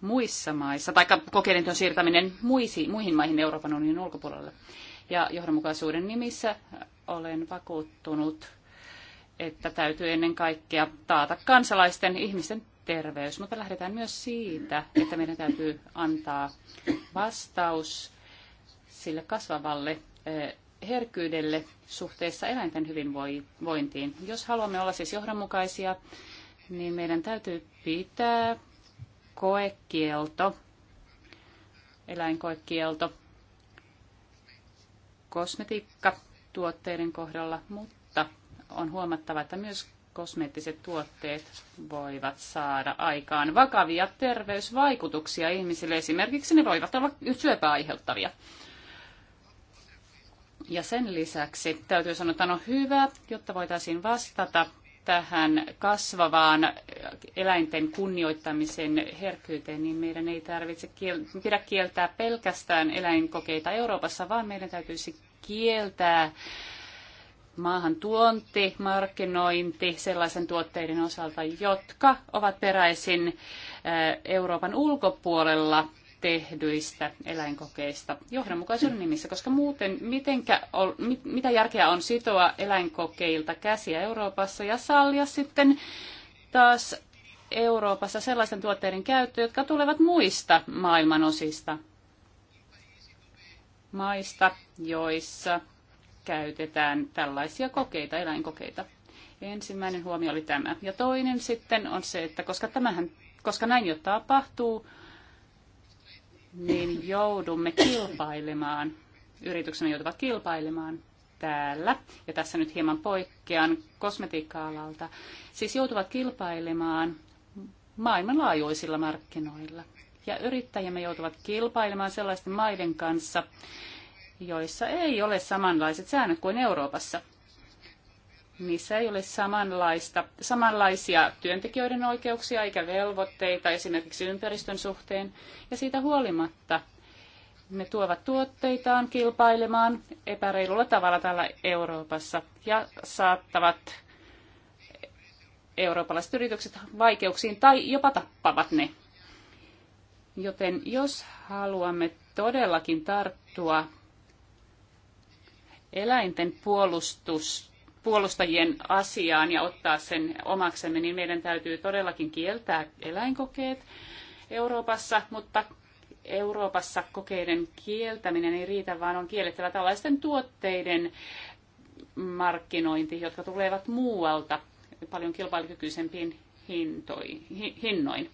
muissa maissa, tai kokeiden teon siirtäminen muisi, muihin maihin Euroopan unionin ulkopuolelle. Ja johdonmukaisuuden nimissä olen vakuuttunut, että täytyy ennen kaikkea taata kansalaisten ihmisten terveys, mutta lähdetään myös siitä, että meidän täytyy antaa vastaus sille kasvavalle herkkyydelle suhteessa eläinten hyvinvointiin. Jos haluamme olla siis johdonmukaisia, niin meidän täytyy pitää koekielto, eläinkoekielto, kosmetiikkatuotteiden kohdalla, mutta on huomattava, että myös kosmeettiset tuotteet voivat saada aikaan vakavia terveysvaikutuksia ihmisille. Esimerkiksi ne voivat olla syöpää aiheuttavia. Ja sen lisäksi täytyy sanoa, että on hyvä, jotta voitaisiin vastata tähän kasvavaan eläinten kunnioittamisen herkkyyteen, niin meidän ei tarvitse kiel- pidä kieltää pelkästään eläinkokeita Euroopassa, vaan meidän täytyisi kieltää maahan tuonti, markkinointi sellaisen tuotteiden osalta, jotka ovat peräisin Euroopan ulkopuolella tehdyistä eläinkokeista johdonmukaisuuden nimissä, koska muuten mitenkä, mitä järkeä on sitoa eläinkokeilta käsiä Euroopassa ja sallia sitten taas Euroopassa sellaisten tuotteiden käyttö, jotka tulevat muista maailmanosista, maista, joissa käytetään tällaisia kokeita, eläinkokeita. Ensimmäinen huomio oli tämä. Ja toinen sitten on se, että koska, tämähän, koska näin jo tapahtuu, niin joudumme kilpailemaan, yrityksemme joutuvat kilpailemaan täällä, ja tässä nyt hieman poikkean kosmetiikka-alalta, siis joutuvat kilpailemaan maailmanlaajuisilla markkinoilla. Ja yrittäjämme joutuvat kilpailemaan sellaisten maiden kanssa, joissa ei ole samanlaiset säännöt kuin Euroopassa. Niissä ei ole samanlaista, samanlaisia työntekijöiden oikeuksia eikä velvoitteita esimerkiksi ympäristön suhteen. Ja siitä huolimatta ne tuovat tuotteitaan kilpailemaan epäreilulla tavalla täällä Euroopassa ja saattavat eurooppalaiset yritykset vaikeuksiin tai jopa tappavat ne. Joten jos haluamme todellakin tarttua eläinten puolustus puolustajien asiaan ja ottaa sen omaksemme, niin meidän täytyy todellakin kieltää eläinkokeet Euroopassa, mutta Euroopassa kokeiden kieltäminen ei riitä, vaan on kiellettävä tällaisten tuotteiden markkinointi, jotka tulevat muualta paljon kilpailukykyisempiin hintoi, hinnoin.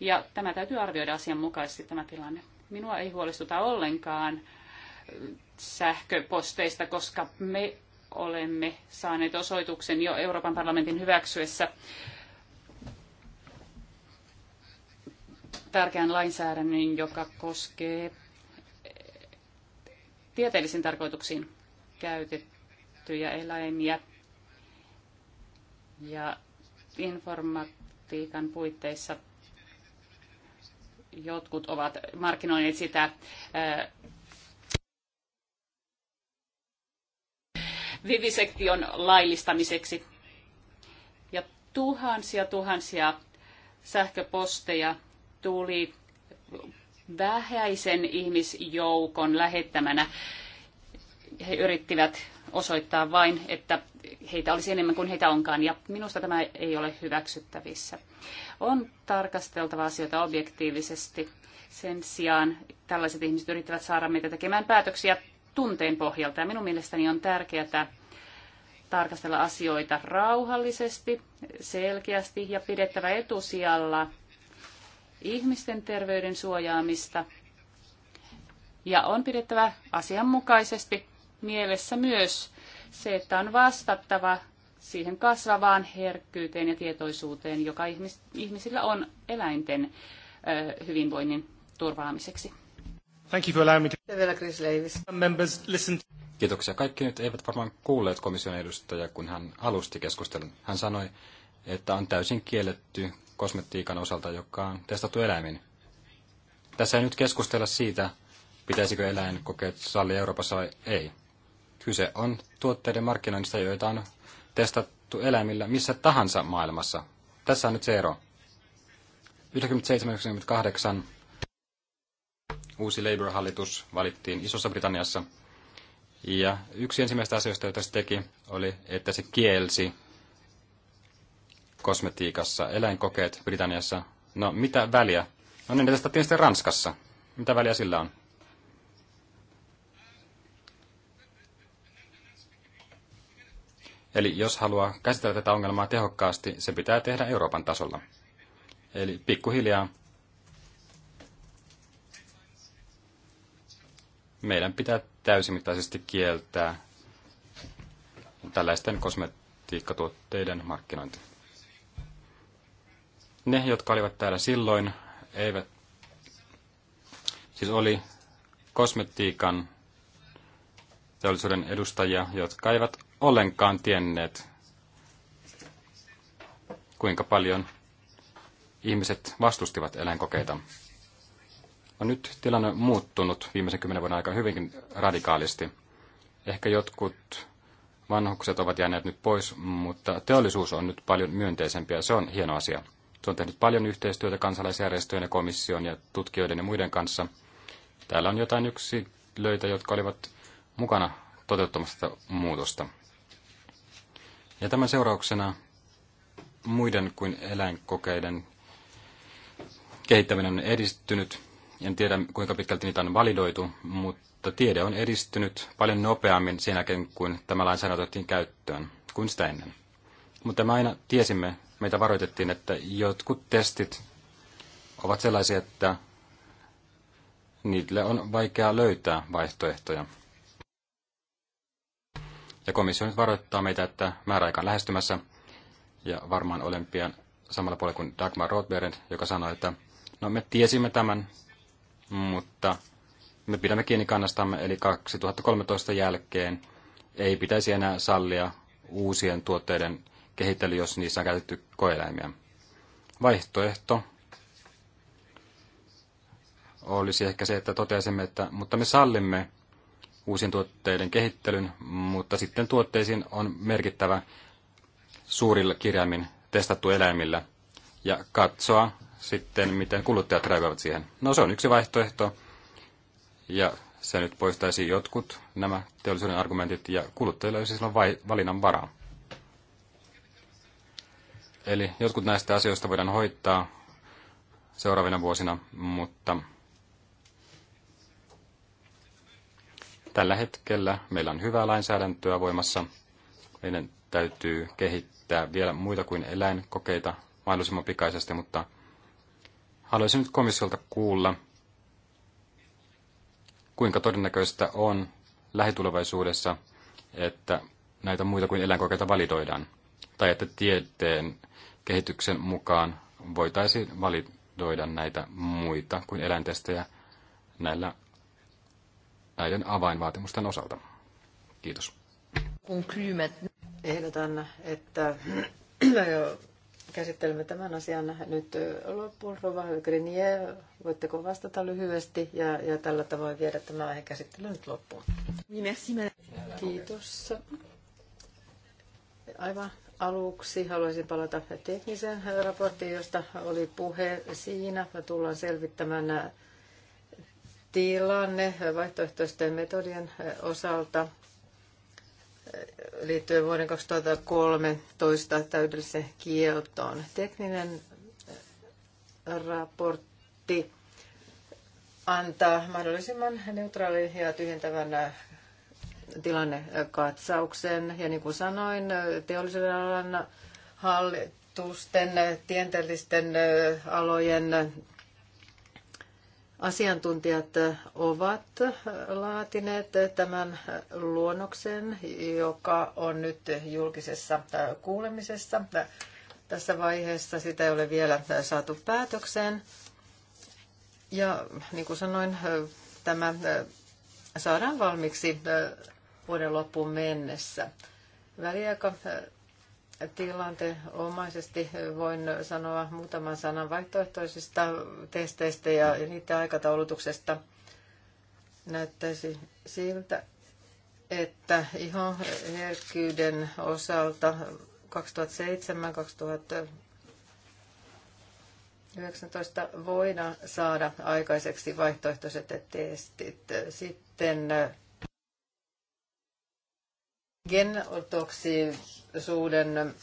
Ja tämä täytyy arvioida asianmukaisesti tämä tilanne. Minua ei huolestuta ollenkaan sähköposteista, koska me olemme saaneet osoituksen jo Euroopan parlamentin hyväksyessä tärkeän lainsäädännön, joka koskee tieteellisiin tarkoituksiin käytettyjä eläimiä. Ja informatiikan puitteissa jotkut ovat markkinoineet sitä vivisektion laillistamiseksi. Ja tuhansia tuhansia sähköposteja tuli vähäisen ihmisjoukon lähettämänä. He yrittivät osoittaa vain, että heitä olisi enemmän kuin heitä onkaan, ja minusta tämä ei ole hyväksyttävissä. On tarkasteltava asioita objektiivisesti. Sen sijaan tällaiset ihmiset yrittävät saada meitä tekemään päätöksiä tunteen pohjalta. Ja minun mielestäni on tärkeää tarkastella asioita rauhallisesti, selkeästi ja pidettävä etusijalla ihmisten terveyden suojaamista. Ja on pidettävä asianmukaisesti mielessä myös se, että on vastattava siihen kasvavaan herkkyyteen ja tietoisuuteen, joka ihmisillä on eläinten hyvinvoinnin turvaamiseksi. Thank you for allowing me to... Ja vielä Chris Members listen to... Kiitoksia. Kaikki nyt eivät varmaan kuulleet komission edustajaa, kun hän alusti keskustelun. Hän sanoi, että on täysin kielletty kosmetiikan osalta, joka on testattu eläimin. Tässä ei nyt keskustella siitä, pitäisikö eläinkokeet sallia Euroopassa vai ei. Kyse on tuotteiden markkinoinnista, joita on testattu eläimillä missä tahansa maailmassa. Tässä on nyt se ero. 1998 Uusi Labour-hallitus valittiin Isossa Britanniassa. Ja yksi ensimmäistä asioista, joita se teki, oli, että se kielsi kosmetiikassa eläinkokeet Britanniassa. No, mitä väliä? No niin, tästä tietysti Ranskassa. Mitä väliä sillä on? Eli jos haluaa käsitellä tätä ongelmaa tehokkaasti, se pitää tehdä Euroopan tasolla. Eli pikkuhiljaa meidän pitää täysimittaisesti kieltää tällaisten kosmetiikkatuotteiden markkinointi. Ne, jotka olivat täällä silloin, eivät, siis oli kosmetiikan teollisuuden edustajia, jotka eivät ollenkaan tienneet, kuinka paljon ihmiset vastustivat eläinkokeita on nyt tilanne on muuttunut viimeisen kymmenen vuoden aikaa hyvinkin radikaalisti. Ehkä jotkut vanhukset ovat jääneet nyt pois, mutta teollisuus on nyt paljon myönteisempi ja se on hieno asia. Se on tehnyt paljon yhteistyötä kansalaisjärjestöjen ja komission ja tutkijoiden ja muiden kanssa. Täällä on jotain yksilöitä, jotka olivat mukana toteuttamassa tätä muutosta. Ja tämän seurauksena muiden kuin eläinkokeiden kehittäminen on edistynyt en tiedä, kuinka pitkälti niitä on validoitu, mutta tiede on edistynyt paljon nopeammin sen jälkeen, kun tämä lainsäädäntö otettiin käyttöön kuin sitä ennen. Mutta me aina tiesimme, meitä varoitettiin, että jotkut testit ovat sellaisia, että niille on vaikea löytää vaihtoehtoja. Ja komissio nyt varoittaa meitä, että määräaika on lähestymässä, ja varmaan olen pian samalla puolella kuin Dagmar Rothberg, joka sanoi, että no me tiesimme tämän, mutta me pidämme kiinni kannastamme, eli 2013 jälkeen ei pitäisi enää sallia uusien tuotteiden kehittely, jos niissä on käytetty koeläimiä. Vaihtoehto olisi ehkä se, että toteaisimme, että mutta me sallimme uusien tuotteiden kehittelyn, mutta sitten tuotteisiin on merkittävä suurilla kirjaimin testattu eläimillä ja katsoa, sitten, miten kuluttajat reagoivat siihen. No se on yksi vaihtoehto, ja se nyt poistaisi jotkut nämä teollisuuden argumentit, ja kuluttajilla olisi silloin siis vai, valinnan varaa. Eli jotkut näistä asioista voidaan hoitaa seuraavina vuosina, mutta tällä hetkellä meillä on hyvää lainsäädäntöä voimassa. Meidän täytyy kehittää vielä muita kuin eläinkokeita mahdollisimman pikaisesti, mutta Haluaisin nyt komissiolta kuulla, kuinka todennäköistä on lähitulevaisuudessa, että näitä muita kuin eläinkokeita validoidaan, tai että tieteen kehityksen mukaan voitaisiin validoida näitä muita kuin eläintestejä näillä, näiden avainvaatimusten osalta. Kiitos. Ehdotan, että Käsittelemme tämän asian nyt loppuun. Rova Grenier, voitteko vastata lyhyesti ja, ja tällä tavoin viedä tämän aiheen käsittely nyt loppuun? Niin, Kiitos. Aivan aluksi haluaisin palata tekniseen raporttiin, josta oli puhe siinä. Me tullaan selvittämään tilanne vaihtoehtoisten metodien osalta liittyen vuoden 2013 täydelliseen kieltoon. Tekninen äh, raportti antaa mahdollisimman neutraalin ja tyhjentävän äh, tilannekatsauksen. Ja niin kuin sanoin, teollisuuden alan hallitusten, äh, tieteellisten alojen Asiantuntijat ovat laatineet tämän luonnoksen, joka on nyt julkisessa kuulemisessa. Tässä vaiheessa sitä ei ole vielä saatu päätökseen. Ja niin kuin sanoin, tämä saadaan valmiiksi vuoden loppuun mennessä. Väliaika tilanteomaisesti voin sanoa muutaman sanan vaihtoehtoisista testeistä ja niiden aikataulutuksesta. Näyttäisi siltä, että ihan herkkyyden osalta 2007-2019 voidaan saada aikaiseksi vaihtoehtoiset testit. Sitten Genotoksisuuden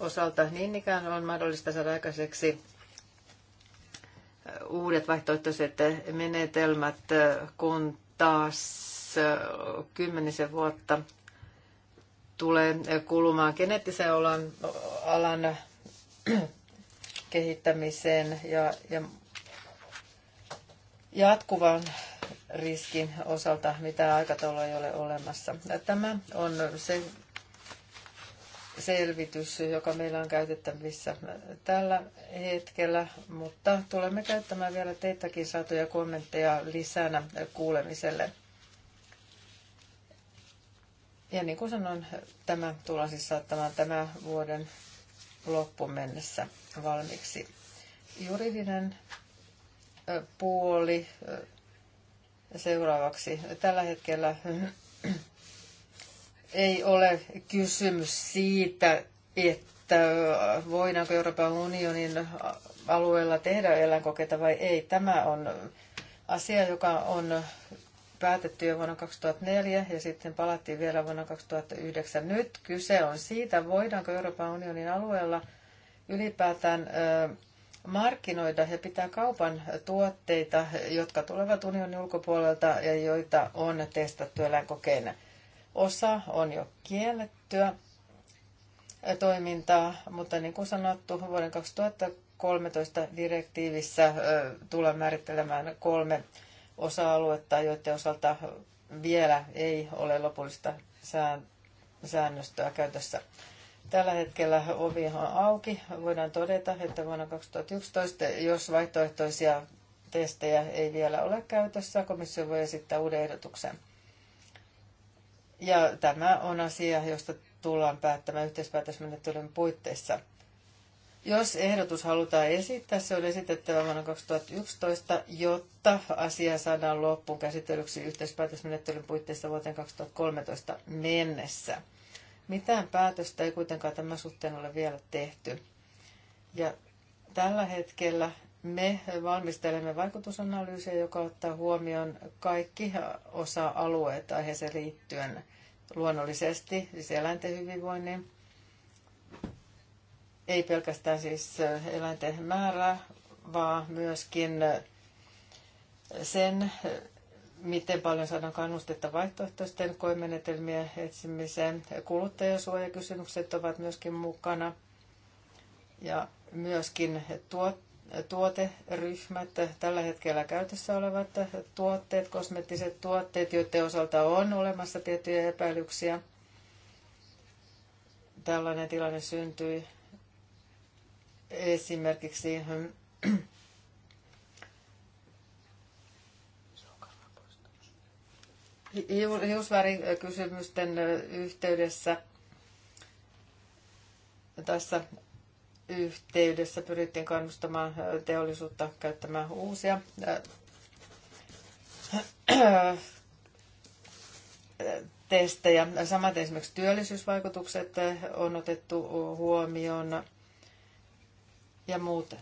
osalta niin ikään on mahdollista saada aikaiseksi äh, uudet vaihtoehtoiset menetelmät, äh, kun taas äh, kymmenisen vuotta tulee kulumaan geneettisen alan, alan kehittämiseen ja, ja jatkuvaan riskin osalta mitä aikataulua ei ole olemassa. Tämä on se selvitys, joka meillä on käytettävissä tällä hetkellä, mutta tulemme käyttämään vielä teitäkin saatuja kommentteja lisänä kuulemiselle. Ja niin kuin sanoin, tämä tullaan siis saattamaan tämän vuoden loppuun mennessä valmiiksi. Juridinen puoli seuraavaksi. Tällä hetkellä ei ole kysymys siitä, että voidaanko Euroopan unionin alueella tehdä eläinkokeita vai ei. Tämä on asia, joka on päätetty jo vuonna 2004 ja sitten palattiin vielä vuonna 2009. Nyt kyse on siitä, voidaanko Euroopan unionin alueella ylipäätään markkinoita, ja pitää kaupan tuotteita, jotka tulevat unionin ulkopuolelta ja joita on testattu eläinkokeina. Osa on jo kiellettyä toimintaa, mutta niin kuin sanottu, vuoden 2013 direktiivissä tullaan määrittelemään kolme osa-aluetta, joiden osalta vielä ei ole lopullista säännöstöä käytössä. Tällä hetkellä ovi on auki. Voidaan todeta, että vuonna 2011, jos vaihtoehtoisia testejä ei vielä ole käytössä, komissio voi esittää uuden ehdotuksen. Ja tämä on asia, josta tullaan päättämään yhteispäätösmenettelyn puitteissa. Jos ehdotus halutaan esittää, se on esitettävä vuonna 2011, jotta asia saadaan loppuun käsitellyksi yhteispäätösmenettelyn puitteissa vuoteen 2013 mennessä. Mitään päätöstä ei kuitenkaan tämän suhteen ole vielä tehty. Ja tällä hetkellä me valmistelemme vaikutusanalyysiä, joka ottaa huomioon kaikki osa-alueet aiheeseen liittyen luonnollisesti, siis eläinten hyvinvoinnin, ei pelkästään siis eläinten määrää, vaan myöskin sen miten paljon saadaan kannustetta vaihtoehtoisten koemenetelmien etsimiseen. Kuluttajasuojakysymykset ovat myöskin mukana ja myöskin tuot, tuoteryhmät, tällä hetkellä käytössä olevat tuotteet, kosmettiset tuotteet, joiden osalta on olemassa tiettyjä epäilyksiä. Tällainen tilanne syntyi esimerkiksi hiusvärin kysymysten yhteydessä tässä yhteydessä pyrittiin kannustamaan teollisuutta käyttämään uusia testejä. samat esimerkiksi työllisyysvaikutukset on otettu huomioon ja muut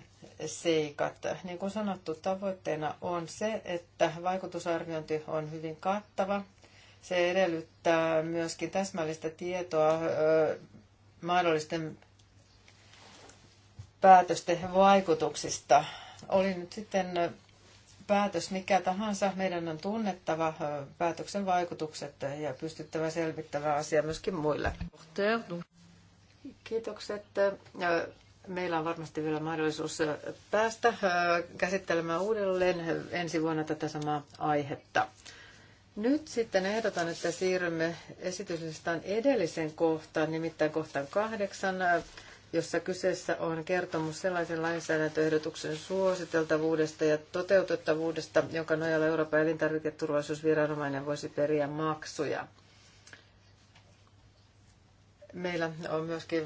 seikat. Niin kuin sanottu, tavoitteena on se, että vaikutusarviointi on hyvin kattava. Se edellyttää myöskin täsmällistä tietoa mahdollisten päätösten vaikutuksista. Oli nyt sitten päätös mikä tahansa, meidän on tunnettava päätöksen vaikutukset ja pystyttävä selvittämään asia myöskin muille. Kiitokset Meillä on varmasti vielä mahdollisuus äh, päästä äh, käsittelemään uudelleen ensi vuonna tätä samaa aihetta. Nyt sitten ehdotan, että siirrymme esityslistan edellisen kohtaan, nimittäin kohtaan kahdeksan, äh, jossa kyseessä on kertomus sellaisen lainsäädäntöehdotuksen suositeltavuudesta ja toteutettavuudesta, jonka nojalla Euroopan elintarviketurvallisuusviranomainen voisi periä maksuja. Meillä on myöskin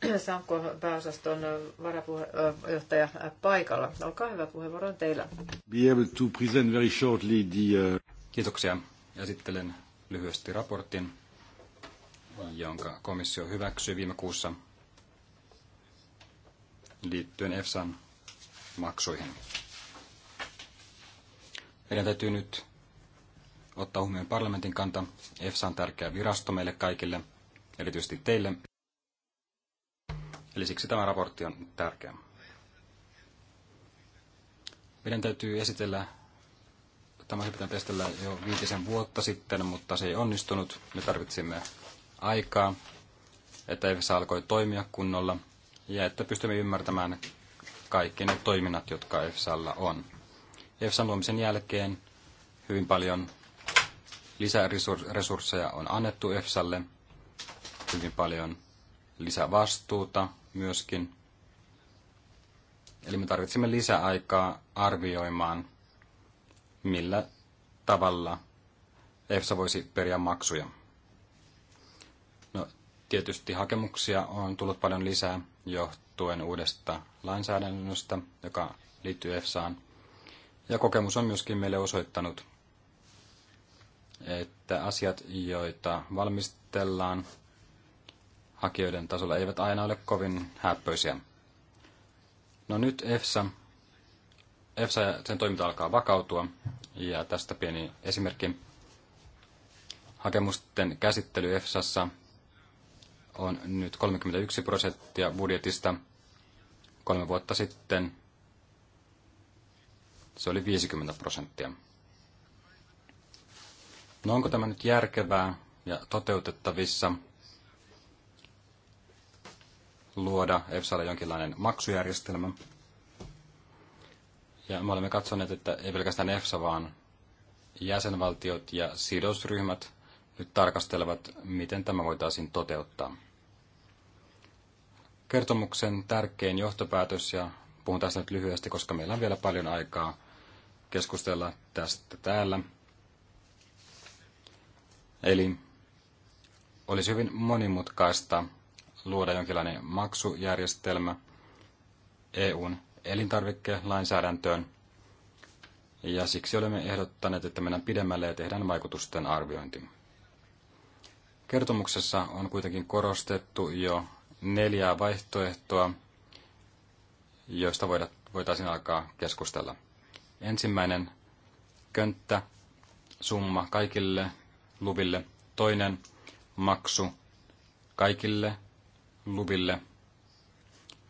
Sanko pääosaston varapuheenjohtaja paikalla. Olkaa hyvä, puheenvuoro on teillä. Be able to present very shortly the... Kiitoksia. Esittelen lyhyesti raportin, jonka komissio hyväksyi viime kuussa liittyen EFSAn maksuihin. Meidän täytyy nyt ottaa huomioon parlamentin kanta. EFSA on tärkeä virasto meille kaikille, erityisesti teille Eli siksi tämä raportti on tärkeä. Meidän täytyy esitellä, tämä olisi testillä jo viitisen vuotta sitten, mutta se ei onnistunut. Me tarvitsimme aikaa, että EFSA alkoi toimia kunnolla ja että pystymme ymmärtämään kaikki ne toiminnat, jotka EFSAlla on. EFSAn luomisen jälkeen hyvin paljon lisäresursseja on annettu EFSAlle, hyvin paljon lisävastuuta myöskin. Eli me tarvitsemme lisäaikaa arvioimaan, millä tavalla EFSA voisi periä maksuja. No, tietysti hakemuksia on tullut paljon lisää johtuen uudesta lainsäädännöstä, joka liittyy EFSAan. Ja kokemus on myöskin meille osoittanut, että asiat, joita valmistellaan, hakijoiden tasolla eivät aina ole kovin häppöisiä. No nyt EFSA, EFSA ja sen toiminta alkaa vakautua, ja tästä pieni esimerkki. Hakemusten käsittely EFSAssa on nyt 31 prosenttia budjetista. Kolme vuotta sitten se oli 50 prosenttia. No onko tämä nyt järkevää ja toteutettavissa luoda EFSAlle jonkinlainen maksujärjestelmä. Ja me olemme katsoneet, että ei pelkästään EFSA, vaan jäsenvaltiot ja sidosryhmät nyt tarkastelevat, miten tämä voitaisiin toteuttaa. Kertomuksen tärkein johtopäätös, ja puhun tässä nyt lyhyesti, koska meillä on vielä paljon aikaa keskustella tästä täällä. Eli olisi hyvin monimutkaista luoda jonkinlainen maksujärjestelmä EUn elintarvikkelainsäädäntöön, ja siksi olemme ehdottaneet, että mennään pidemmälle ja tehdään vaikutusten arviointi. Kertomuksessa on kuitenkin korostettu jo neljää vaihtoehtoa, joista voitaisiin alkaa keskustella. Ensimmäinen könttä, summa kaikille luville. Toinen maksu kaikille luville.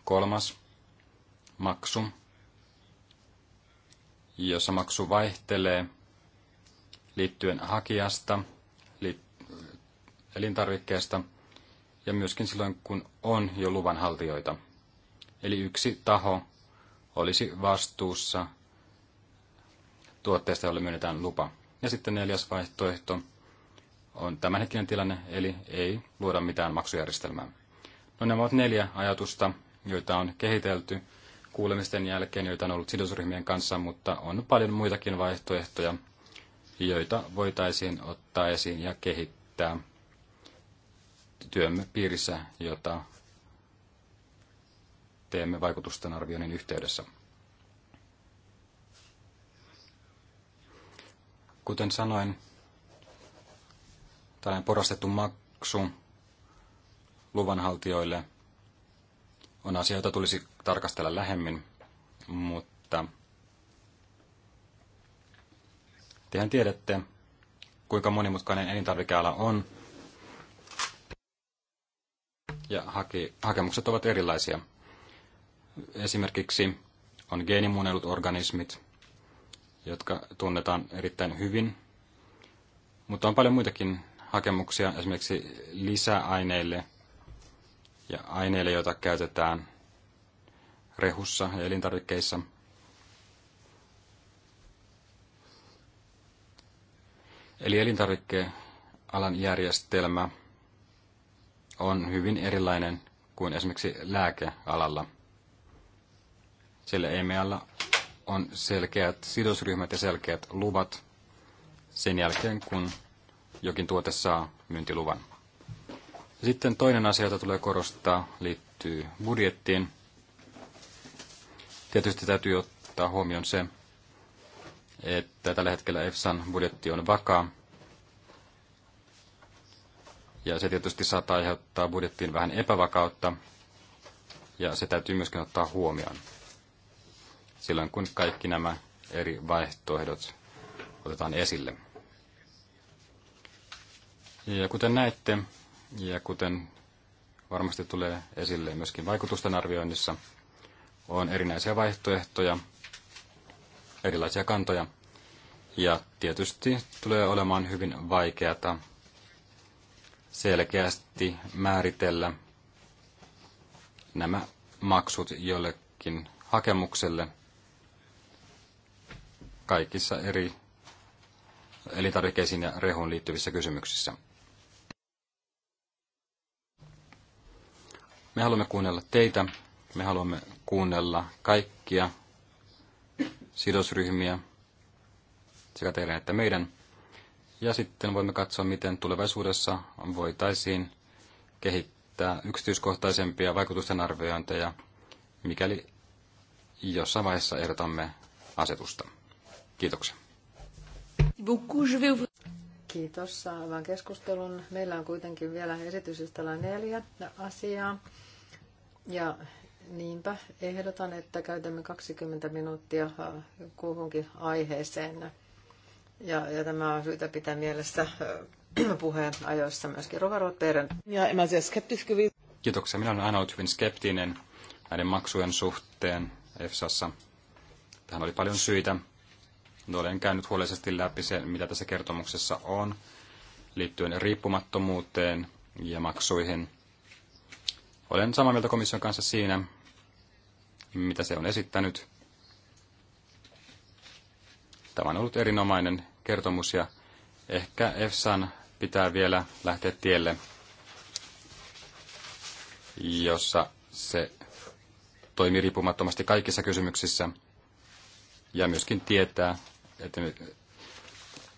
Kolmas, maksu, jossa maksu vaihtelee liittyen hakijasta, elintarvikkeesta ja myöskin silloin, kun on jo luvanhaltijoita. Eli yksi taho olisi vastuussa tuotteesta, jolle myönnetään lupa. Ja sitten neljäs vaihtoehto on tämänhetkinen tilanne, eli ei luoda mitään maksujärjestelmää. No nämä ovat neljä ajatusta, joita on kehitelty kuulemisten jälkeen, joita on ollut sidosryhmien kanssa, mutta on paljon muitakin vaihtoehtoja, joita voitaisiin ottaa esiin ja kehittää työmme piirissä, jota teemme vaikutusten arvioinnin yhteydessä. Kuten sanoin, tällainen porastettu maksu luvanhaltijoille on asia, jota tulisi tarkastella lähemmin, mutta tehän tiedätte, kuinka monimutkainen elintarvikeala on, ja hake- hakemukset ovat erilaisia. Esimerkiksi on geenimuunnellut organismit, jotka tunnetaan erittäin hyvin, mutta on paljon muitakin hakemuksia esimerkiksi lisäaineille – ja aineille, joita käytetään rehussa ja elintarvikkeissa. Eli alan järjestelmä on hyvin erilainen kuin esimerkiksi lääkealalla. Sillä EMEalla on selkeät sidosryhmät ja selkeät luvat sen jälkeen, kun jokin tuote saa myyntiluvan. Sitten toinen asia, jota tulee korostaa, liittyy budjettiin. Tietysti täytyy ottaa huomioon se, että tällä hetkellä EFSAn budjetti on vakaa. Ja se tietysti saattaa aiheuttaa budjettiin vähän epävakautta, ja se täytyy myöskin ottaa huomioon silloin, kun kaikki nämä eri vaihtoehdot otetaan esille. Ja kuten näette, ja kuten varmasti tulee esille myöskin vaikutusten arvioinnissa, on erinäisiä vaihtoehtoja, erilaisia kantoja. Ja tietysti tulee olemaan hyvin vaikeata selkeästi määritellä nämä maksut jollekin hakemukselle kaikissa eri elintarvikeisiin ja rehuun liittyvissä kysymyksissä. Me haluamme kuunnella teitä, me haluamme kuunnella kaikkia sidosryhmiä, sekä teidän että meidän. Ja sitten voimme katsoa, miten tulevaisuudessa voitaisiin kehittää yksityiskohtaisempia vaikutusten arviointeja, mikäli jossain vaiheessa ehdotamme asetusta. Kiitoksia. Kiitos. saavan keskustelun. Meillä on kuitenkin vielä esityslistalla neljä asiaa. Ja niinpä ehdotan, että käytämme 20 minuuttia äh, kuhunkin aiheeseen. Ja, ja tämä on syytä pitää mielessä äh, puheen ajoissa myöskin Rovarot Ja en mä Kiitoksia. Minä olen aina ollut hyvin skeptinen näiden maksujen suhteen EFSassa. Tähän oli paljon syitä. Olen käynyt huolellisesti läpi sen, mitä tässä kertomuksessa on liittyen riippumattomuuteen ja maksuihin. Olen samaa mieltä komission kanssa siinä, mitä se on esittänyt. Tämä on ollut erinomainen kertomus ja ehkä EFSAn pitää vielä lähteä tielle, jossa se toimii riippumattomasti kaikissa kysymyksissä ja myöskin tietää, että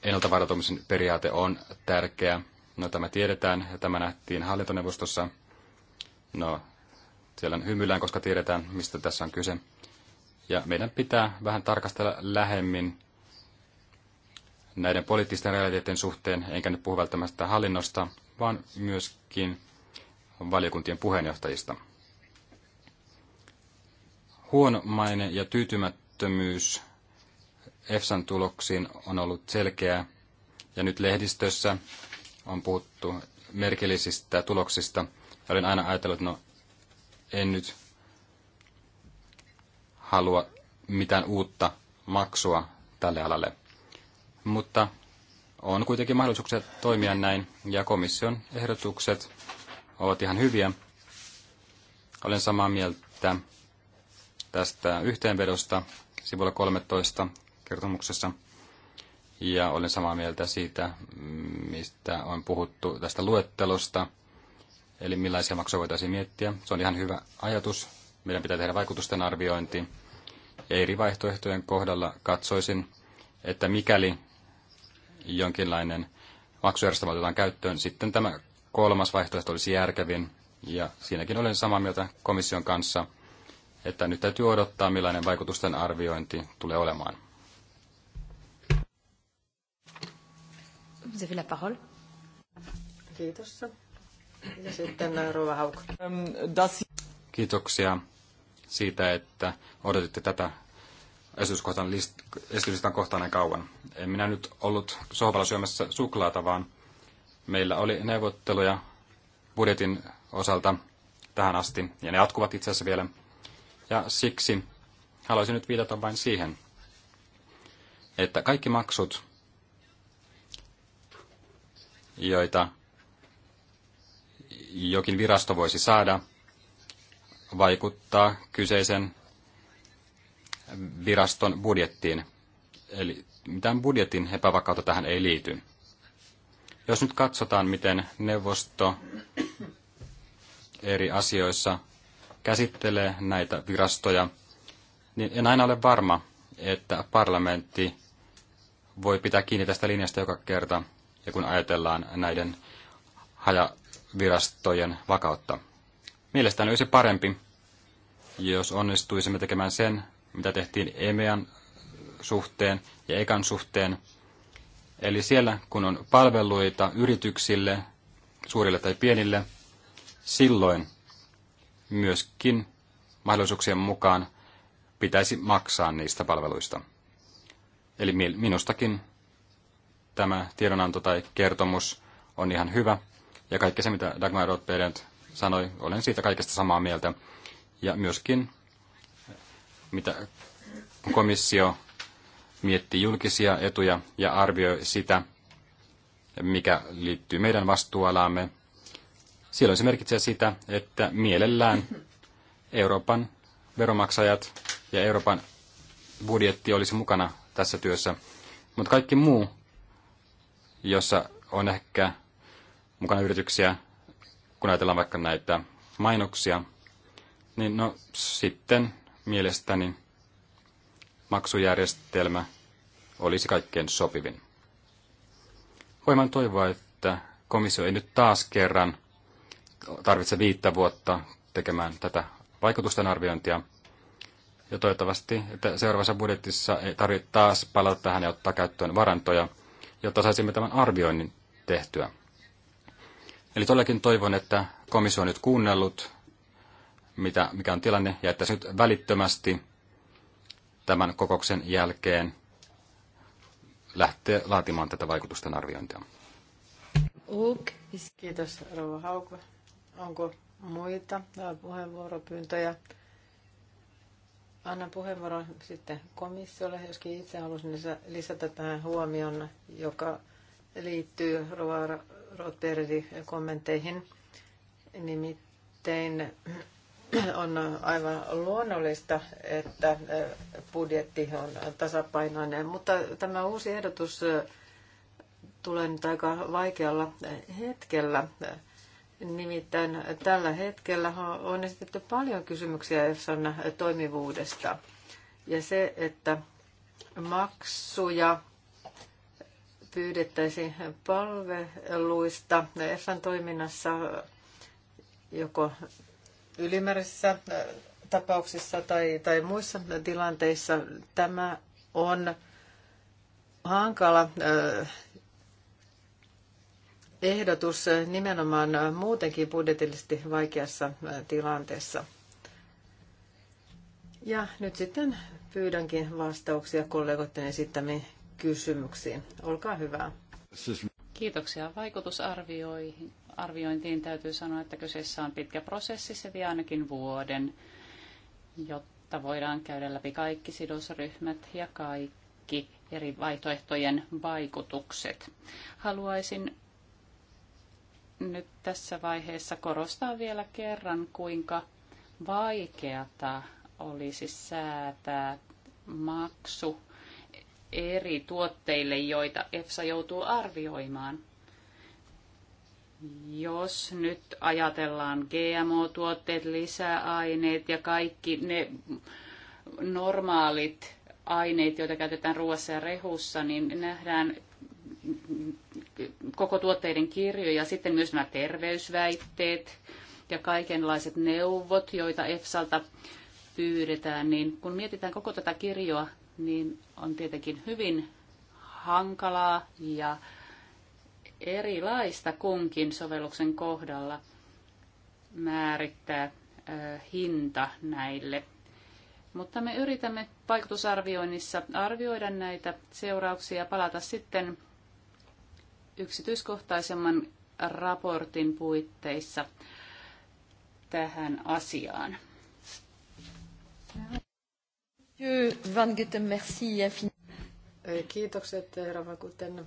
ennalta periaate on tärkeä. No tämä tiedetään ja tämä nähtiin hallintoneuvostossa. No, siellä hymyillään, koska tiedetään, mistä tässä on kyse. Ja meidän pitää vähän tarkastella lähemmin näiden poliittisten realiteettien suhteen, enkä nyt puhu välttämättä hallinnosta, vaan myöskin valiokuntien puheenjohtajista. Huonomainen ja tyytymättömyys EFSAn tuloksiin on ollut selkeää, ja nyt lehdistössä on puhuttu merkillisistä tuloksista – ja olen aina ajatellut, että no en nyt halua mitään uutta maksua tälle alalle. Mutta on kuitenkin mahdollisuuksia toimia näin, ja komission ehdotukset ovat ihan hyviä. Olen samaa mieltä tästä yhteenvedosta sivulla 13 kertomuksessa, ja olen samaa mieltä siitä, mistä on puhuttu tästä luettelosta – Eli millaisia maksuja voitaisiin miettiä. Se on ihan hyvä ajatus. Meidän pitää tehdä vaikutusten arviointi. Ja eri vaihtoehtojen kohdalla katsoisin, että mikäli jonkinlainen maksujärjestelmä otetaan käyttöön, sitten tämä kolmas vaihtoehto olisi järkevin. Ja siinäkin olen samaa mieltä komission kanssa, että nyt täytyy odottaa, millainen vaikutusten arviointi tulee olemaan. Vous avez la parole. Kiitos. Ja sitten äh, ähm, Kiitoksia siitä, että odotitte tätä esityslistan list- kohtaan näin kauan. En minä nyt ollut sohvalla syömässä suklaata, vaan meillä oli neuvotteluja budjetin osalta tähän asti, ja ne jatkuvat itse asiassa vielä. Ja siksi haluaisin nyt viitata vain siihen, että kaikki maksut, joita jokin virasto voisi saada, vaikuttaa kyseisen viraston budjettiin. Eli mitään budjetin epävakautta tähän ei liity. Jos nyt katsotaan, miten neuvosto eri asioissa käsittelee näitä virastoja, niin en aina ole varma, että parlamentti voi pitää kiinni tästä linjasta joka kerta, ja kun ajatellaan näiden haja virastojen vakautta. Mielestäni olisi parempi, jos onnistuisimme tekemään sen, mitä tehtiin EMEAN suhteen ja EKAN suhteen. Eli siellä, kun on palveluita yrityksille, suurille tai pienille, silloin myöskin mahdollisuuksien mukaan pitäisi maksaa niistä palveluista. Eli minustakin tämä tiedonanto tai kertomus on ihan hyvä, ja kaikki se, mitä Dagmar Rothberg sanoi, olen siitä kaikesta samaa mieltä. Ja myöskin, mitä komissio miettii julkisia etuja ja arvioi sitä, mikä liittyy meidän vastuualaamme. Silloin se merkitsee sitä, että mielellään Euroopan veromaksajat ja Euroopan budjetti olisi mukana tässä työssä. Mutta kaikki muu, jossa on ehkä mukana yrityksiä, kun ajatellaan vaikka näitä mainoksia, niin no sitten mielestäni maksujärjestelmä olisi kaikkein sopivin. Voiman toivoa, että komissio ei nyt taas kerran tarvitse viittä vuotta tekemään tätä vaikutusten arviointia. Ja toivottavasti, että seuraavassa budjetissa ei tarvitse taas palata tähän ja ottaa käyttöön varantoja, jotta saisimme tämän arvioinnin tehtyä. Eli todellakin toivon, että komissio on nyt kuunnellut, mitä, mikä on tilanne, ja että se nyt välittömästi tämän kokouksen jälkeen lähtee laatimaan tätä vaikutusten arviointia. Kiitos, Rouva Hauko. Onko muita puheenvuoropyyntöjä? Annan puheenvuoron sitten komissiolle, joskin itse halusin lisätä tähän huomion, joka liittyy Rovara Rotbergin kommentteihin. Nimittäin on aivan luonnollista, että äh, budjetti on tasapainoinen, mutta tämä uusi ehdotus äh, tulee nyt aika vaikealla äh, hetkellä. Nimittäin tällä hetkellä on esitetty paljon kysymyksiä EFSAn toimivuudesta. Ja se, että maksuja pyydettäisiin palveluista EFN toiminnassa joko ylimääräisissä tapauksissa tai, tai muissa tilanteissa. Tämä on hankala ehdotus nimenomaan muutenkin budjetillisesti vaikeassa tilanteessa. Ja nyt sitten pyydänkin vastauksia kollegoiden esittämiin kysymyksiin. Olkaa hyvä. Siis- Kiitoksia Arviointiin Täytyy sanoa, että kyseessä on pitkä prosessi, se vie ainakin vuoden, jotta voidaan käydä läpi kaikki sidosryhmät ja kaikki eri vaihtoehtojen vaikutukset. Haluaisin nyt tässä vaiheessa korostaa vielä kerran, kuinka vaikeata olisi säätää maksu eri tuotteille, joita EFSA joutuu arvioimaan. Jos nyt ajatellaan GMO-tuotteet, lisäaineet ja kaikki ne normaalit aineet, joita käytetään ruoassa ja rehussa, niin nähdään koko tuotteiden kirjo ja sitten myös nämä terveysväitteet ja kaikenlaiset neuvot, joita EFSAlta pyydetään, niin kun mietitään koko tätä kirjoa, niin on tietenkin hyvin hankalaa ja erilaista kunkin sovelluksen kohdalla määrittää hinta näille. Mutta me yritämme vaikutusarvioinnissa arvioida näitä seurauksia ja palata sitten yksityiskohtaisemman raportin puitteissa tähän asiaan. Van Gutten, merci. Kiitokset, herra Van Gutten.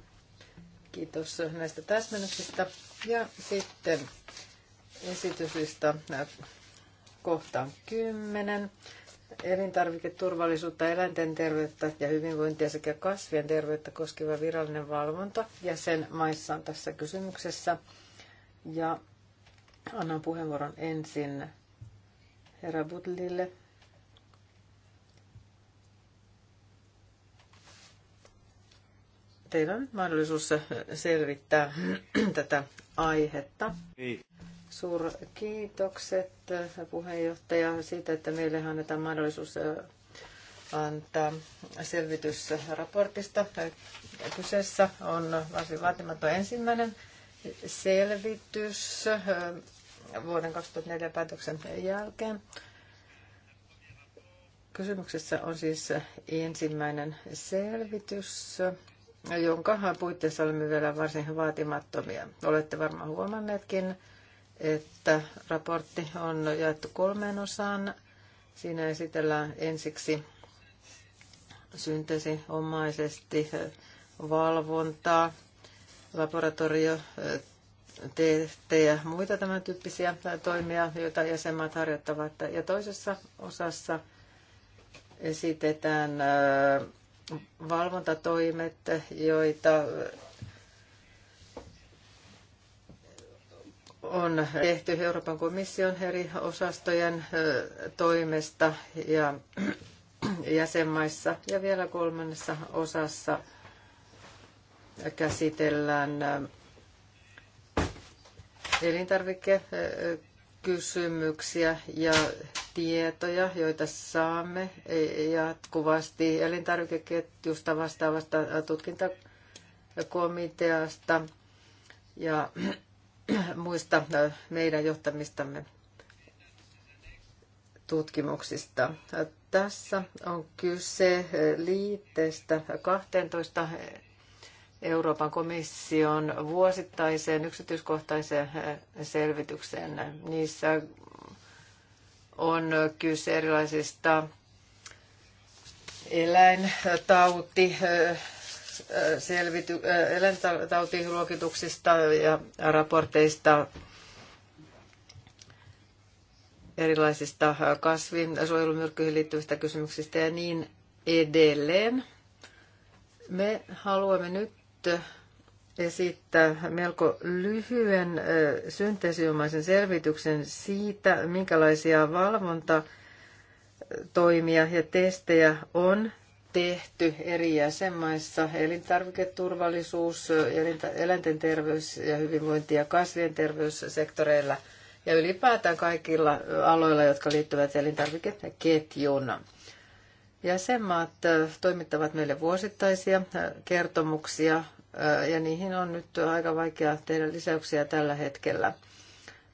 Kiitos näistä täsmennyksistä. Ja sitten esityslista kohtaan 10. Elintarviketurvallisuutta, eläinten terveyttä ja hyvinvointia sekä kasvien terveyttä koskeva virallinen valvonta ja jäsenmaissa on tässä kysymyksessä. Ja annan puheenvuoron ensin herra Budlille teillä on nyt mahdollisuus selvittää tätä aihetta. Niin. Suurkiitokset puheenjohtaja siitä, että meille annetaan mahdollisuus äh, antaa selvitysraportista. Kyseessä on varsin vaatimaton ensimmäinen selvitys äh, vuoden 2004 päätöksen jälkeen. Kysymyksessä on siis ensimmäinen selvitys jonka puitteissa olemme vielä varsin vaatimattomia. Olette varmaan huomanneetkin, että raportti on jaettu kolmeen osaan. Siinä esitellään ensiksi synteesiomaisesti valvontaa, laboratorio, te ja muita tämän tyyppisiä toimia, joita jäsenmaat harjoittavat. Ja toisessa osassa esitetään valvontatoimet, joita on tehty Euroopan komission eri osastojen toimesta ja jäsenmaissa. Ja vielä kolmannessa osassa käsitellään elintarvikekysymyksiä ja tietoja, joita saamme jatkuvasti elintarvikeketjusta vastaavasta tutkintakomiteasta ja muista meidän johtamistamme tutkimuksista. Tässä on kyse liitteestä 12 Euroopan komission vuosittaiseen yksityiskohtaiseen selvitykseen. Niissä on kyse erilaisista eläintauti, selvity, eläintautiluokituksista ja raporteista erilaisista kasvin suojelumyrkkyihin liittyvistä kysymyksistä ja niin edelleen. Me haluamme nyt esittää melko lyhyen synteesiomaisen selvityksen siitä, minkälaisia valvontatoimia ja testejä on tehty eri jäsenmaissa. Elintarviketurvallisuus, eläinten terveys ja hyvinvointi ja kasvien terveyssektoreilla ja ylipäätään kaikilla aloilla, jotka liittyvät elintarvikeketjuun. Jäsenmaat toimittavat meille vuosittaisia kertomuksia ja niihin on nyt aika vaikea tehdä lisäyksiä tällä hetkellä.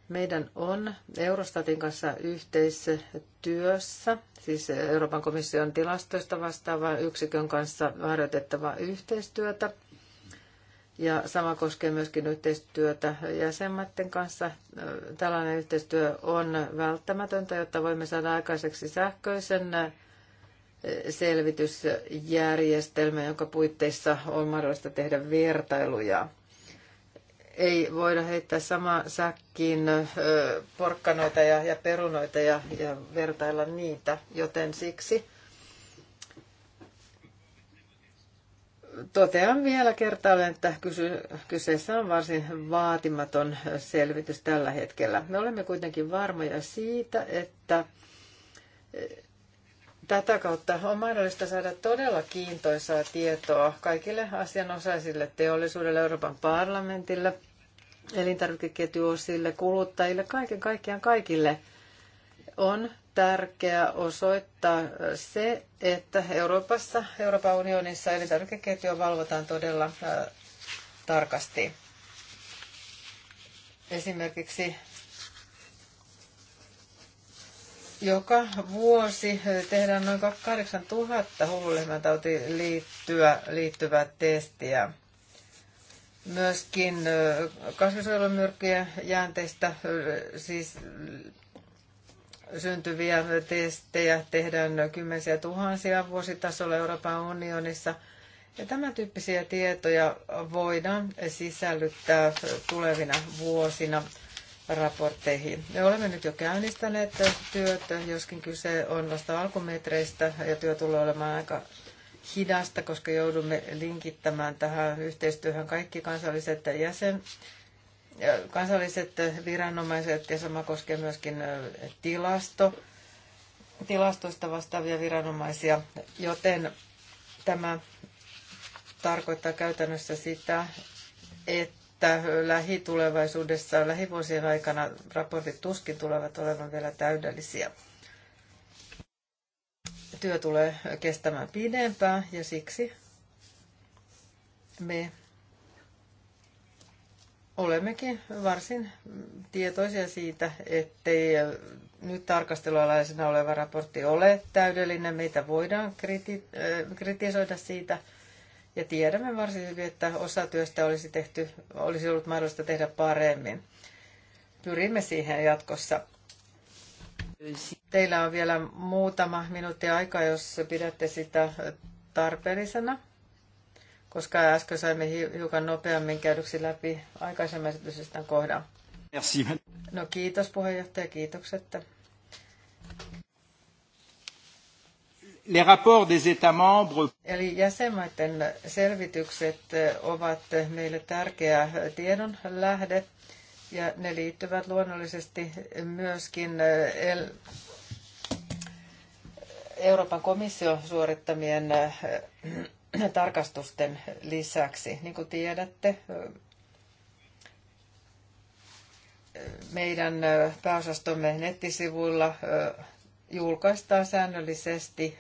Meidän on Eurostatin kanssa yhteistyössä, siis Euroopan komission tilastoista vastaavan yksikön kanssa harjoitettavaa yhteistyötä. Ja sama koskee myöskin yhteistyötä jäsenmaiden kanssa. Tällainen yhteistyö on välttämätöntä, jotta voimme saada aikaiseksi sähköisen selvitysjärjestelmä, jonka puitteissa on mahdollista tehdä vertailuja. Ei voida heittää sama säkkiin porkkanoita ja, ja perunoita ja, ja vertailla niitä, joten siksi totean vielä kertaalleen, että kyseessä on varsin vaatimaton selvitys tällä hetkellä. Me olemme kuitenkin varmoja siitä, että Tätä kautta on mahdollista saada todella kiintoisaa tietoa kaikille asianosaisille teollisuudelle, Euroopan parlamentille, elintarvikeketjuosille, kuluttajille, kaiken kaikkiaan kaikille on tärkeää osoittaa se, että Euroopassa, Euroopan unionissa elintarvikeketjua valvotaan todella äh, tarkasti. Esimerkiksi Joka vuosi tehdään noin 8000 hullulehmäntautiin liittyä, liittyvää testiä. Myöskin kasvisuojelumyrkkyjen jäänteistä siis syntyviä testejä tehdään kymmensiä tuhansia vuositasolla Euroopan unionissa. Ja tämän tyyppisiä tietoja voidaan sisällyttää tulevina vuosina raportteihin. Me olemme nyt jo käynnistäneet työtä, joskin kyse on vasta alkumetreistä ja työ tulee olemaan aika hidasta, koska joudumme linkittämään tähän yhteistyöhön kaikki kansalliset jäsen, kansalliset viranomaiset ja sama koskee myöskin tilasto, tilastoista vastaavia viranomaisia, joten tämä tarkoittaa käytännössä sitä, että että lähitulevaisuudessa, lähivuosien aikana raportit tuskin tulevat olemaan vielä täydellisiä. Työ tulee kestämään pidempään ja siksi me olemmekin varsin tietoisia siitä, ettei nyt tarkastelualaisena oleva raportti ole täydellinen. Meitä voidaan kriti- kritisoida siitä – ja tiedämme varsin hyvin, että osa työstä olisi, tehty, olisi ollut mahdollista tehdä paremmin. Pyrimme siihen jatkossa. Teillä on vielä muutama minuutti aikaa, jos pidätte sitä tarpeellisena, koska äsken saimme hiukan nopeammin käydyksi läpi aikaisemmin esitysestän kohdan. No kiitos puheenjohtaja, kiitokset. les rapports des États membres. Eli jäsenmaiden selvitykset eh, ovat meille tärkeä tiedon lähde ja ne liittyvät luonnollisesti myöskin eh, Euroopan komission suorittamien eh, tarkastusten lisäksi. Niin kuin tiedätte, meidän pääosastomme nettisivuilla julkaistaan säännöllisesti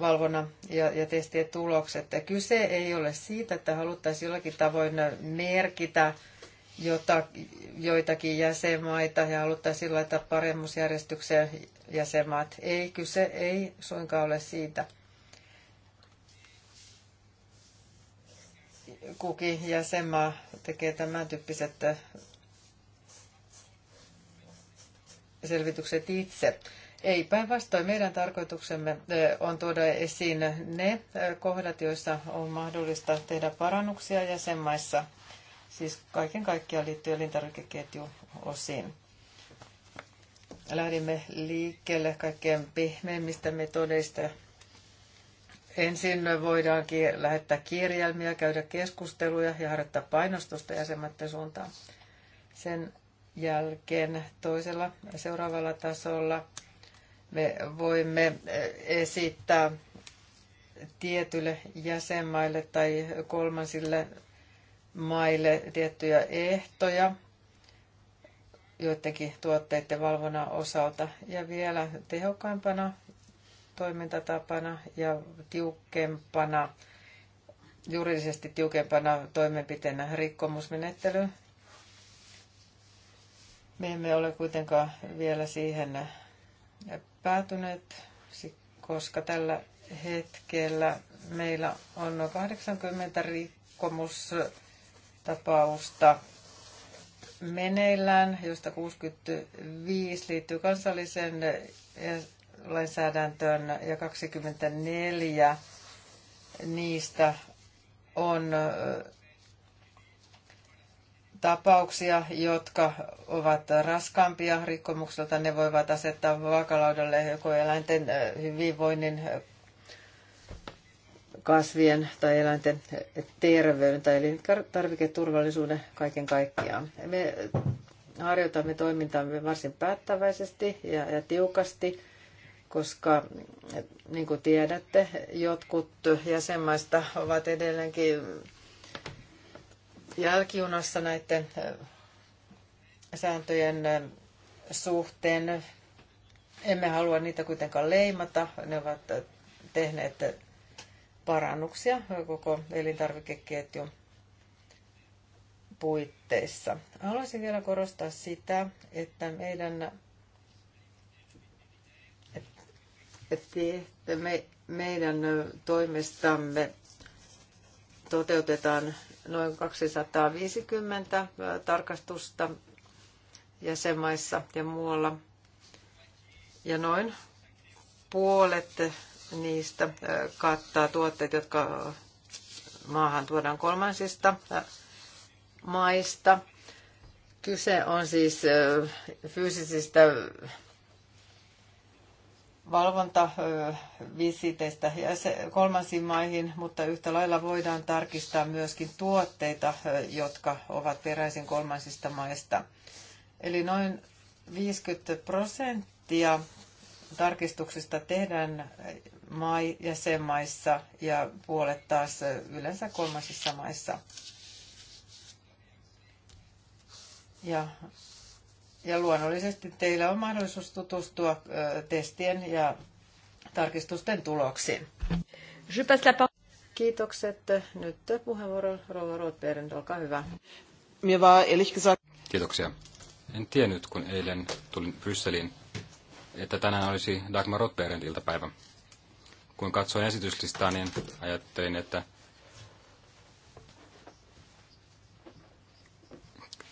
valvonnan ja, ja testien tulokset. Kyse ei ole siitä, että haluttaisiin jollakin tavoin merkitä jota, joitakin jäsenmaita ja haluttaisiin laittaa paremmusjärjestykseen jäsenmaat. Ei, kyse ei suinkaan ole siitä. Kukin jäsenmaa tekee tämän tyyppiset selvitykset itse. Ei päinvastoin. Meidän tarkoituksemme on tuoda esiin ne kohdat, joissa on mahdollista tehdä parannuksia jäsenmaissa, siis kaiken kaikkiaan liittyen elintarvikeketjun osiin. Lähdimme liikkeelle kaikkein pehmeimmistä metodeista. Ensin voidaankin lähettää kirjelmiä, käydä keskusteluja ja harjoittaa painostusta jäsenmaiden suuntaan. Sen jälkeen toisella seuraavalla tasolla me voimme eh, esittää tietylle jäsenmaille tai kolmansille maille tiettyjä ehtoja joidenkin tuotteiden valvonnan osalta. Ja vielä tehokkaimpana toimintatapana ja tiukempana, juridisesti tiukempana toimenpiteenä rikkomusmenettely me emme ole kuitenkaan vielä siihen päätyneet, koska tällä hetkellä meillä on noin 80 rikkomustapausta meneillään, josta 65 liittyy kansalliseen lainsäädäntöön ja 24 niistä on tapauksia, jotka ovat raskaampia rikkomukselta. Ne voivat asettaa vaakalaudalle joko eläinten hyvinvoinnin kasvien tai eläinten terveyden tai elintarviketurvallisuuden kaiken kaikkiaan. Me harjoitamme toimintaamme varsin päättäväisesti ja, ja tiukasti, koska niin kuin tiedätte, jotkut jäsenmaista ovat edelleenkin jälkijunassa näiden sääntöjen suhteen. Emme halua niitä kuitenkaan leimata. Ne ovat tehneet parannuksia koko elintarvikeketjun puitteissa. Haluaisin vielä korostaa sitä, että meidän että me, meidän toimestamme toteutetaan noin 250 tarkastusta jäsenmaissa ja muualla. Ja noin puolet niistä kattaa tuotteet, jotka maahan tuodaan kolmansista maista. Kyse on siis fyysisistä valvontavisiteistä kolmansiin maihin, mutta yhtä lailla voidaan tarkistaa myöskin tuotteita, jotka ovat peräisin kolmansista maista. Eli noin 50 prosenttia tarkistuksista tehdään mai- jäsenmaissa ja puolet taas yleensä kolmansissa maissa. Ja ja luonnollisesti teillä on mahdollisuus tutustua testien ja tarkistusten tuloksiin. Kiitokset. Nyt puheenvuoro Rova Rothberg, olkaa hyvä. Kiitoksia. En tiennyt, kun eilen tulin Brysseliin, että tänään olisi Dagmar Rothbergin iltapäivä. Kun katsoin esityslistaa, niin ajattelin, että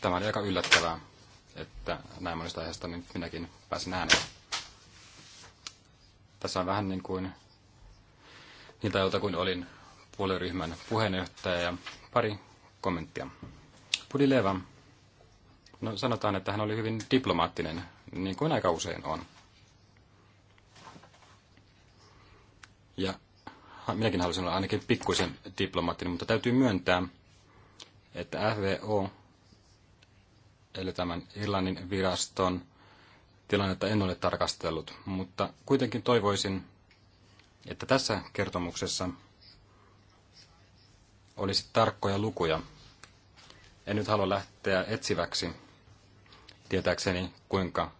tämä oli aika yllättävää että näin monesta aiheesta niin minäkin pääsin ääneen. Tässä on vähän niin kuin niitä, joilta kuin olin puoliryhmän puheenjohtaja ja pari kommenttia. Leva. no sanotaan, että hän oli hyvin diplomaattinen, niin kuin aika usein on. Ja minäkin halusin olla ainakin pikkuisen diplomaattinen, mutta täytyy myöntää, että FVO eli tämän Irlannin viraston tilannetta en ole tarkastellut, mutta kuitenkin toivoisin, että tässä kertomuksessa olisi tarkkoja lukuja. En nyt halua lähteä etsiväksi tietääkseni, kuinka,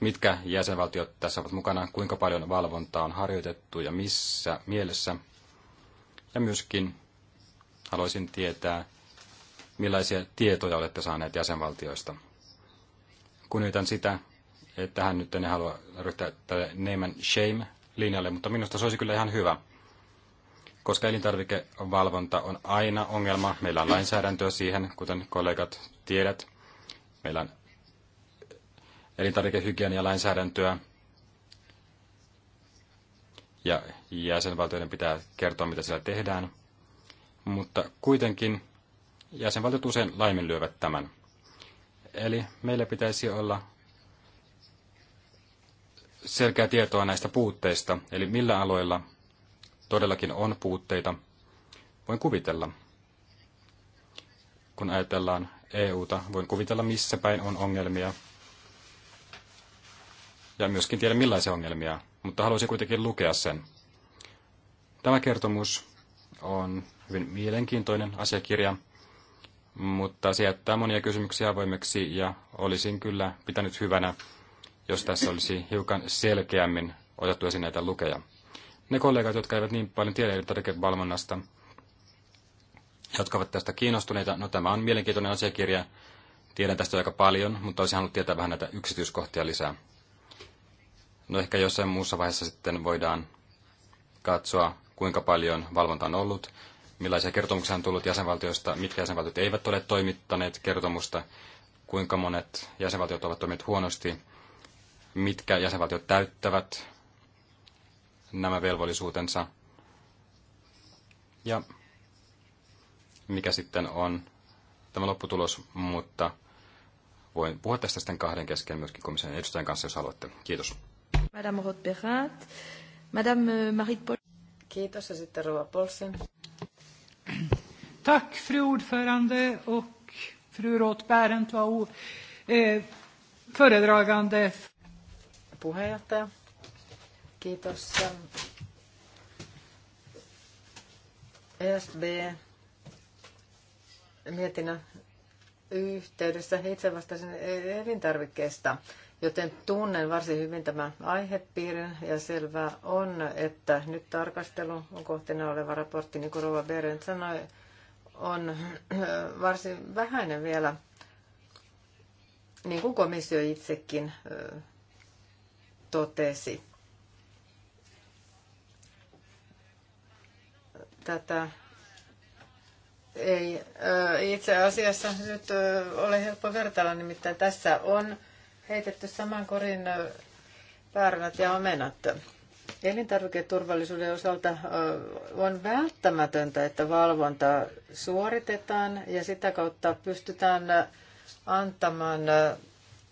mitkä jäsenvaltiot tässä ovat mukana, kuinka paljon valvontaa on harjoitettu ja missä mielessä. Ja myöskin haluaisin tietää, millaisia tietoja olette saaneet jäsenvaltioista. Kunnioitan sitä, että hän nyt ei halua ryhtyä tälle name and shame linjalle, mutta minusta se olisi kyllä ihan hyvä, koska elintarvikevalvonta on aina ongelma. Meillä on lainsäädäntöä siihen, kuten kollegat tiedät. Meillä on lainsäädäntöä, Ja jäsenvaltioiden pitää kertoa, mitä siellä tehdään. Mutta kuitenkin jäsenvaltiot usein laiminlyövät tämän. Eli meillä pitäisi olla selkeää tietoa näistä puutteista, eli millä aloilla todellakin on puutteita. Voin kuvitella, kun ajatellaan EUta, voin kuvitella missä päin on ongelmia. Ja myöskin tiedä millaisia ongelmia, mutta haluaisin kuitenkin lukea sen. Tämä kertomus on hyvin mielenkiintoinen asiakirja mutta se jättää monia kysymyksiä avoimeksi ja olisin kyllä pitänyt hyvänä, jos tässä olisi hiukan selkeämmin otettu esiin näitä lukeja. Ne kollegat, jotka eivät niin paljon tiedä elintarvikevalvonnasta, jotka ovat tästä kiinnostuneita, no tämä on mielenkiintoinen asiakirja, tiedän tästä aika paljon, mutta olisin halunnut tietää vähän näitä yksityiskohtia lisää. No ehkä jossain muussa vaiheessa sitten voidaan katsoa, kuinka paljon valvonta on ollut, millaisia kertomuksia on tullut jäsenvaltioista, mitkä jäsenvaltiot eivät ole toimittaneet kertomusta, kuinka monet jäsenvaltiot ovat toimineet huonosti, mitkä jäsenvaltiot täyttävät nämä velvollisuutensa ja mikä sitten on tämä lopputulos, mutta voin puhua tästä sitten kahden kesken myöskin komission edustajan kanssa, jos haluatte. Kiitos. Madame Rothberat, Madame euh, Marie Paul. Kiitos ja sitten Rova Polsen. Tack fru ordförande och fru Roth Bärent var eh, föredragande. Puheenjohtaja. Kiitos. Ähm, ESB mietinnän yhteydessä itse vastasin e- elintarvikkeesta. Joten tunnen varsin hyvin tämän aihepiirin ja selvää on, että nyt on kohteena oleva raportti, niin kuin Rova Berend sanoi, on varsin vähäinen vielä, niin kuin komissio itsekin totesi. Tätä ei itse asiassa nyt ole helppo vertailla, nimittäin tässä on heitetty saman korin päärnät ja omenat. Elintarviketurvallisuuden osalta on välttämätöntä, että valvonta suoritetaan ja sitä kautta pystytään antamaan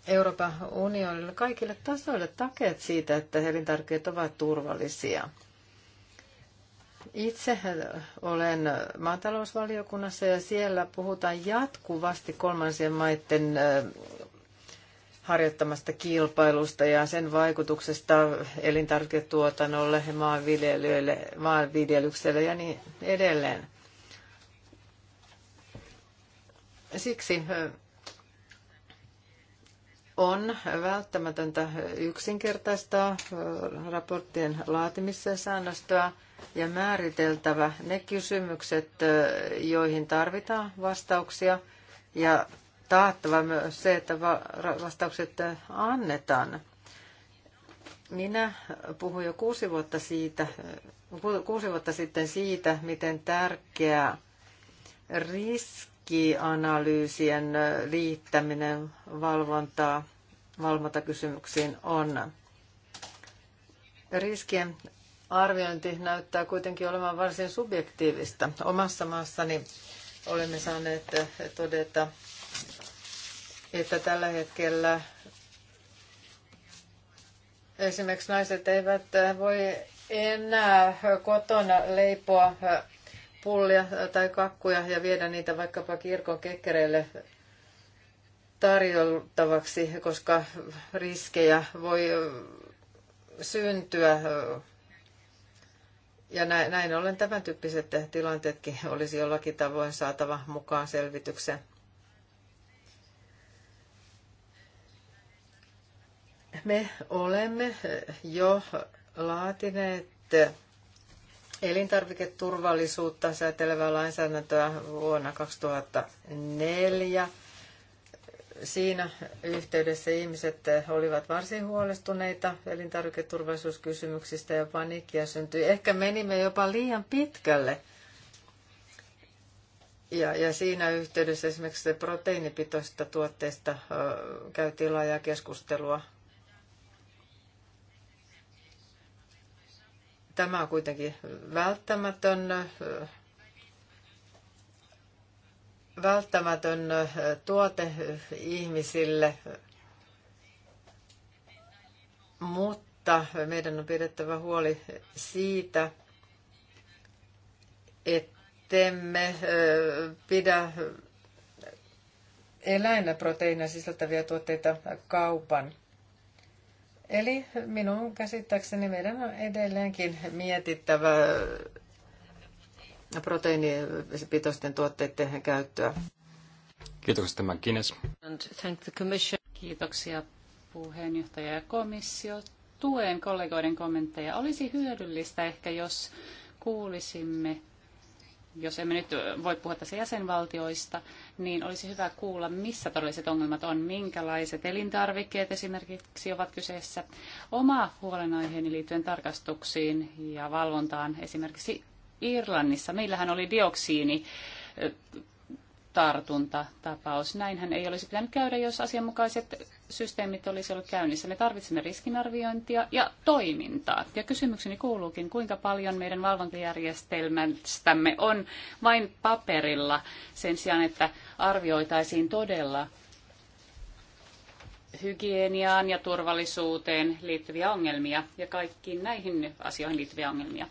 Euroopan unionille kaikille tasoille takeet siitä, että elintarvikkeet ovat turvallisia. Itse olen maatalousvaliokunnassa ja siellä puhutaan jatkuvasti kolmansien maiden harjoittamasta kilpailusta ja sen vaikutuksesta elintarviketuotannolle ja maanviljelykselle ja niin edelleen. Siksi on välttämätöntä yksinkertaistaa raporttien ja säännöstöä ja määriteltävä ne kysymykset, joihin tarvitaan vastauksia ja taattava myös se, että vastaukset annetaan. Minä puhuin jo kuusi vuotta, siitä, kuusi vuotta sitten siitä, miten tärkeää riskianalyysien liittäminen valvontaa, valvontakysymyksiin on. Riskien arviointi näyttää kuitenkin olevan varsin subjektiivista. Omassa maassani olemme saaneet todeta että tällä hetkellä esimerkiksi naiset eivät voi enää kotona leipoa pullia tai kakkuja ja viedä niitä vaikkapa kirkon kekkereille tarjoltavaksi, koska riskejä voi syntyä. Ja näin, näin ollen tämän tyyppiset tilanteetkin olisi jollakin tavoin saatava mukaan selvitykseen. me olemme jo laatineet elintarviketurvallisuutta säätelevää lainsäädäntöä vuonna 2004. Siinä yhteydessä ihmiset olivat varsin huolestuneita elintarviketurvallisuuskysymyksistä ja paniikkia syntyi. Ehkä menimme jopa liian pitkälle. Ja, ja siinä yhteydessä esimerkiksi proteiinipitoisista tuotteista ö, käytiin laajaa keskustelua Tämä on kuitenkin välttämätön, välttämätön tuote ihmisille, mutta meidän on pidettävä huoli siitä, ettemme pidä eläinä proteiinia sisältäviä tuotteita kaupan Eli minun käsittääkseni meidän on edelleenkin mietittävä proteiinipitoisten tuotteiden käyttöä. Kiitoksia tämä Kines. Kiitoksia puheenjohtaja ja komissio. Tuen kollegoiden kommentteja. Olisi hyödyllistä ehkä, jos kuulisimme jos emme nyt voi puhua tässä jäsenvaltioista, niin olisi hyvä kuulla, missä todelliset ongelmat on, minkälaiset elintarvikkeet esimerkiksi ovat kyseessä. Oma huolenaiheeni liittyen tarkastuksiin ja valvontaan esimerkiksi Irlannissa. Meillähän oli dioksiini tartuntatapaus. Näinhän ei olisi pitänyt käydä, jos asianmukaiset systeemit olisi ollut käynnissä. Me tarvitsemme riskinarviointia ja toimintaa. Ja kysymykseni kuuluukin, kuinka paljon meidän valvontajärjestelmästämme on vain paperilla sen sijaan, että arvioitaisiin todella hygieniaan ja turvallisuuteen liittyviä ongelmia ja kaikkiin näihin asioihin liittyviä ongelmia.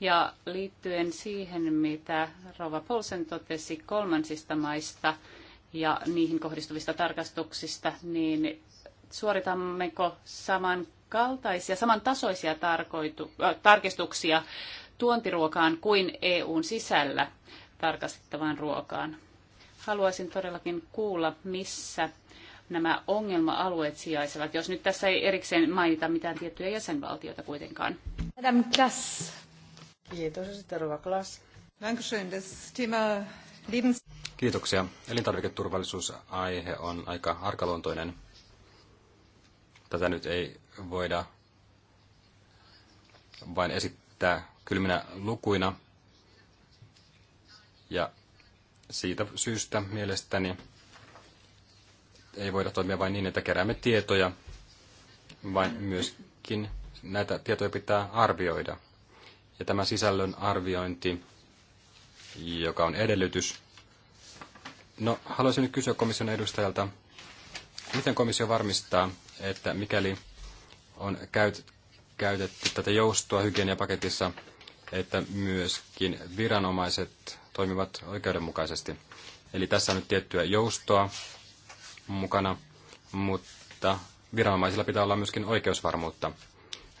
Ja liittyen siihen, mitä Rova Polsen totesi kolmansista maista ja niihin kohdistuvista tarkastuksista, niin suoritammeko samankaltaisia, samantasoisia tarkoitu, äh, tarkistuksia tuontiruokaan kuin EUn sisällä tarkastettavaan ruokaan? Haluaisin todellakin kuulla, missä nämä ongelma-alueet sijaisevat, jos nyt tässä ei erikseen mainita mitään tiettyjä jäsenvaltioita kuitenkaan. Madame Klass. Kiitos, Kiitoksia. Elintarviketurvallisuusaihe on aika arkaluontoinen. Tätä nyt ei voida vain esittää kylminä lukuina. Ja siitä syystä mielestäni ei voida toimia vain niin, että keräämme tietoja, vaan myöskin näitä tietoja pitää arvioida. Ja tämä sisällön arviointi, joka on edellytys. No, haluaisin nyt kysyä komission edustajalta, miten komissio varmistaa, että mikäli on käyt, käytetty tätä joustoa hygieniapaketissa, että myöskin viranomaiset toimivat oikeudenmukaisesti. Eli tässä on nyt tiettyä joustoa mukana, mutta viranomaisilla pitää olla myöskin oikeusvarmuutta.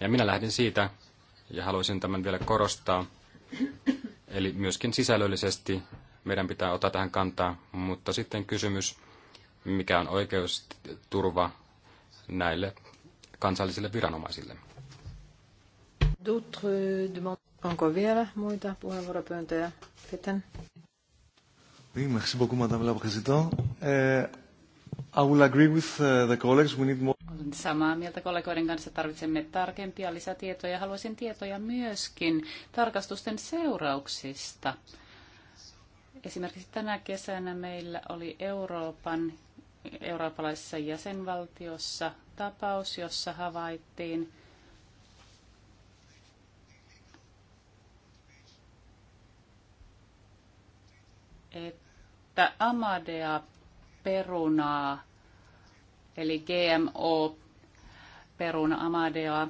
Ja minä lähdin siitä, ja haluaisin tämän vielä korostaa. Eli myöskin sisällöllisesti meidän pitää ottaa tähän kantaa, mutta sitten kysymys, mikä on oikeusturva näille kansallisille viranomaisille. Onko vielä muita puheenvuoropyyntöjä? Sitten. Niin, merci beaucoup, madame la présidente. Euh, I will agree with uh, the colleagues. We need more. Olen samaa mieltä kollegoiden kanssa. Tarvitsemme tarkempia lisätietoja. Haluaisin tietoja myöskin tarkastusten seurauksista. Esimerkiksi tänä kesänä meillä oli Euroopan, eurooppalaisessa jäsenvaltiossa tapaus, jossa havaittiin että Amadea perunaa, eli GMO peruna Amadea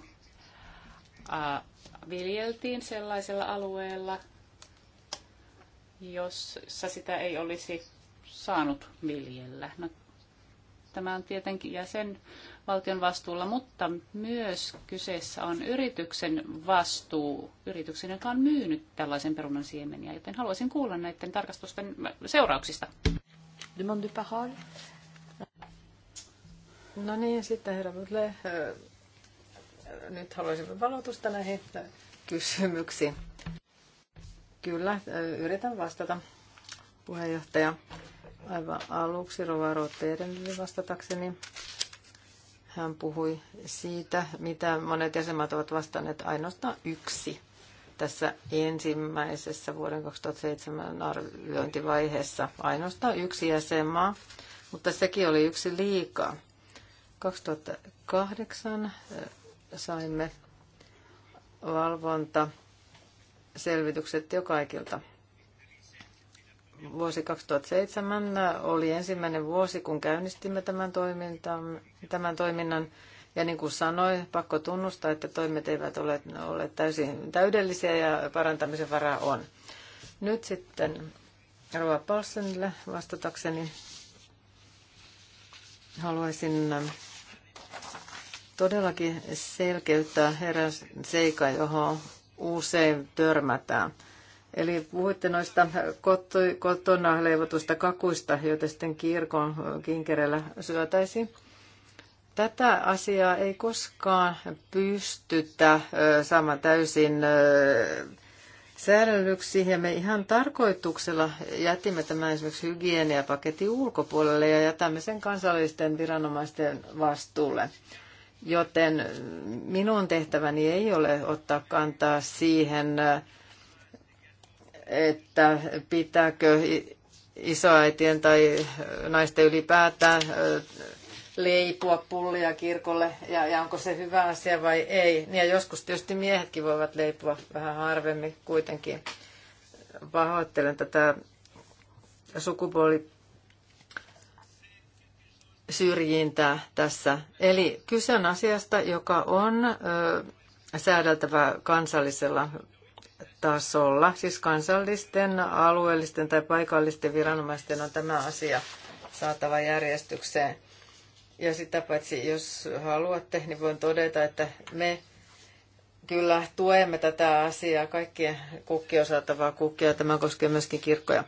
viljeltiin sellaisella alueella, jossa sitä ei olisi saanut viljellä. No, tämä on tietenkin jäsenvaltion vastuulla, mutta myös kyseessä on yrityksen vastuu, yrityksen, joka on myynyt tällaisen perunan siemeniä, joten haluaisin kuulla näiden tarkastusten seurauksista. Demande de parole. No niin, sitten herra Butle. Äh, nyt haluaisimme valotusta näihin kysymyksiin. Kyllä, äh, yritän vastata, puheenjohtaja. Aivan aluksi Rova Roteerille vastatakseni. Hän puhui siitä, mitä monet jäsenmaat ovat vastanneet, ainoastaan yksi tässä ensimmäisessä vuoden 2007 arviointivaiheessa ainoastaan yksi jäsenmaa, mutta sekin oli yksi liikaa. 2008 eh, saimme valvonta selvitykset jo kaikilta. Vuosi 2007 eh, oli ensimmäinen vuosi, kun käynnistimme tämän, tämän toiminnan ja niin kuin sanoin, pakko tunnustaa, että toimet eivät ole, ole täysin täydellisiä ja parantamisen varaa on. Nyt sitten Rova Paulsenille vastatakseni haluaisin ähm, todellakin selkeyttää herran seika, johon usein törmätään. Eli puhuitte noista kotona leivotusta kakuista, joita sitten kirkon kinkerellä syötäisiin. Tätä asiaa ei koskaan pystytä saamaan täysin säädellyksi ja me ihan tarkoituksella jätimme tämän esimerkiksi hygieniapaketin ulkopuolelle ja jätämme sen kansallisten viranomaisten vastuulle. Joten minun tehtäväni ei ole ottaa kantaa siihen, että pitääkö isoäitien tai naisten ylipäätään leipua pullia kirkolle ja, ja onko se hyvä asia vai ei. Niin ja joskus tietysti miehetkin voivat leipua vähän harvemmin kuitenkin. Pahoittelen tätä sukupuoli syrjintää tässä. Eli kyse on asiasta, joka on ö, säädeltävä kansallisella tasolla. Siis kansallisten, alueellisten tai paikallisten viranomaisten on tämä asia saatava järjestykseen. Ja sitä paitsi, jos haluatte, niin voin todeta, että me kyllä tuemme tätä asiaa, kaikkien kukkia saatavaa kukkia, tämä koskee myöskin kirkkoja.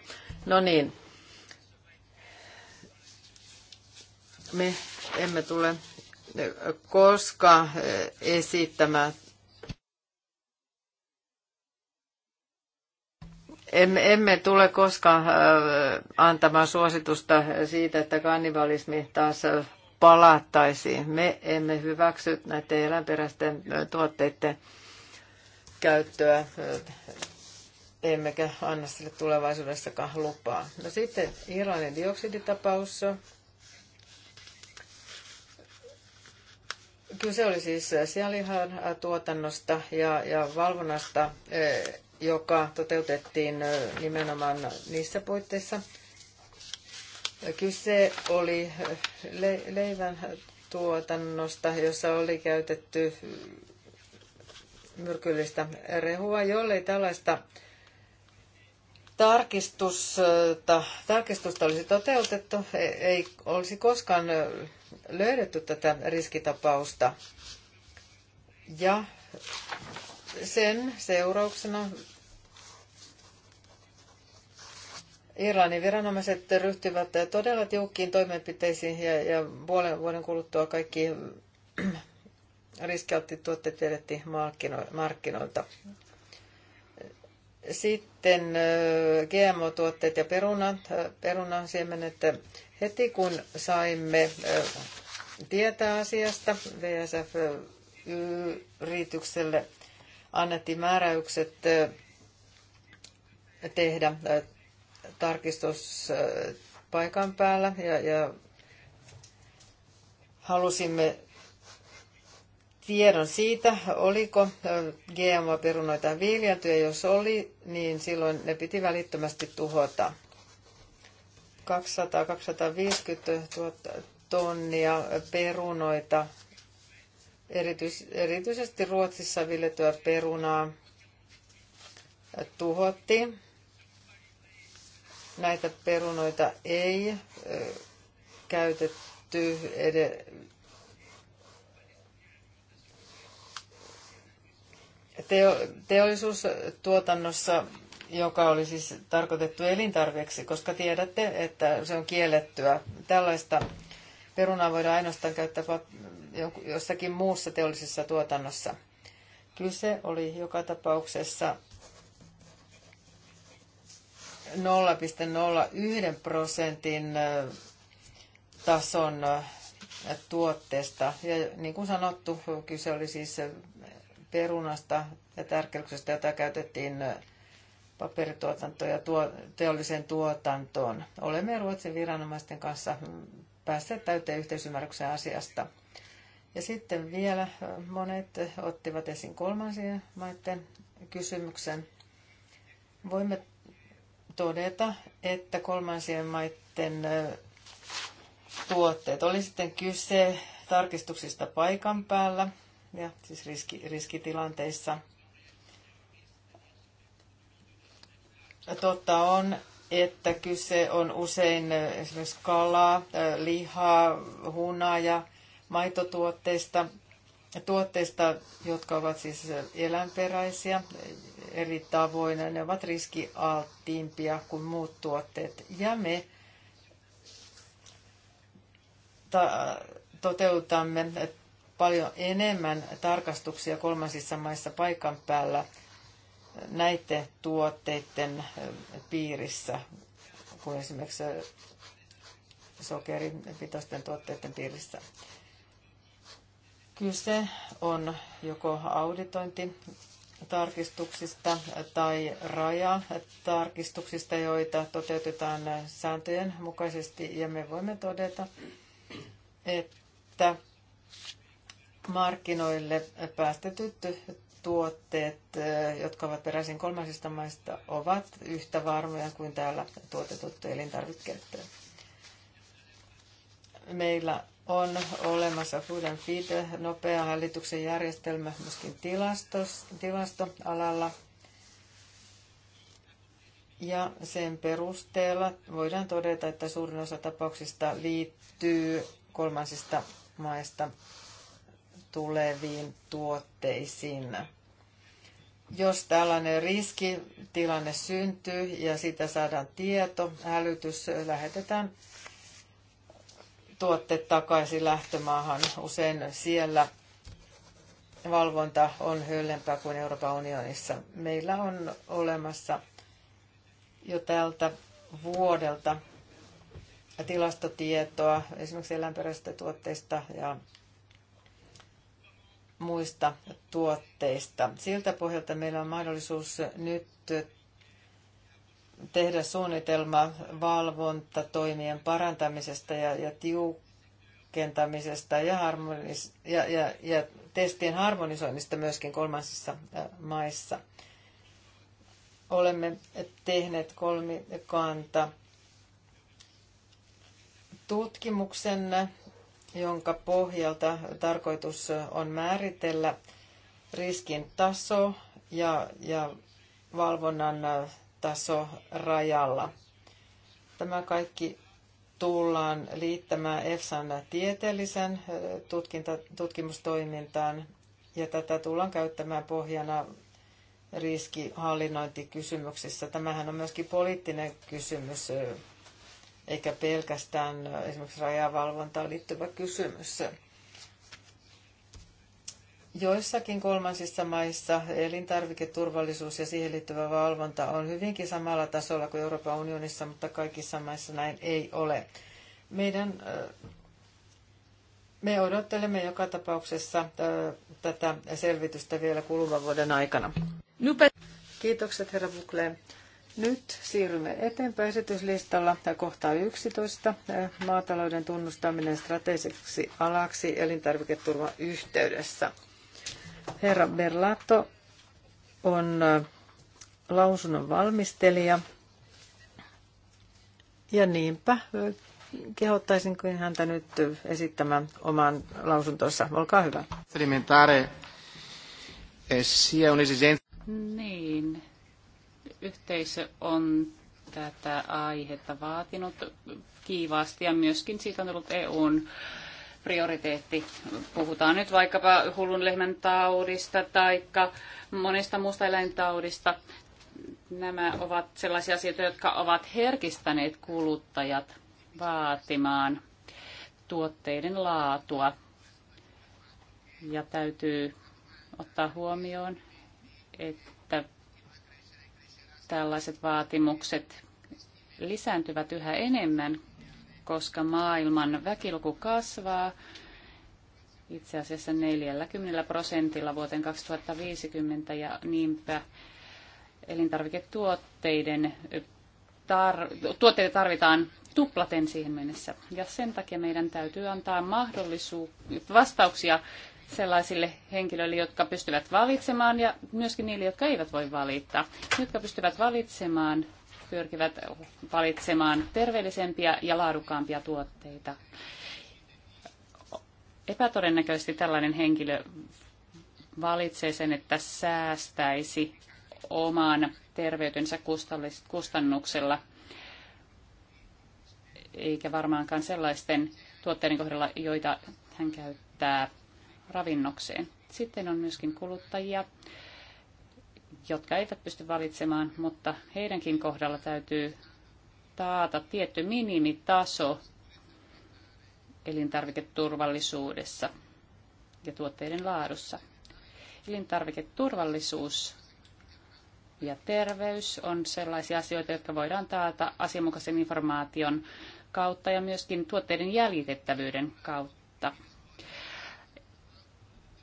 No niin, me emme tule koska eh, esittämään Emme, emme tule koskaan eh, antamaan suositusta siitä, että kannibalismi taas palattaisiin. Me emme hyväksy näiden eläinperäisten tuotteiden käyttöä, emmekä anna sille tulevaisuudessakaan lupaa. No sitten Iranin dioksiditapaus. Kyse oli siis sialihan tuotannosta ja, ja valvonnasta, eh, joka toteutettiin eh, nimenomaan niissä puitteissa – Kyse oli eh, le- leivän tuotannosta, jossa oli käytetty myrkyllistä rehua, jollei tällaista tarkistusta, tarkistusta olisi toteutettu, e, ei olisi koskaan eh, löydetty tätä riskitapausta. Ja sen seurauksena Irlannin viranomaiset ryhtyvät todella tiukkiin toimenpiteisiin ja, ja puolen vuoden kuluttua kaikki tuotteet vedettiin markkinoilta. Sitten GMO-tuotteet ja perunat, siemenet Heti kun saimme tietää asiasta, VSF-yritykselle annettiin määräykset tehdä tarkistus äh, paikan päällä ja, ja halusimme tiedon siitä, oliko äh, GMO-perunoita viljelty, ja jos oli, niin silloin ne piti välittömästi tuhota. 200-250 000 tuota tonnia perunoita, erityis, erityisesti Ruotsissa viljettyä perunaa, äh, tuhottiin. Näitä perunoita ei käytetty teollisuustuotannossa, joka oli siis tarkoitettu elintarveksi, koska tiedätte, että se on kiellettyä. Tällaista perunaa voidaan ainoastaan käyttää jossakin muussa teollisessa tuotannossa. Kyse oli joka tapauksessa 0,01 prosentin tason tuotteesta. Ja niin kuin sanottu, kyse oli siis perunasta ja tärkeyksestä, jota käytettiin paperituotantoon ja tuo, teolliseen tuotantoon. Olemme Ruotsin viranomaisten kanssa mm, päässeet täyteen yhteisymmärrykseen asiasta. Ja sitten vielä monet ottivat esiin kolmansien maiden kysymyksen. Voimme todeta, että kolmansien maiden tuotteet, oli sitten kyse tarkistuksista paikan päällä, ja siis riski, riskitilanteissa. Totta on, että kyse on usein esimerkiksi kalaa, lihaa, hunaja, maitotuotteista, tuotteista, jotka ovat siis eläinperäisiä eri tavoin. Ne ovat riskialttiimpia kuin muut tuotteet. Ja me toteutamme paljon enemmän tarkastuksia kolmansissa maissa paikan päällä näiden tuotteiden piirissä kuin esimerkiksi sokeripitoisten tuotteiden piirissä. Kyse on joko auditointi tarkistuksista tai rajatarkistuksista, joita toteutetaan sääntöjen mukaisesti. Ja me voimme todeta, että markkinoille päästetyt tuotteet, jotka ovat peräisin kolmansista maista, ovat yhtä varmoja kuin täällä tuotetut elintarvikkeet meillä on olemassa Food and Feed, nopea hallituksen järjestelmä myöskin tilastos, tilastoalalla. Ja sen perusteella voidaan todeta, että suurin osa tapauksista liittyy kolmansista maista tuleviin tuotteisiin. Jos tällainen riskitilanne syntyy ja siitä saadaan tieto, hälytys lähetetään tuotteet takaisin lähtömaahan. Usein siellä valvonta on höllempää kuin Euroopan unionissa. Meillä on olemassa jo tältä vuodelta tilastotietoa esimerkiksi eläinperäisistä tuotteista ja muista tuotteista. Siltä pohjalta meillä on mahdollisuus nyt tehdä suunnitelma valvontatoimien parantamisesta ja, ja tiukentamisesta ja, harmonis, ja, ja, ja testien harmonisoinnista myöskin kolmansissa maissa. Olemme tehneet kolmikanta tutkimuksen, jonka pohjalta tarkoitus on määritellä riskin taso ja, ja valvonnan taso rajalla. Tämä kaikki tullaan liittämään EFSAn tieteellisen tutkinta, tutkimustoimintaan ja tätä tullaan käyttämään pohjana riskihallinnointikysymyksissä. Tämähän on myöskin poliittinen kysymys, eikä pelkästään esimerkiksi rajavalvontaan liittyvä kysymys. Joissakin kolmansissa maissa elintarviketurvallisuus ja siihen liittyvä valvonta on hyvinkin samalla tasolla kuin Euroopan unionissa, mutta kaikissa maissa näin ei ole. Meidän, me odottelemme joka tapauksessa tätä selvitystä vielä kuluvan vuoden aikana. Kiitokset herra Bukle. Nyt siirrymme eteenpäin esityslistalla kohtaan 11. Maatalouden tunnustaminen strategiseksi alaksi elintarviketurvan yhteydessä. Herra Berlato on äh, lausunnon valmistelija. Ja niinpä äh, kehottaisin kuin häntä nyt äh, esittämään oman lausuntonsa. Olkaa hyvä. Eh, niin, yhteisö on tätä aihetta vaatinut kiivaasti ja myöskin siitä on tullut EUn prioriteetti. Puhutaan nyt vaikkapa hullun lehmän taudista tai monesta muusta eläintaudista. Nämä ovat sellaisia asioita, jotka ovat herkistäneet kuluttajat vaatimaan tuotteiden laatua. Ja täytyy ottaa huomioon, että tällaiset vaatimukset lisääntyvät yhä enemmän koska maailman väkiluku kasvaa itse asiassa 40 prosentilla vuoteen 2050 ja niinpä elintarviketuotteiden tar- tuotteita tarvitaan tuplaten siihen mennessä. Ja sen takia meidän täytyy antaa mahdollisuus, vastauksia sellaisille henkilöille, jotka pystyvät valitsemaan ja myöskin niille, jotka eivät voi valittaa, jotka pystyvät valitsemaan pyrkivät valitsemaan terveellisempiä ja laadukkaampia tuotteita. Epätodennäköisesti tällainen henkilö valitsee sen, että säästäisi oman terveytensä kustannuksella, eikä varmaankaan sellaisten tuotteiden kohdalla, joita hän käyttää ravinnokseen. Sitten on myöskin kuluttajia, jotka eivät pysty valitsemaan, mutta heidänkin kohdalla täytyy taata tietty minimitaso elintarviketurvallisuudessa ja tuotteiden laadussa. Elintarviketurvallisuus ja terveys on sellaisia asioita, jotka voidaan taata asianmukaisen informaation kautta ja myöskin tuotteiden jäljitettävyyden kautta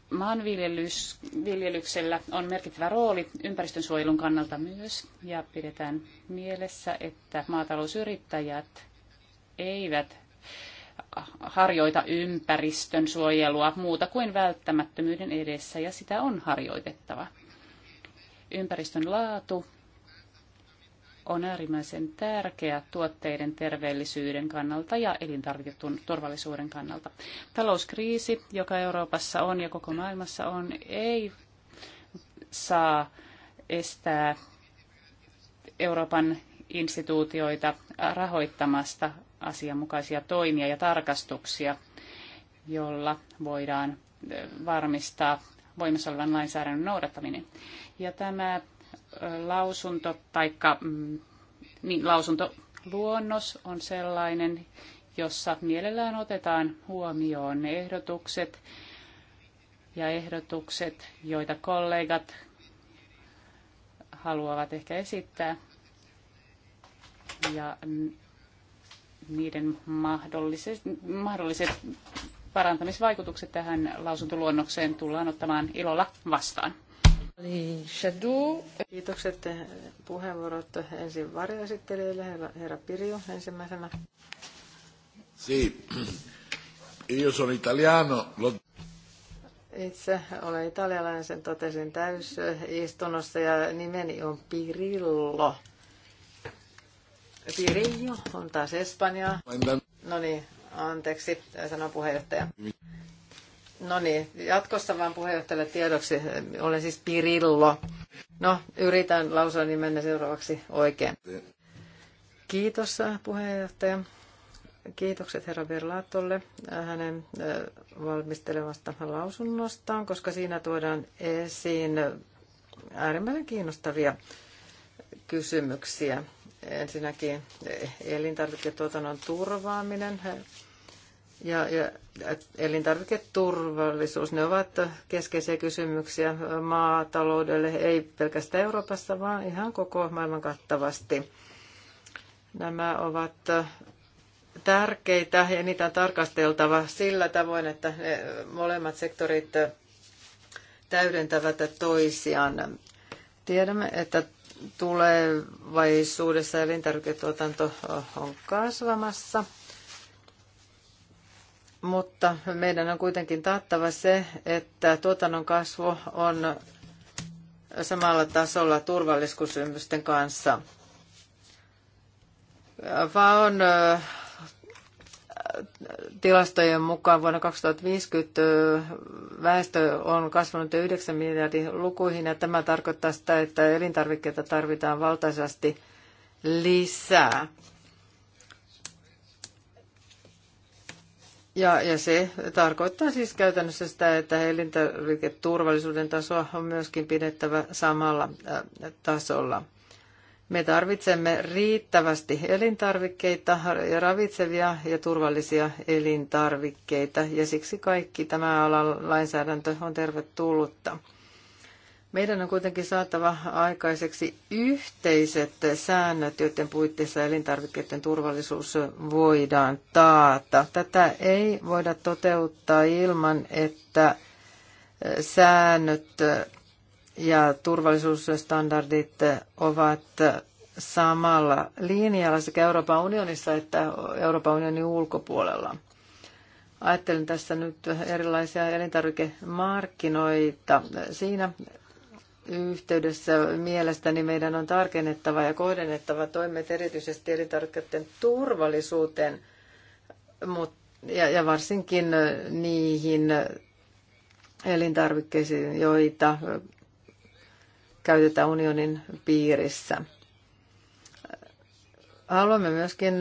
maanviljelyksellä on merkittävä rooli ympäristönsuojelun kannalta myös, ja pidetään mielessä, että maatalousyrittäjät eivät harjoita ympäristön suojelua muuta kuin välttämättömyyden edessä, ja sitä on harjoitettava. Ympäristön laatu on äärimmäisen tärkeä tuotteiden terveellisyyden kannalta ja elintarviketun turvallisuuden kannalta. Talouskriisi, joka Euroopassa on ja koko maailmassa on, ei saa estää Euroopan instituutioita rahoittamasta asianmukaisia toimia ja tarkastuksia, jolla voidaan varmistaa voimassa olevan lainsäädännön noudattaminen. Ja tämä lausunto taikka mm, niin, lausuntoluonnos on sellainen, jossa mielellään otetaan huomioon ne ehdotukset ja ehdotukset, joita kollegat haluavat ehkä esittää ja niiden mahdolliset, mahdolliset parantamisvaikutukset tähän lausuntoluonnokseen tullaan ottamaan ilolla vastaan. Kiitokset eh, puheenvuorot ensin varjoesittelijöille, herra, herra Pirjo ensimmäisenä. Si. Io sono italiano. Lo... Itse olen italialainen, sen totesin täysistunnossa ja nimeni on Pirillo. Pirillo on taas Espanja. No niin, anteeksi, sanoi puheenjohtaja. No niin, jatkossa vaan puheenjohtajalle tiedoksi. Olen siis Pirillo. No, yritän lausua niin seuraavaksi oikein. Kiitos äh, puheenjohtaja. Kiitokset herra Berlatolle äh, hänen äh, valmistelemasta lausunnostaan, koska siinä tuodaan esiin äärimmäisen kiinnostavia kysymyksiä. Ensinnäkin elintarviketuotannon turvaaminen, ja, ja elintarviketurvallisuus, ne ovat keskeisiä kysymyksiä maataloudelle, ei pelkästään Euroopassa, vaan ihan koko maailman kattavasti. Nämä ovat tärkeitä ja niitä on tarkasteltava sillä tavoin, että ne molemmat sektorit täydentävät toisiaan. Tiedämme, että tulevaisuudessa elintarviketuotanto on kasvamassa – mutta meidän on kuitenkin taattava se, että tuotannon kasvu on samalla tasolla turvalliskysymysten kanssa. Vaan tilastojen mukaan vuonna 2050 väestö on kasvanut jo 9 miljardin lukuihin ja tämä tarkoittaa sitä, että elintarvikkeita tarvitaan valtaisasti lisää. Ja, ja se tarkoittaa siis käytännössä sitä, että elintarviketurvallisuuden tasoa on myöskin pidettävä samalla tasolla. Me tarvitsemme riittävästi elintarvikkeita ja ravitsevia ja turvallisia elintarvikkeita, ja siksi kaikki tämä alan lainsäädäntö on tervetullutta. Meidän on kuitenkin saatava aikaiseksi yhteiset säännöt, joiden puitteissa elintarvikkeiden turvallisuus voidaan taata. Tätä ei voida toteuttaa ilman, että eh, säännöt eh, ja turvallisuusstandardit eh, ovat samalla linjalla sekä Euroopan unionissa että Euroopan unionin ulkopuolella. Ajattelen tässä nyt erilaisia elintarvikemarkkinoita. Siinä yhteydessä mielestäni meidän on tarkennettava ja kohdennettava toimet erityisesti elintarvikkeiden turvallisuuteen mut, ja, ja varsinkin niihin elintarvikkeisiin, joita käytetään unionin piirissä. Haluamme myöskin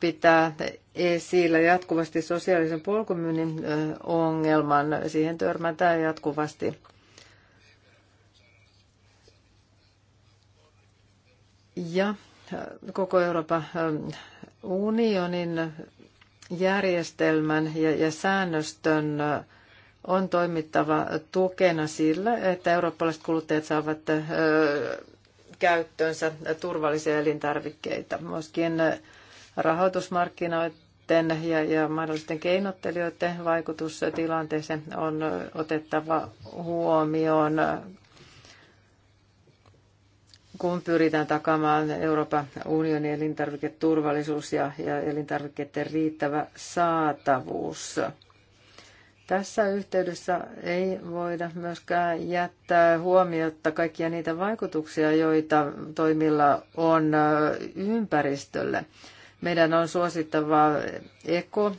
pitää esillä jatkuvasti sosiaalisen polkumyynnin ongelman. Siihen törmätään jatkuvasti ja äh, koko Euroopan äh, unionin järjestelmän ja, ja säännöstön äh, on toimittava tukena sillä, että eurooppalaiset kuluttajat saavat käyttöönsä turvallisia elintarvikkeita. Myöskin rahoitusmarkkinoiden ja, ja mahdollisten keinottelijoiden vaikutus tilanteeseen on otettava huomioon kun pyritään takaamaan Euroopan unionin elintarviketurvallisuus ja, ja elintarvikkeiden riittävä saatavuus. Tässä yhteydessä ei voida myöskään jättää huomiota kaikkia niitä vaikutuksia, joita toimilla on ympäristölle. Meidän on suosittava eko-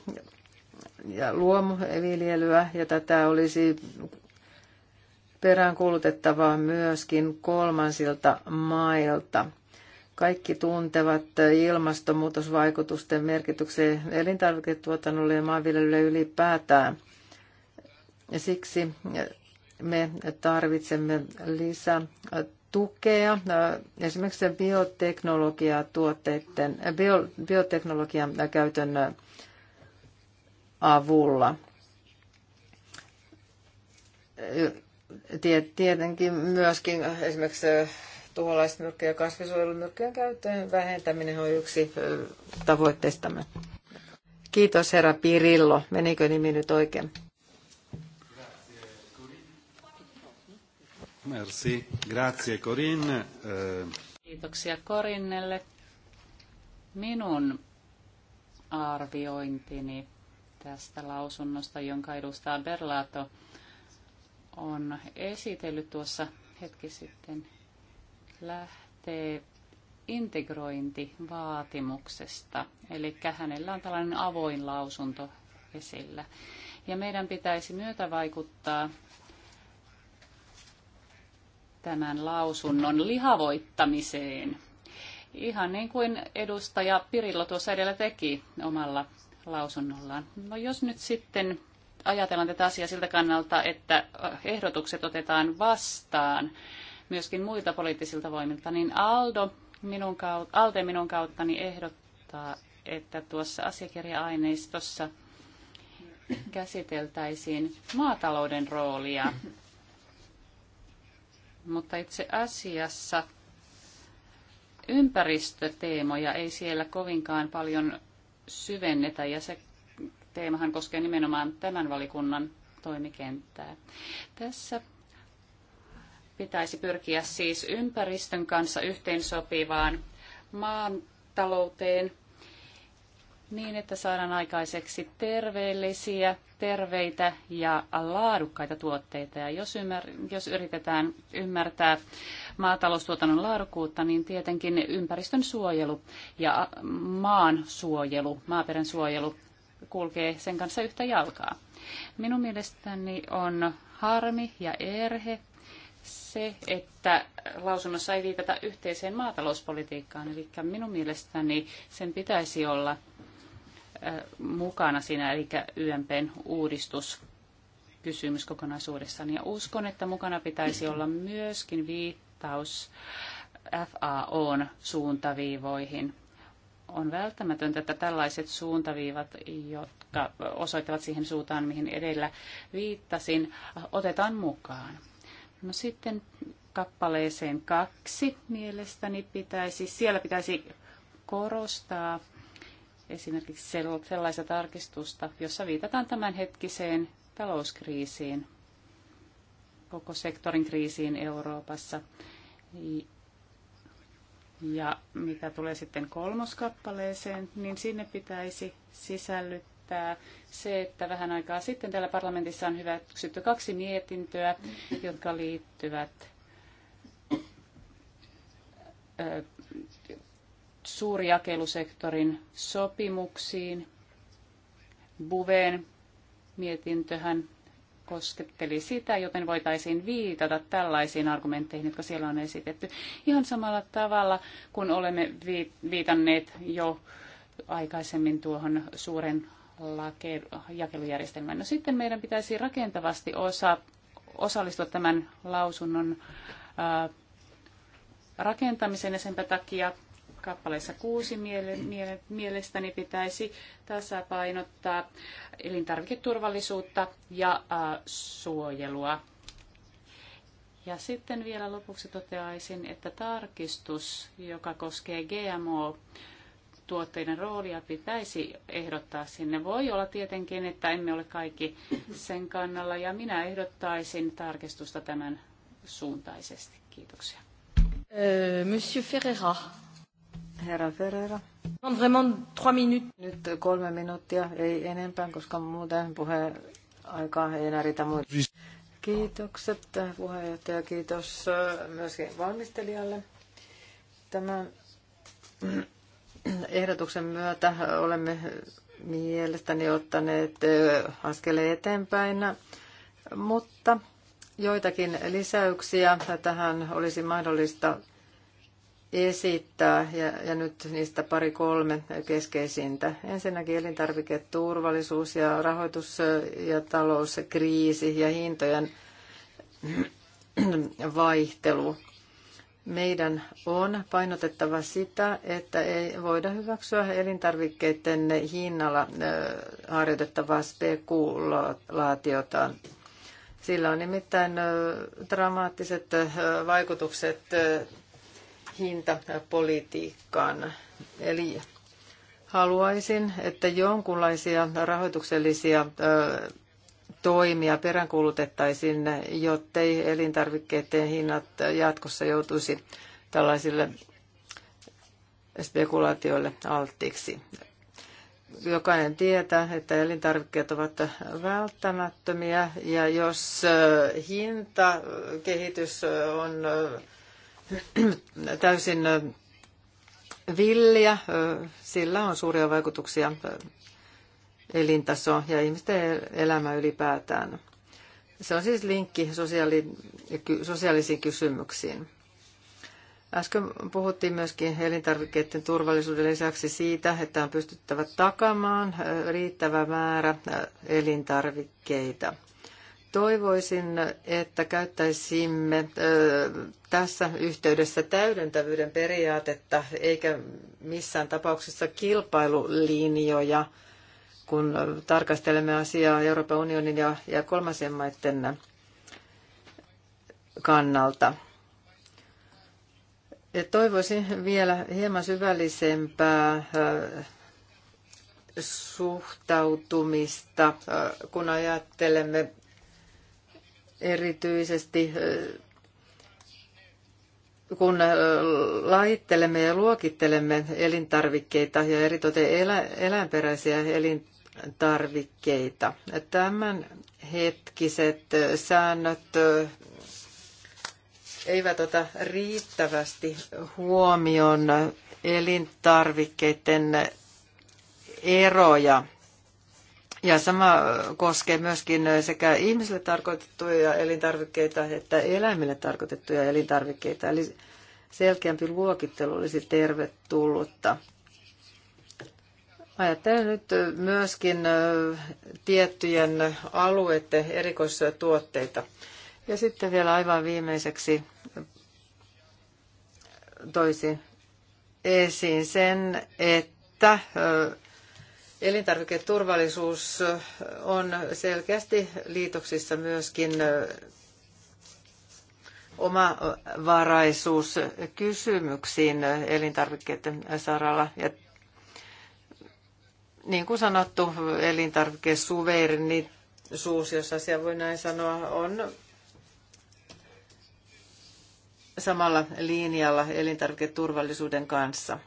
ja luomuviljelyä, ja tätä olisi peräänkuulutettavaa myöskin kolmansilta mailta. Kaikki tuntevat ilmastonmuutosvaikutusten merkityksen elintarviketuotannolle ja maanviljelylle ylipäätään. Ja siksi me tarvitsemme lisää tukea esimerkiksi bioteknologiatuotteiden, bio, bioteknologian käytön avulla Tietenkin myöskin esimerkiksi tuholaismyrkkyjen ja kasvisuojelumyrkkyjen käyttöön vähentäminen on yksi tavoitteistamme. Kiitos herra Pirillo. Menikö nimi nyt oikein? Merci. Grazie Corinne. Kiitoksia Korinnelle. Minun arviointini tästä lausunnosta, jonka edustaa Berlato, on esitellyt tuossa hetki sitten, lähtee integrointivaatimuksesta. Eli hänellä on tällainen avoin lausunto esillä. Ja meidän pitäisi vaikuttaa tämän lausunnon lihavoittamiseen. Ihan niin kuin edustaja Pirillo tuossa edellä teki omalla lausunnollaan. No jos nyt sitten ajatellaan tätä asiaa siltä kannalta, että äh, ehdotukset otetaan vastaan myöskin muilta poliittisilta voimilta, niin Aldo minun kaut, Alte minun kauttani ehdottaa, että tuossa asiakirja-aineistossa käsiteltäisiin maatalouden roolia. Mutta itse asiassa ympäristöteemoja ei siellä kovinkaan paljon syvennetä ja se teemahan koskee nimenomaan tämän valikunnan toimikenttää. Tässä pitäisi pyrkiä siis ympäristön kanssa yhteensopivaan maantalouteen niin, että saadaan aikaiseksi terveellisiä, terveitä ja laadukkaita tuotteita. Ja jos, ymmär- jos yritetään ymmärtää maataloustuotannon laadukkuutta, niin tietenkin ympäristön suojelu ja maan suojelu, maaperän suojelu kulkee sen kanssa yhtä jalkaa. Minun mielestäni on harmi ja erhe se, että lausunnossa ei viitata yhteiseen maatalouspolitiikkaan. Eli minun mielestäni sen pitäisi olla mukana siinä, eli YMPn uudistus kysymys kokonaisuudessaan. Ja uskon, että mukana pitäisi olla myöskin viittaus FAOn suuntaviivoihin on välttämätöntä, että tällaiset suuntaviivat, jotka osoittavat siihen suuntaan, mihin edellä viittasin, otetaan mukaan. No sitten kappaleeseen kaksi mielestäni pitäisi, siellä pitäisi korostaa esimerkiksi sellaista tarkistusta, jossa viitataan tämänhetkiseen talouskriisiin, koko sektorin kriisiin Euroopassa ja mitä tulee sitten kolmoskappaleeseen, niin sinne pitäisi sisällyttää se, että vähän aikaa sitten täällä parlamentissa on hyväksytty kaksi mietintöä, jotka liittyvät suurjakelusektorin sopimuksiin. Buveen mietintöhän kosketteli sitä, joten voitaisiin viitata tällaisiin argumentteihin, jotka siellä on esitetty. Ihan samalla tavalla, kun olemme viitanneet jo aikaisemmin tuohon suuren jakelujärjestelmään. No sitten meidän pitäisi rakentavasti osa, osallistua tämän lausunnon rakentamiseen ja senpä takia kappaleessa kuusi mielestäni pitäisi tasapainottaa elintarviketurvallisuutta ja suojelua. Ja sitten vielä lopuksi toteaisin, että tarkistus, joka koskee GMO, tuotteiden roolia pitäisi ehdottaa sinne. Voi olla tietenkin, että emme ole kaikki sen kannalla ja minä ehdottaisin tarkistusta tämän suuntaisesti. Kiitoksia. Äh, Monsieur Ferreira. Herra Ferreira. On vraiment trois minutes. Nyt kolme minuuttia, ei enempää, koska muuten puhe aikaa ei enää riitä muuta. Kiitokset puheenjohtaja, kiitos äh, myöskin valmistelijalle. Tämän äh, ehdotuksen myötä olemme mielestäni ottaneet äh, askeleen eteenpäin, mutta joitakin lisäyksiä tähän olisi mahdollista esittää, ja, ja nyt niistä pari-kolme keskeisintä. Ensinnäkin elintarviketurvallisuus ja rahoitus- ja talouskriisi ja hintojen vaihtelu. Meidän on painotettava sitä, että ei voida hyväksyä elintarvikkeiden hinnalla harjoitettavaa spekulaatiota. Sillä on nimittäin dramaattiset vaikutukset hintapolitiikkaan. Eli haluaisin, että jonkunlaisia rahoituksellisia toimia peräänkuulutettaisiin, jottei elintarvikkeiden hinnat jatkossa joutuisi tällaisille spekulaatioille alttiiksi. Jokainen tietää, että elintarvikkeet ovat välttämättömiä ja jos hintakehitys on täysin villiä. Sillä on suuria vaikutuksia elintaso ja ihmisten e-, elämä ylipäätään. Se on siis linkki sosiaali- sosiaalisiin kysymyksiin. Äsken puhuttiin myöskin elintarvikkeiden turvallisuuden lisäksi siitä, että on pystyttävä takamaan riittävä määrä elintarvikkeita. Toivoisin, että käyttäisimme tässä yhteydessä täydentävyyden periaatetta, eikä missään tapauksessa kilpailulinjoja, kun tarkastelemme asiaa Euroopan unionin ja, ja kolmansien maiden kannalta. Toivoisin vielä hieman syvällisempää suhtautumista, kun ajattelemme erityisesti kun lajittelemme ja luokittelemme elintarvikkeita ja eritoten eläinperäisiä elintarvikkeita. Tämän hetkiset säännöt eivät ota riittävästi huomioon elintarvikkeiden eroja ja sama koskee myöskin sekä ihmisille tarkoitettuja elintarvikkeita että eläimille tarkoitettuja elintarvikkeita. Eli selkeämpi luokittelu olisi tervetullutta. Ajattelen nyt myöskin tiettyjen alueiden erikoistuotteita. Ja sitten vielä aivan viimeiseksi toisin esiin sen, että että Elintarviketurvallisuus on selkeästi liitoksissa myöskin omavaraisuuskysymyksiin elintarvikkeiden saralla. Ja niin kuin sanottu, elintarvikesuvernisuus, jos asia voi näin sanoa, on samalla linjalla elintarviketurvallisuuden kanssa –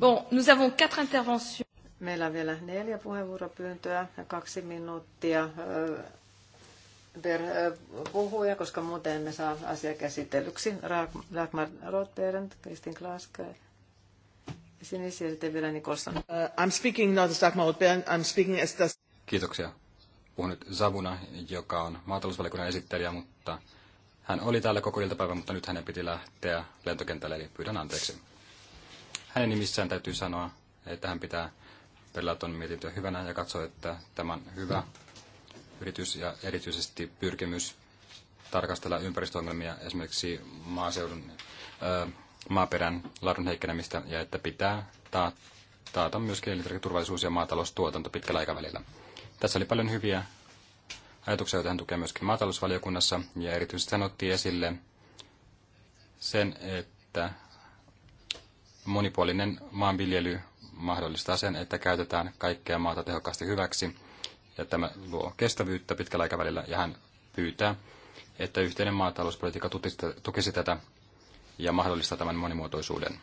Bon, nous avons quatre interventions. Meillä on vielä neljä puheenvuoropyyntöä ja kaksi minuuttia per puhuja, koska muuten emme saa asia käsitellyksi. Ragnar Rothberg, Kristin Klaske, Sinisi ja sitten vielä Nikolson. Uh, I'm speaking not as Rothberg, I'm speaking as the... Kiitoksia. Puhun nyt Savuna, joka on maatalousvaliokunnan esittelijä, mutta hän oli täällä koko iltapäivän, mutta nyt hänen piti lähteä lentokentälle, eli pyydän anteeksi hänen nimissään täytyy sanoa, että hän pitää Pelaton mietintöä hyvänä ja katsoo, että tämä on hyvä yritys ja erityisesti pyrkimys tarkastella ympäristöongelmia, esimerkiksi maaseudun, ö, maaperän laadun heikkenemistä ja että pitää taata myöskin elintarviketurvallisuus ja maataloustuotanto pitkällä aikavälillä. Tässä oli paljon hyviä ajatuksia, joita hän tukee myöskin maatalousvaliokunnassa ja erityisesti hän otti esille sen, että monipuolinen maanviljely mahdollistaa sen, että käytetään kaikkea maata tehokkaasti hyväksi, ja tämä luo kestävyyttä pitkällä aikavälillä, ja hän pyytää, että yhteinen maatalouspolitiikka tukisi tätä ja mahdollistaa tämän monimuotoisuuden.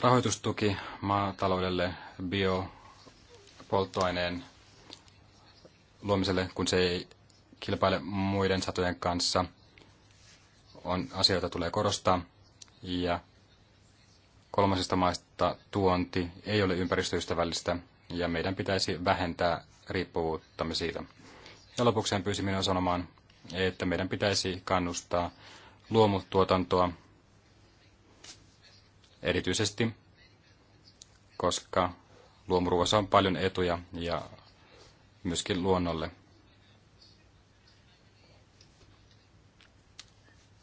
Rahoitustuki maataloudelle, biopolttoaineen luomiselle, kun se ei kilpaile muiden satojen kanssa, on asioita tulee korostaa ja kolmasista maista tuonti ei ole ympäristöystävällistä ja meidän pitäisi vähentää riippuvuuttamme siitä. Ja lopuksi hän pyysi minua sanomaan, että meidän pitäisi kannustaa luomutuotantoa erityisesti, koska luomuruoassa on paljon etuja ja myöskin luonnolle.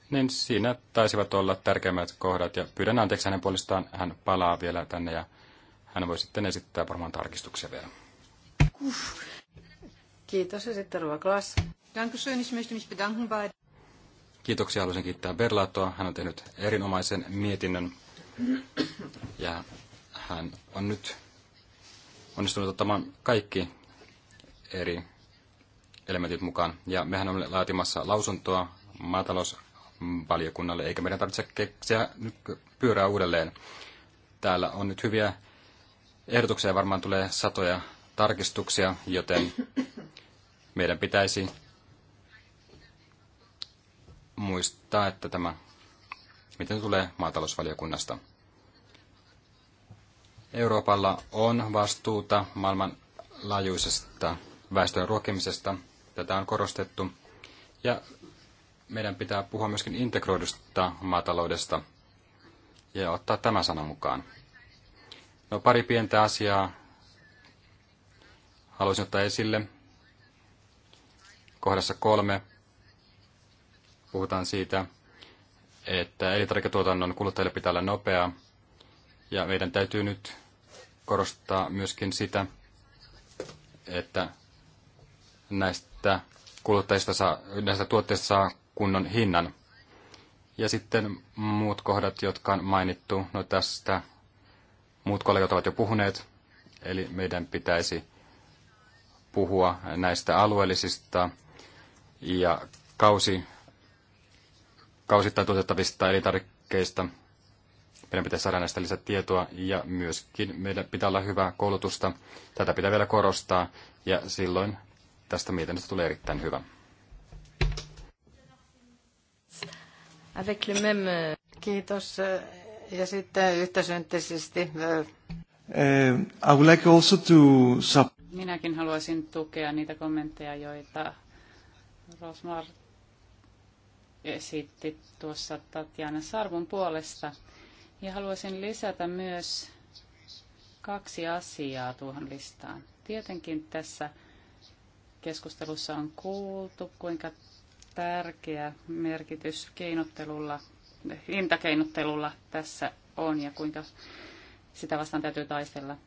niin siinä taisivat olla tärkeimmät kohdat. Ja pyydän anteeksi hänen puolestaan, hän palaa vielä tänne ja hän voi sitten esittää varmaan tarkistuksia vielä. Kiitos ja sitten ruokalas. Dankeschön, ich möchte mich bedanken bei... Kiitoksia, haluaisin kiittää Berlatoa. Hän on tehnyt erinomaisen mietinnön ja hän on nyt onnistunut ottamaan kaikki eri elementit mukaan. Ja mehän olemme laatimassa lausuntoa maatalous valiokunnalle, eikä meidän tarvitse keksiä nyt pyörää uudelleen. Täällä on nyt hyviä ehdotuksia varmaan tulee satoja tarkistuksia, joten meidän pitäisi muistaa, että tämä, miten tulee maatalousvaliokunnasta. Euroopalla on vastuuta maailmanlaajuisesta väestön ruokimisesta. Tätä on korostettu. Ja meidän pitää puhua myöskin integroidusta maataloudesta ja ottaa tämä sana mukaan. No pari pientä asiaa haluaisin ottaa esille. Kohdassa kolme puhutaan siitä, että elintarviketuotannon kuluttajille pitää olla nopeaa. Ja meidän täytyy nyt korostaa myöskin sitä, että näistä kuluttajista saa, näistä tuotteista saa kunnon hinnan. Ja sitten muut kohdat, jotka on mainittu, no tästä muut kollegat ovat jo puhuneet, eli meidän pitäisi puhua näistä alueellisista ja kausi, kausittain tuotettavista elintarvikkeista. Meidän pitäisi saada näistä lisätietoa ja myöskin meidän pitää olla hyvää koulutusta. Tätä pitää vielä korostaa ja silloin tästä mietinnöstä tulee erittäin hyvä. Avec le même... Euh, Kiitos. Ja sitten yhtä äh, eh, I would like also to... Minäkin haluaisin tukea niitä kommentteja, joita Rosmar esitti tuossa Tatjana Sarvun puolesta. Ja haluaisin lisätä myös kaksi asiaa tuohon listaan. Tietenkin tässä keskustelussa on kuultu, kuinka tärkeä merkitys keinottelulla, hintakeinottelulla tässä on ja kuinka sitä vastaan täytyy taistella.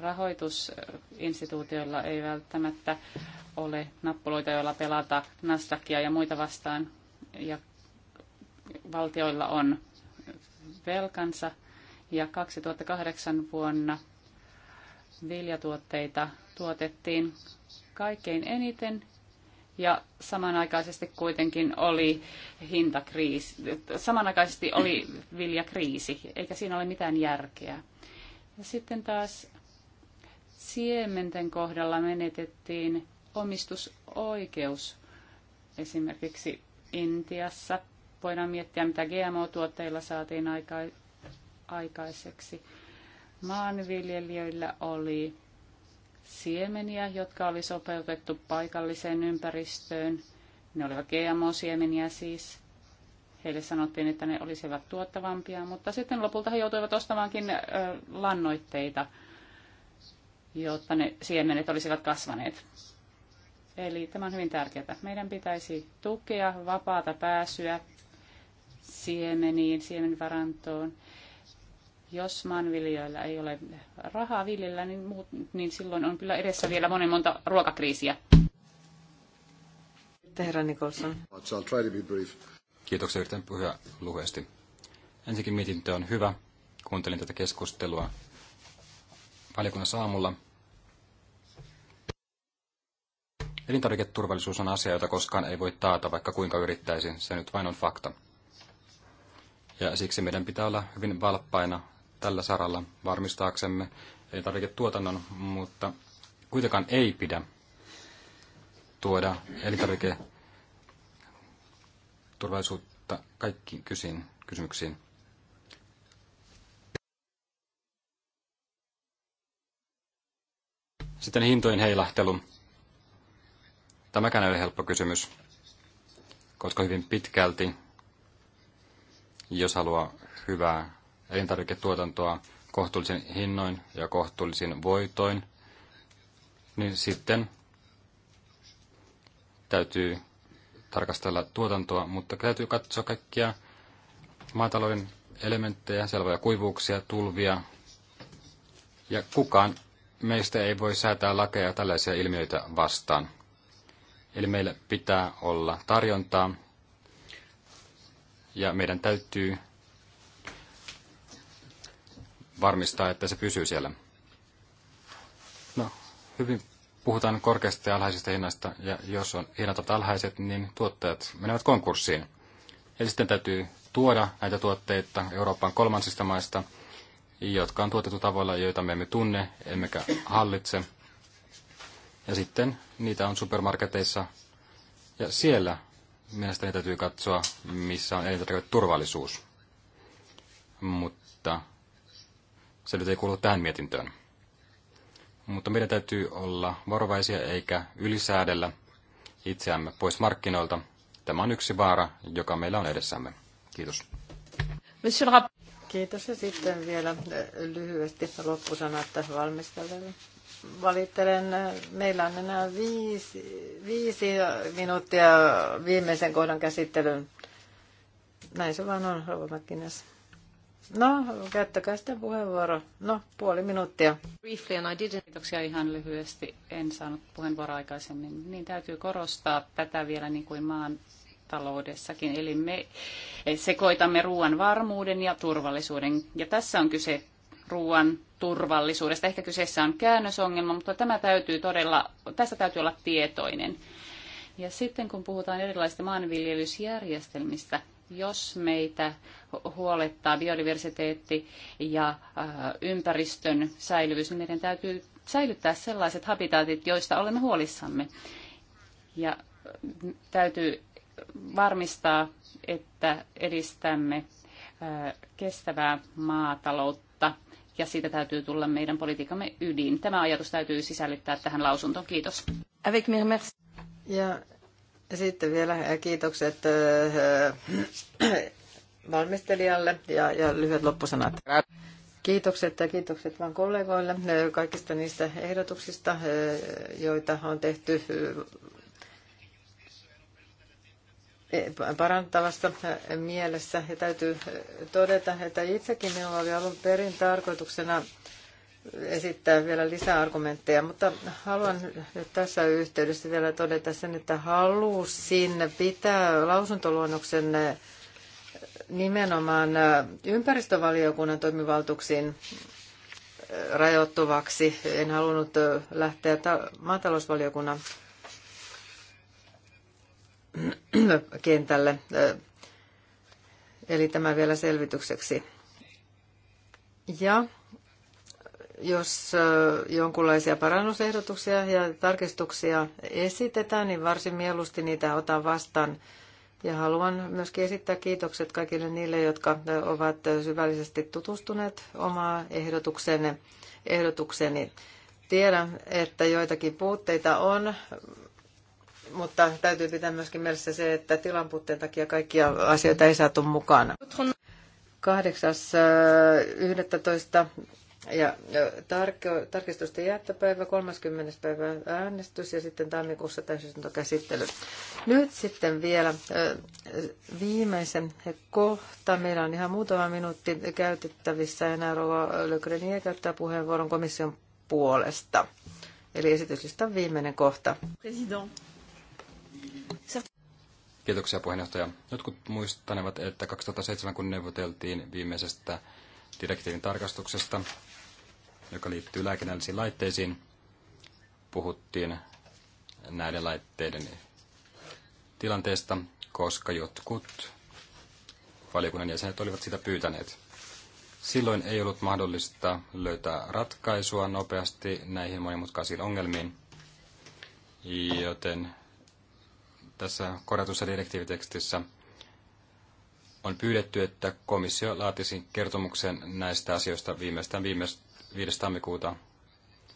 Rahoitusinstituutioilla ei välttämättä ole nappuloita, joilla pelata Nasdaqia ja muita vastaan. Ja valtioilla on velkansa ja 2008 vuonna viljatuotteita tuotettiin kaikkein eniten ja samanaikaisesti kuitenkin oli hintakriisi, samanaikaisesti oli viljakriisi, eikä siinä ole mitään järkeä. Ja sitten taas siementen kohdalla menetettiin omistusoikeus. Esimerkiksi Intiassa voidaan miettiä, mitä GMO-tuotteilla saatiin aika, aikaiseksi. Maanviljelijöillä oli siemeniä, jotka oli sopeutettu paikalliseen ympäristöön. Ne olivat GMO-siemeniä siis. Heille sanottiin, että ne olisivat tuottavampia, mutta sitten lopulta he joutuivat ostamaankin ö, lannoitteita, jotta ne siemenet olisivat kasvaneet. Eli tämä on hyvin tärkeää. Meidän pitäisi tukea vapaata pääsyä siemeniin, siemenvarantoon jos maanviljelijöillä ei ole rahaa viljellä, niin, muut, niin silloin on kyllä edessä vielä monen monta ruokakriisiä. Herra I'll try to be brief. Kiitoksia yritän puhua lyhyesti. Ensinnäkin mietintö on hyvä. Kuuntelin tätä keskustelua valiokunnan saamulla. Elintarviketurvallisuus on asia, jota koskaan ei voi taata, vaikka kuinka yrittäisin. Se nyt vain on fakta. Ja siksi meidän pitää olla hyvin valppaina tällä saralla varmistaaksemme elintarviketuotannon, mutta kuitenkaan ei pidä tuoda elintarviketurvallisuutta kaikkiin kysyin, kysymyksiin. Sitten hintojen heilahtelu. Tämäkään ei ole helppo kysymys, koska hyvin pitkälti, jos haluaa hyvää elintarviketuotantoa kohtuullisin hinnoin ja kohtuullisin voitoin, niin sitten täytyy tarkastella tuotantoa, mutta täytyy katsoa kaikkia maatalouden elementtejä, selvoja kuivuuksia, tulvia. Ja kukaan meistä ei voi säätää lakeja tällaisia ilmiöitä vastaan. Eli meillä pitää olla tarjontaa ja meidän täytyy varmistaa, että se pysyy siellä? No, hyvin puhutaan korkeasta ja alhaisista hinnasta, ja jos on hinnat ovat alhaiset, niin tuottajat menevät konkurssiin. Eli sitten täytyy tuoda näitä tuotteita Euroopan kolmansista maista, jotka on tuotettu tavoilla, joita me emme tunne, emmekä hallitse. Ja sitten niitä on supermarketeissa, ja siellä mielestäni täytyy katsoa, missä on elintarviketurvallisuus. Mutta se nyt ei kuulu tähän mietintöön. Mutta meidän täytyy olla varovaisia eikä ylisäädellä itseämme pois markkinoilta. Tämä on yksi vaara, joka meillä on edessämme. Kiitos. Kiitos ja sitten vielä eh, lyhyesti loppusana, tässä valmistelen. Valittelen, meillä on enää viisi, viisi minuuttia viimeisen kohdan käsittelyyn. Näin se vaan on, Rova No, käyttäkää sitten puheenvuoro. No, puoli minuuttia. Briefly, and I didn't... Kiitoksia ihan lyhyesti. En saanut puheenvuoroa aikaisemmin. Niin täytyy korostaa tätä vielä niin kuin maan taloudessakin. Eli me sekoitamme ruoan varmuuden ja turvallisuuden. Ja tässä on kyse ruoan turvallisuudesta. Ehkä kyseessä on käännösongelma, mutta tämä täytyy todella, tästä täytyy olla tietoinen. Ja sitten kun puhutaan erilaisista maanviljelysjärjestelmistä, jos meitä huolettaa biodiversiteetti ja äh, ympäristön säilyvyys, niin meidän täytyy säilyttää sellaiset habitaatit, joista olemme huolissamme. Ja äh, täytyy varmistaa, että edistämme äh, kestävää maataloutta ja siitä täytyy tulla meidän politiikamme ydin. Tämä ajatus täytyy sisällyttää tähän lausuntoon. Kiitos. Avec Ja sitten vielä äh, kiitokset äh, valmistelijalle ja, ja lyhyet loppusanat. Kiitokset ja kiitokset vaan kollegoille äh, kaikista niistä ehdotuksista, joita on tehty parantavassa mielessä. Ja täytyy todeta, että itsekin minulla oli alun perin tarkoituksena esittää vielä lisää argumentteja, mutta haluan nyt tässä yhteydessä vielä todeta sen, että halusin pitää lausuntoluonnoksen nimenomaan ympäristövaliokunnan toimivaltuuksiin rajoittuvaksi. En halunnut lähteä maatalousvaliokunnan kentälle. Eli tämä vielä selvitykseksi. Ja jos äh, jonkinlaisia parannusehdotuksia ja tarkistuksia esitetään, niin varsin mieluusti niitä otan vastaan. Ja haluan myöskin esittää kiitokset kaikille niille, jotka ovat syvällisesti tutustuneet omaa ehdotuksenne, ehdotukseni. Tiedän, että joitakin puutteita on, mutta täytyy pitää myöskin mielessä se, että tilan puutteen takia kaikkia asioita ei saatu mukana. Äh, 8.11. Ja tarkistusten jättöpäivä, 30. päivä äänestys ja sitten tammikuussa täysistuntokäsittely. Nyt sitten vielä viimeisen kohta. Meillä on ihan muutama minuutti käytettävissä. Enää Rova Lökreniä käyttää puheenvuoron komission puolesta. Eli esityslistan viimeinen kohta. President. Kiitoksia puheenjohtaja. Jotkut muistanevat, että 2007 kun neuvoteltiin viimeisestä direktiivin tarkastuksesta, joka liittyy lääkinnällisiin laitteisiin. Puhuttiin näiden laitteiden tilanteesta, koska jotkut valiokunnan jäsenet olivat sitä pyytäneet. Silloin ei ollut mahdollista löytää ratkaisua nopeasti näihin monimutkaisiin ongelmiin, joten tässä korjatussa direktiivitekstissä on pyydetty, että komissio laatisi kertomuksen näistä asioista viimeistään viimeistään. 5. tammikuuta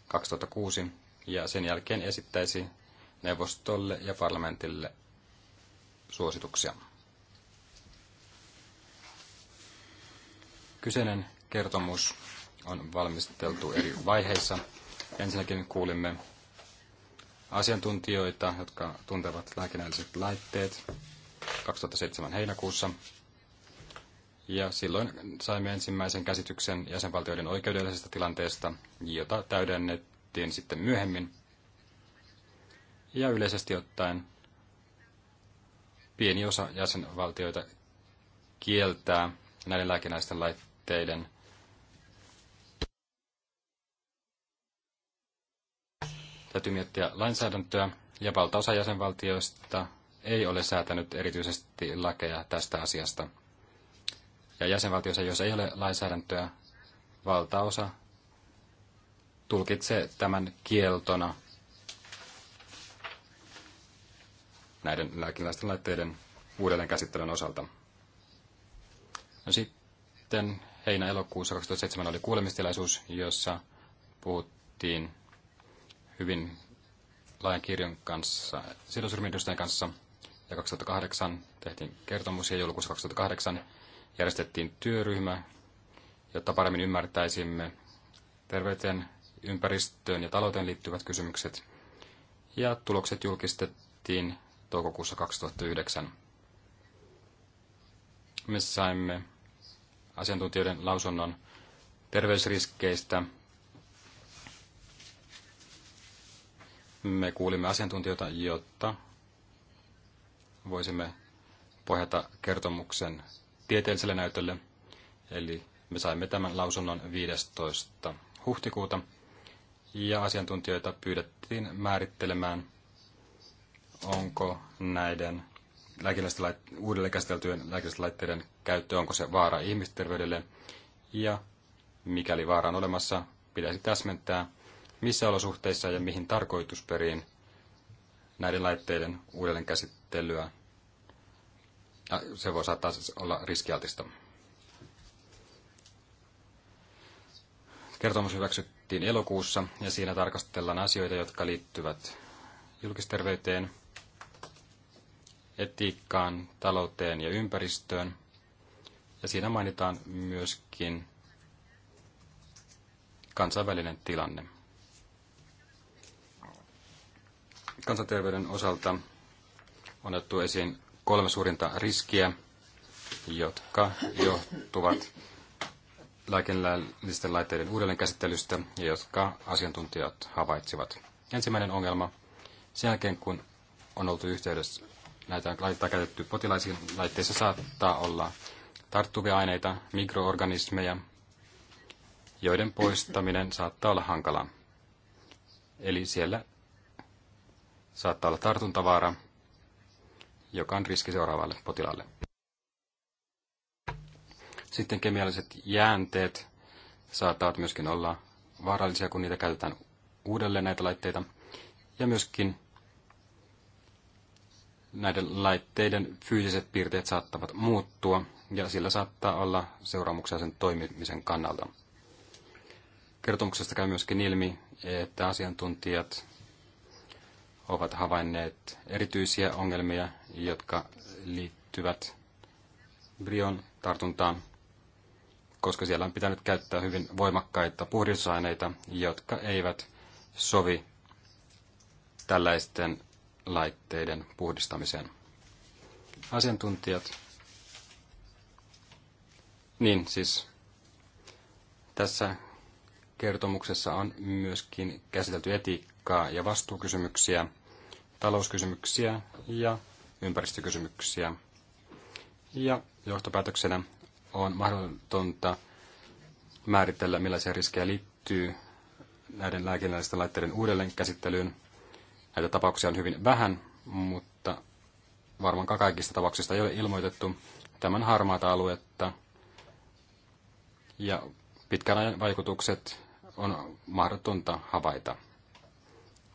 2006 ja sen jälkeen esittäisi neuvostolle ja parlamentille suosituksia. Kyseinen kertomus on valmisteltu eri vaiheissa. Ensinnäkin kuulimme asiantuntijoita, jotka tuntevat lääkinnälliset laitteet 2007 heinäkuussa. Ja silloin saimme ensimmäisen käsityksen jäsenvaltioiden oikeudellisesta tilanteesta, jota täydennettiin sitten myöhemmin. Ja yleisesti ottaen pieni osa jäsenvaltioita kieltää näiden lääkinnäisten laitteiden Täytyy miettiä lainsäädäntöä, ja valtaosa jäsenvaltioista ei ole säätänyt erityisesti lakeja tästä asiasta – ja jäsenvaltioissa, jos ei ole lainsäädäntöä, valtaosa tulkitsee tämän kieltona näiden lääkinnäisten laitteiden uudelleenkäsittelyn osalta. No sitten heinä-elokuussa 2007 oli kuulemistilaisuus, jossa puhuttiin hyvin laajan kirjon kanssa, sidosryhmien kanssa, ja 2008 tehtiin kertomus, ja joulukuussa 2008 järjestettiin työryhmä, jotta paremmin ymmärtäisimme terveyteen, ympäristöön ja talouteen liittyvät kysymykset. Ja tulokset julkistettiin toukokuussa 2009. Me saimme asiantuntijoiden lausunnon terveysriskeistä. Me kuulimme asiantuntijoita, jotta voisimme pohjata kertomuksen tieteelliselle näytölle. Eli me saimme tämän lausunnon 15. huhtikuuta ja asiantuntijoita pyydettiin määrittelemään, onko näiden uudelleen käsiteltyjen lääkinnällisten käyttö, onko se vaara ihmisterveydelle ja mikäli vaara on olemassa, pitäisi täsmentää, missä olosuhteissa ja mihin tarkoitusperiin näiden laitteiden uudelleenkäsittelyä ja se voi saattaa siis olla riskialtista. Kertomus hyväksyttiin elokuussa ja siinä tarkastellaan asioita, jotka liittyvät julkisterveyteen, etiikkaan, talouteen ja ympäristöön. Ja siinä mainitaan myöskin kansainvälinen tilanne. Kansanterveyden osalta on otettu esiin kolme suurinta riskiä, jotka johtuvat lääkinnällisten laitteiden uudelleenkäsittelystä ja jotka asiantuntijat havaitsivat. Ensimmäinen ongelma, sen jälkeen kun on oltu yhteydessä, näitä laitteita käytetty potilaisiin, laitteissa saattaa olla tarttuvia aineita, mikroorganismeja, joiden poistaminen saattaa olla hankalaa. Eli siellä saattaa olla tartuntavaara joka on riski seuraavalle potilaalle. Sitten kemialliset jäänteet saattavat myöskin olla vaarallisia, kun niitä käytetään uudelleen näitä laitteita. Ja myöskin näiden laitteiden fyysiset piirteet saattavat muuttua ja sillä saattaa olla seuraamuksia sen toimimisen kannalta. Kertomuksesta käy myöskin ilmi, että asiantuntijat ovat havainneet erityisiä ongelmia, jotka liittyvät brion tartuntaan, koska siellä on pitänyt käyttää hyvin voimakkaita puhdistusaineita, jotka eivät sovi tällaisten laitteiden puhdistamiseen. Asiantuntijat. Niin, siis tässä kertomuksessa on myöskin käsitelty etiikkaa politiikkaa ja vastuukysymyksiä, talouskysymyksiä ja ympäristökysymyksiä. Ja johtopäätöksenä on mahdotonta määritellä, millaisia riskejä liittyy näiden lääkinnällisten laitteiden uudelleenkäsittelyyn. Näitä tapauksia on hyvin vähän, mutta varmaankaan kaikista tapauksista ei ole ilmoitettu tämän harmaata aluetta. Ja pitkän ajan vaikutukset on mahdotonta havaita.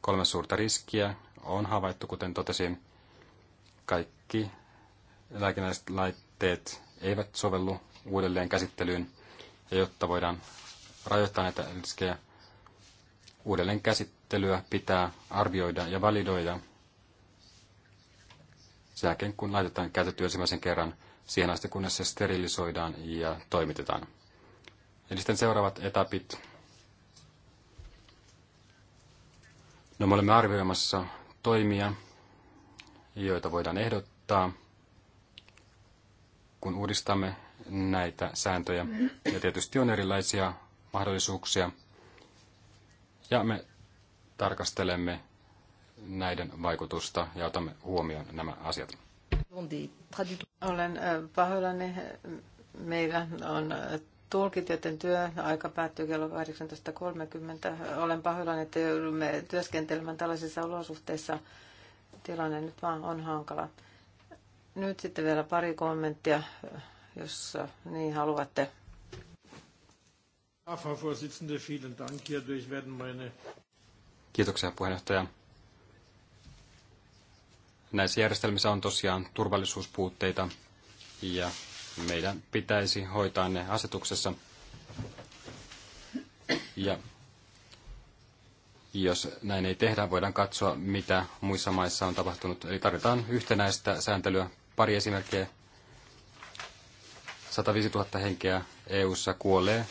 Kolme suurta riskiä on havaittu, kuten totesin. Kaikki lääkinnälliset laitteet eivät sovellu uudelleen käsittelyyn, ja jotta voidaan rajoittaa näitä riskejä, uudelleen käsittelyä pitää arvioida ja validoida sen jälkeen, kun laitetaan käytetty ensimmäisen kerran siihen asti, kunnes se sterilisoidaan ja toimitetaan. Eli sitten seuraavat etapit No me olemme arvioimassa toimia, joita voidaan ehdottaa, kun uudistamme näitä sääntöjä. Ja tietysti on erilaisia mahdollisuuksia. Ja me tarkastelemme näiden vaikutusta ja otamme huomioon nämä asiat. Olen pahoillani. Meillä on tulkit, työ työaika päättyy kello 18.30. Olen pahoillani, että joudumme työskentelemään tällaisissa olosuhteissa. Tilanne nyt vaan on hankala. Nyt sitten vielä pari kommenttia, jos niin haluatte. Kiitoksia puheenjohtaja. Näissä järjestelmissä on tosiaan turvallisuuspuutteita ja meidän pitäisi hoitaa ne asetuksessa. Ja jos näin ei tehdä, voidaan katsoa, mitä muissa maissa on tapahtunut. Eli tarvitaan yhtenäistä sääntelyä. Pari esimerkkiä. 105 000 henkeä EU-ssa kuolee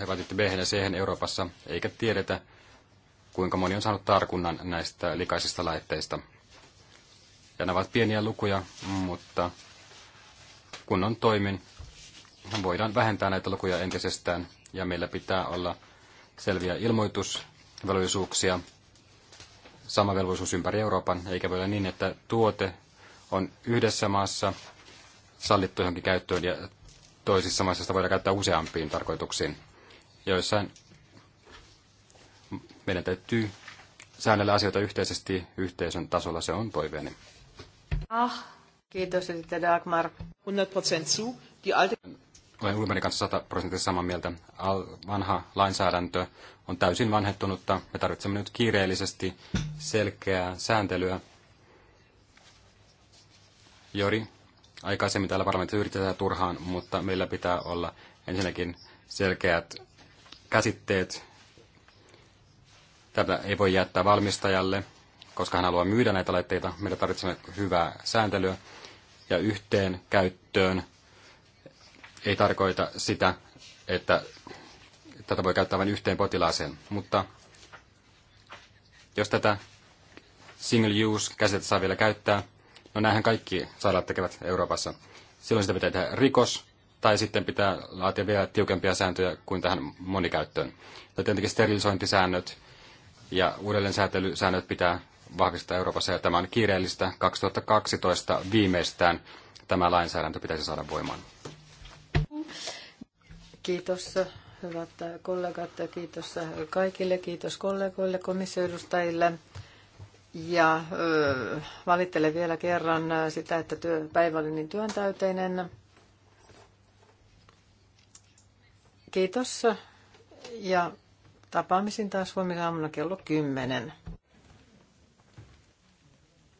hepatiitti B ja C Euroopassa, eikä tiedetä, kuinka moni on saanut tarkunnan näistä likaisista laitteista. Ja nämä ovat pieniä lukuja, mutta kunnon toimin voidaan vähentää näitä lukuja entisestään ja meillä pitää olla selviä ilmoitusvelvollisuuksia, sama velvollisuus ympäri Euroopan, eikä voi olla niin, että tuote on yhdessä maassa sallittu johonkin käyttöön ja toisissa maissa sitä voidaan käyttää useampiin tarkoituksiin. Joissain meidän täytyy säännellä asioita yhteisesti yhteisön tasolla, se on toiveeni. Ah. Kiitos, Dagmar. 100% zu. alte... Olen Ulmerin kanssa 100 prosenttia samaa mieltä. Vanha lainsäädäntö on täysin vanhettunutta. Me tarvitsemme nyt kiireellisesti selkeää sääntelyä. Jori, aikaisemmin täällä parlamentissa yritetään turhaan, mutta meillä pitää olla ensinnäkin selkeät käsitteet. Tätä ei voi jättää valmistajalle, koska hän haluaa myydä näitä laitteita. Meidän tarvitsemme hyvää sääntelyä ja yhteen käyttöön ei tarkoita sitä, että tätä voi käyttää vain yhteen potilaaseen, mutta jos tätä single use käsitettä saa vielä käyttää, no näinhän kaikki sairaat tekevät Euroopassa. Silloin sitä pitää tehdä rikos, tai sitten pitää laatia vielä tiukempia sääntöjä kuin tähän monikäyttöön. Ja tietenkin sterilisointisäännöt ja uudelleen säätelysäännöt pitää vahvistaa Euroopassa ja tämä on kiireellistä. 2012 viimeistään tämä lainsäädäntö pitäisi saada voimaan. Kiitos hyvät kollegat ja kiitos kaikille, kiitos kollegoille, komissioedustajille. Ja ö, valittelen vielä kerran sitä, että päivä oli niin työntäyteinen. Kiitos ja tapaamisin taas huomisaamuna kello 10.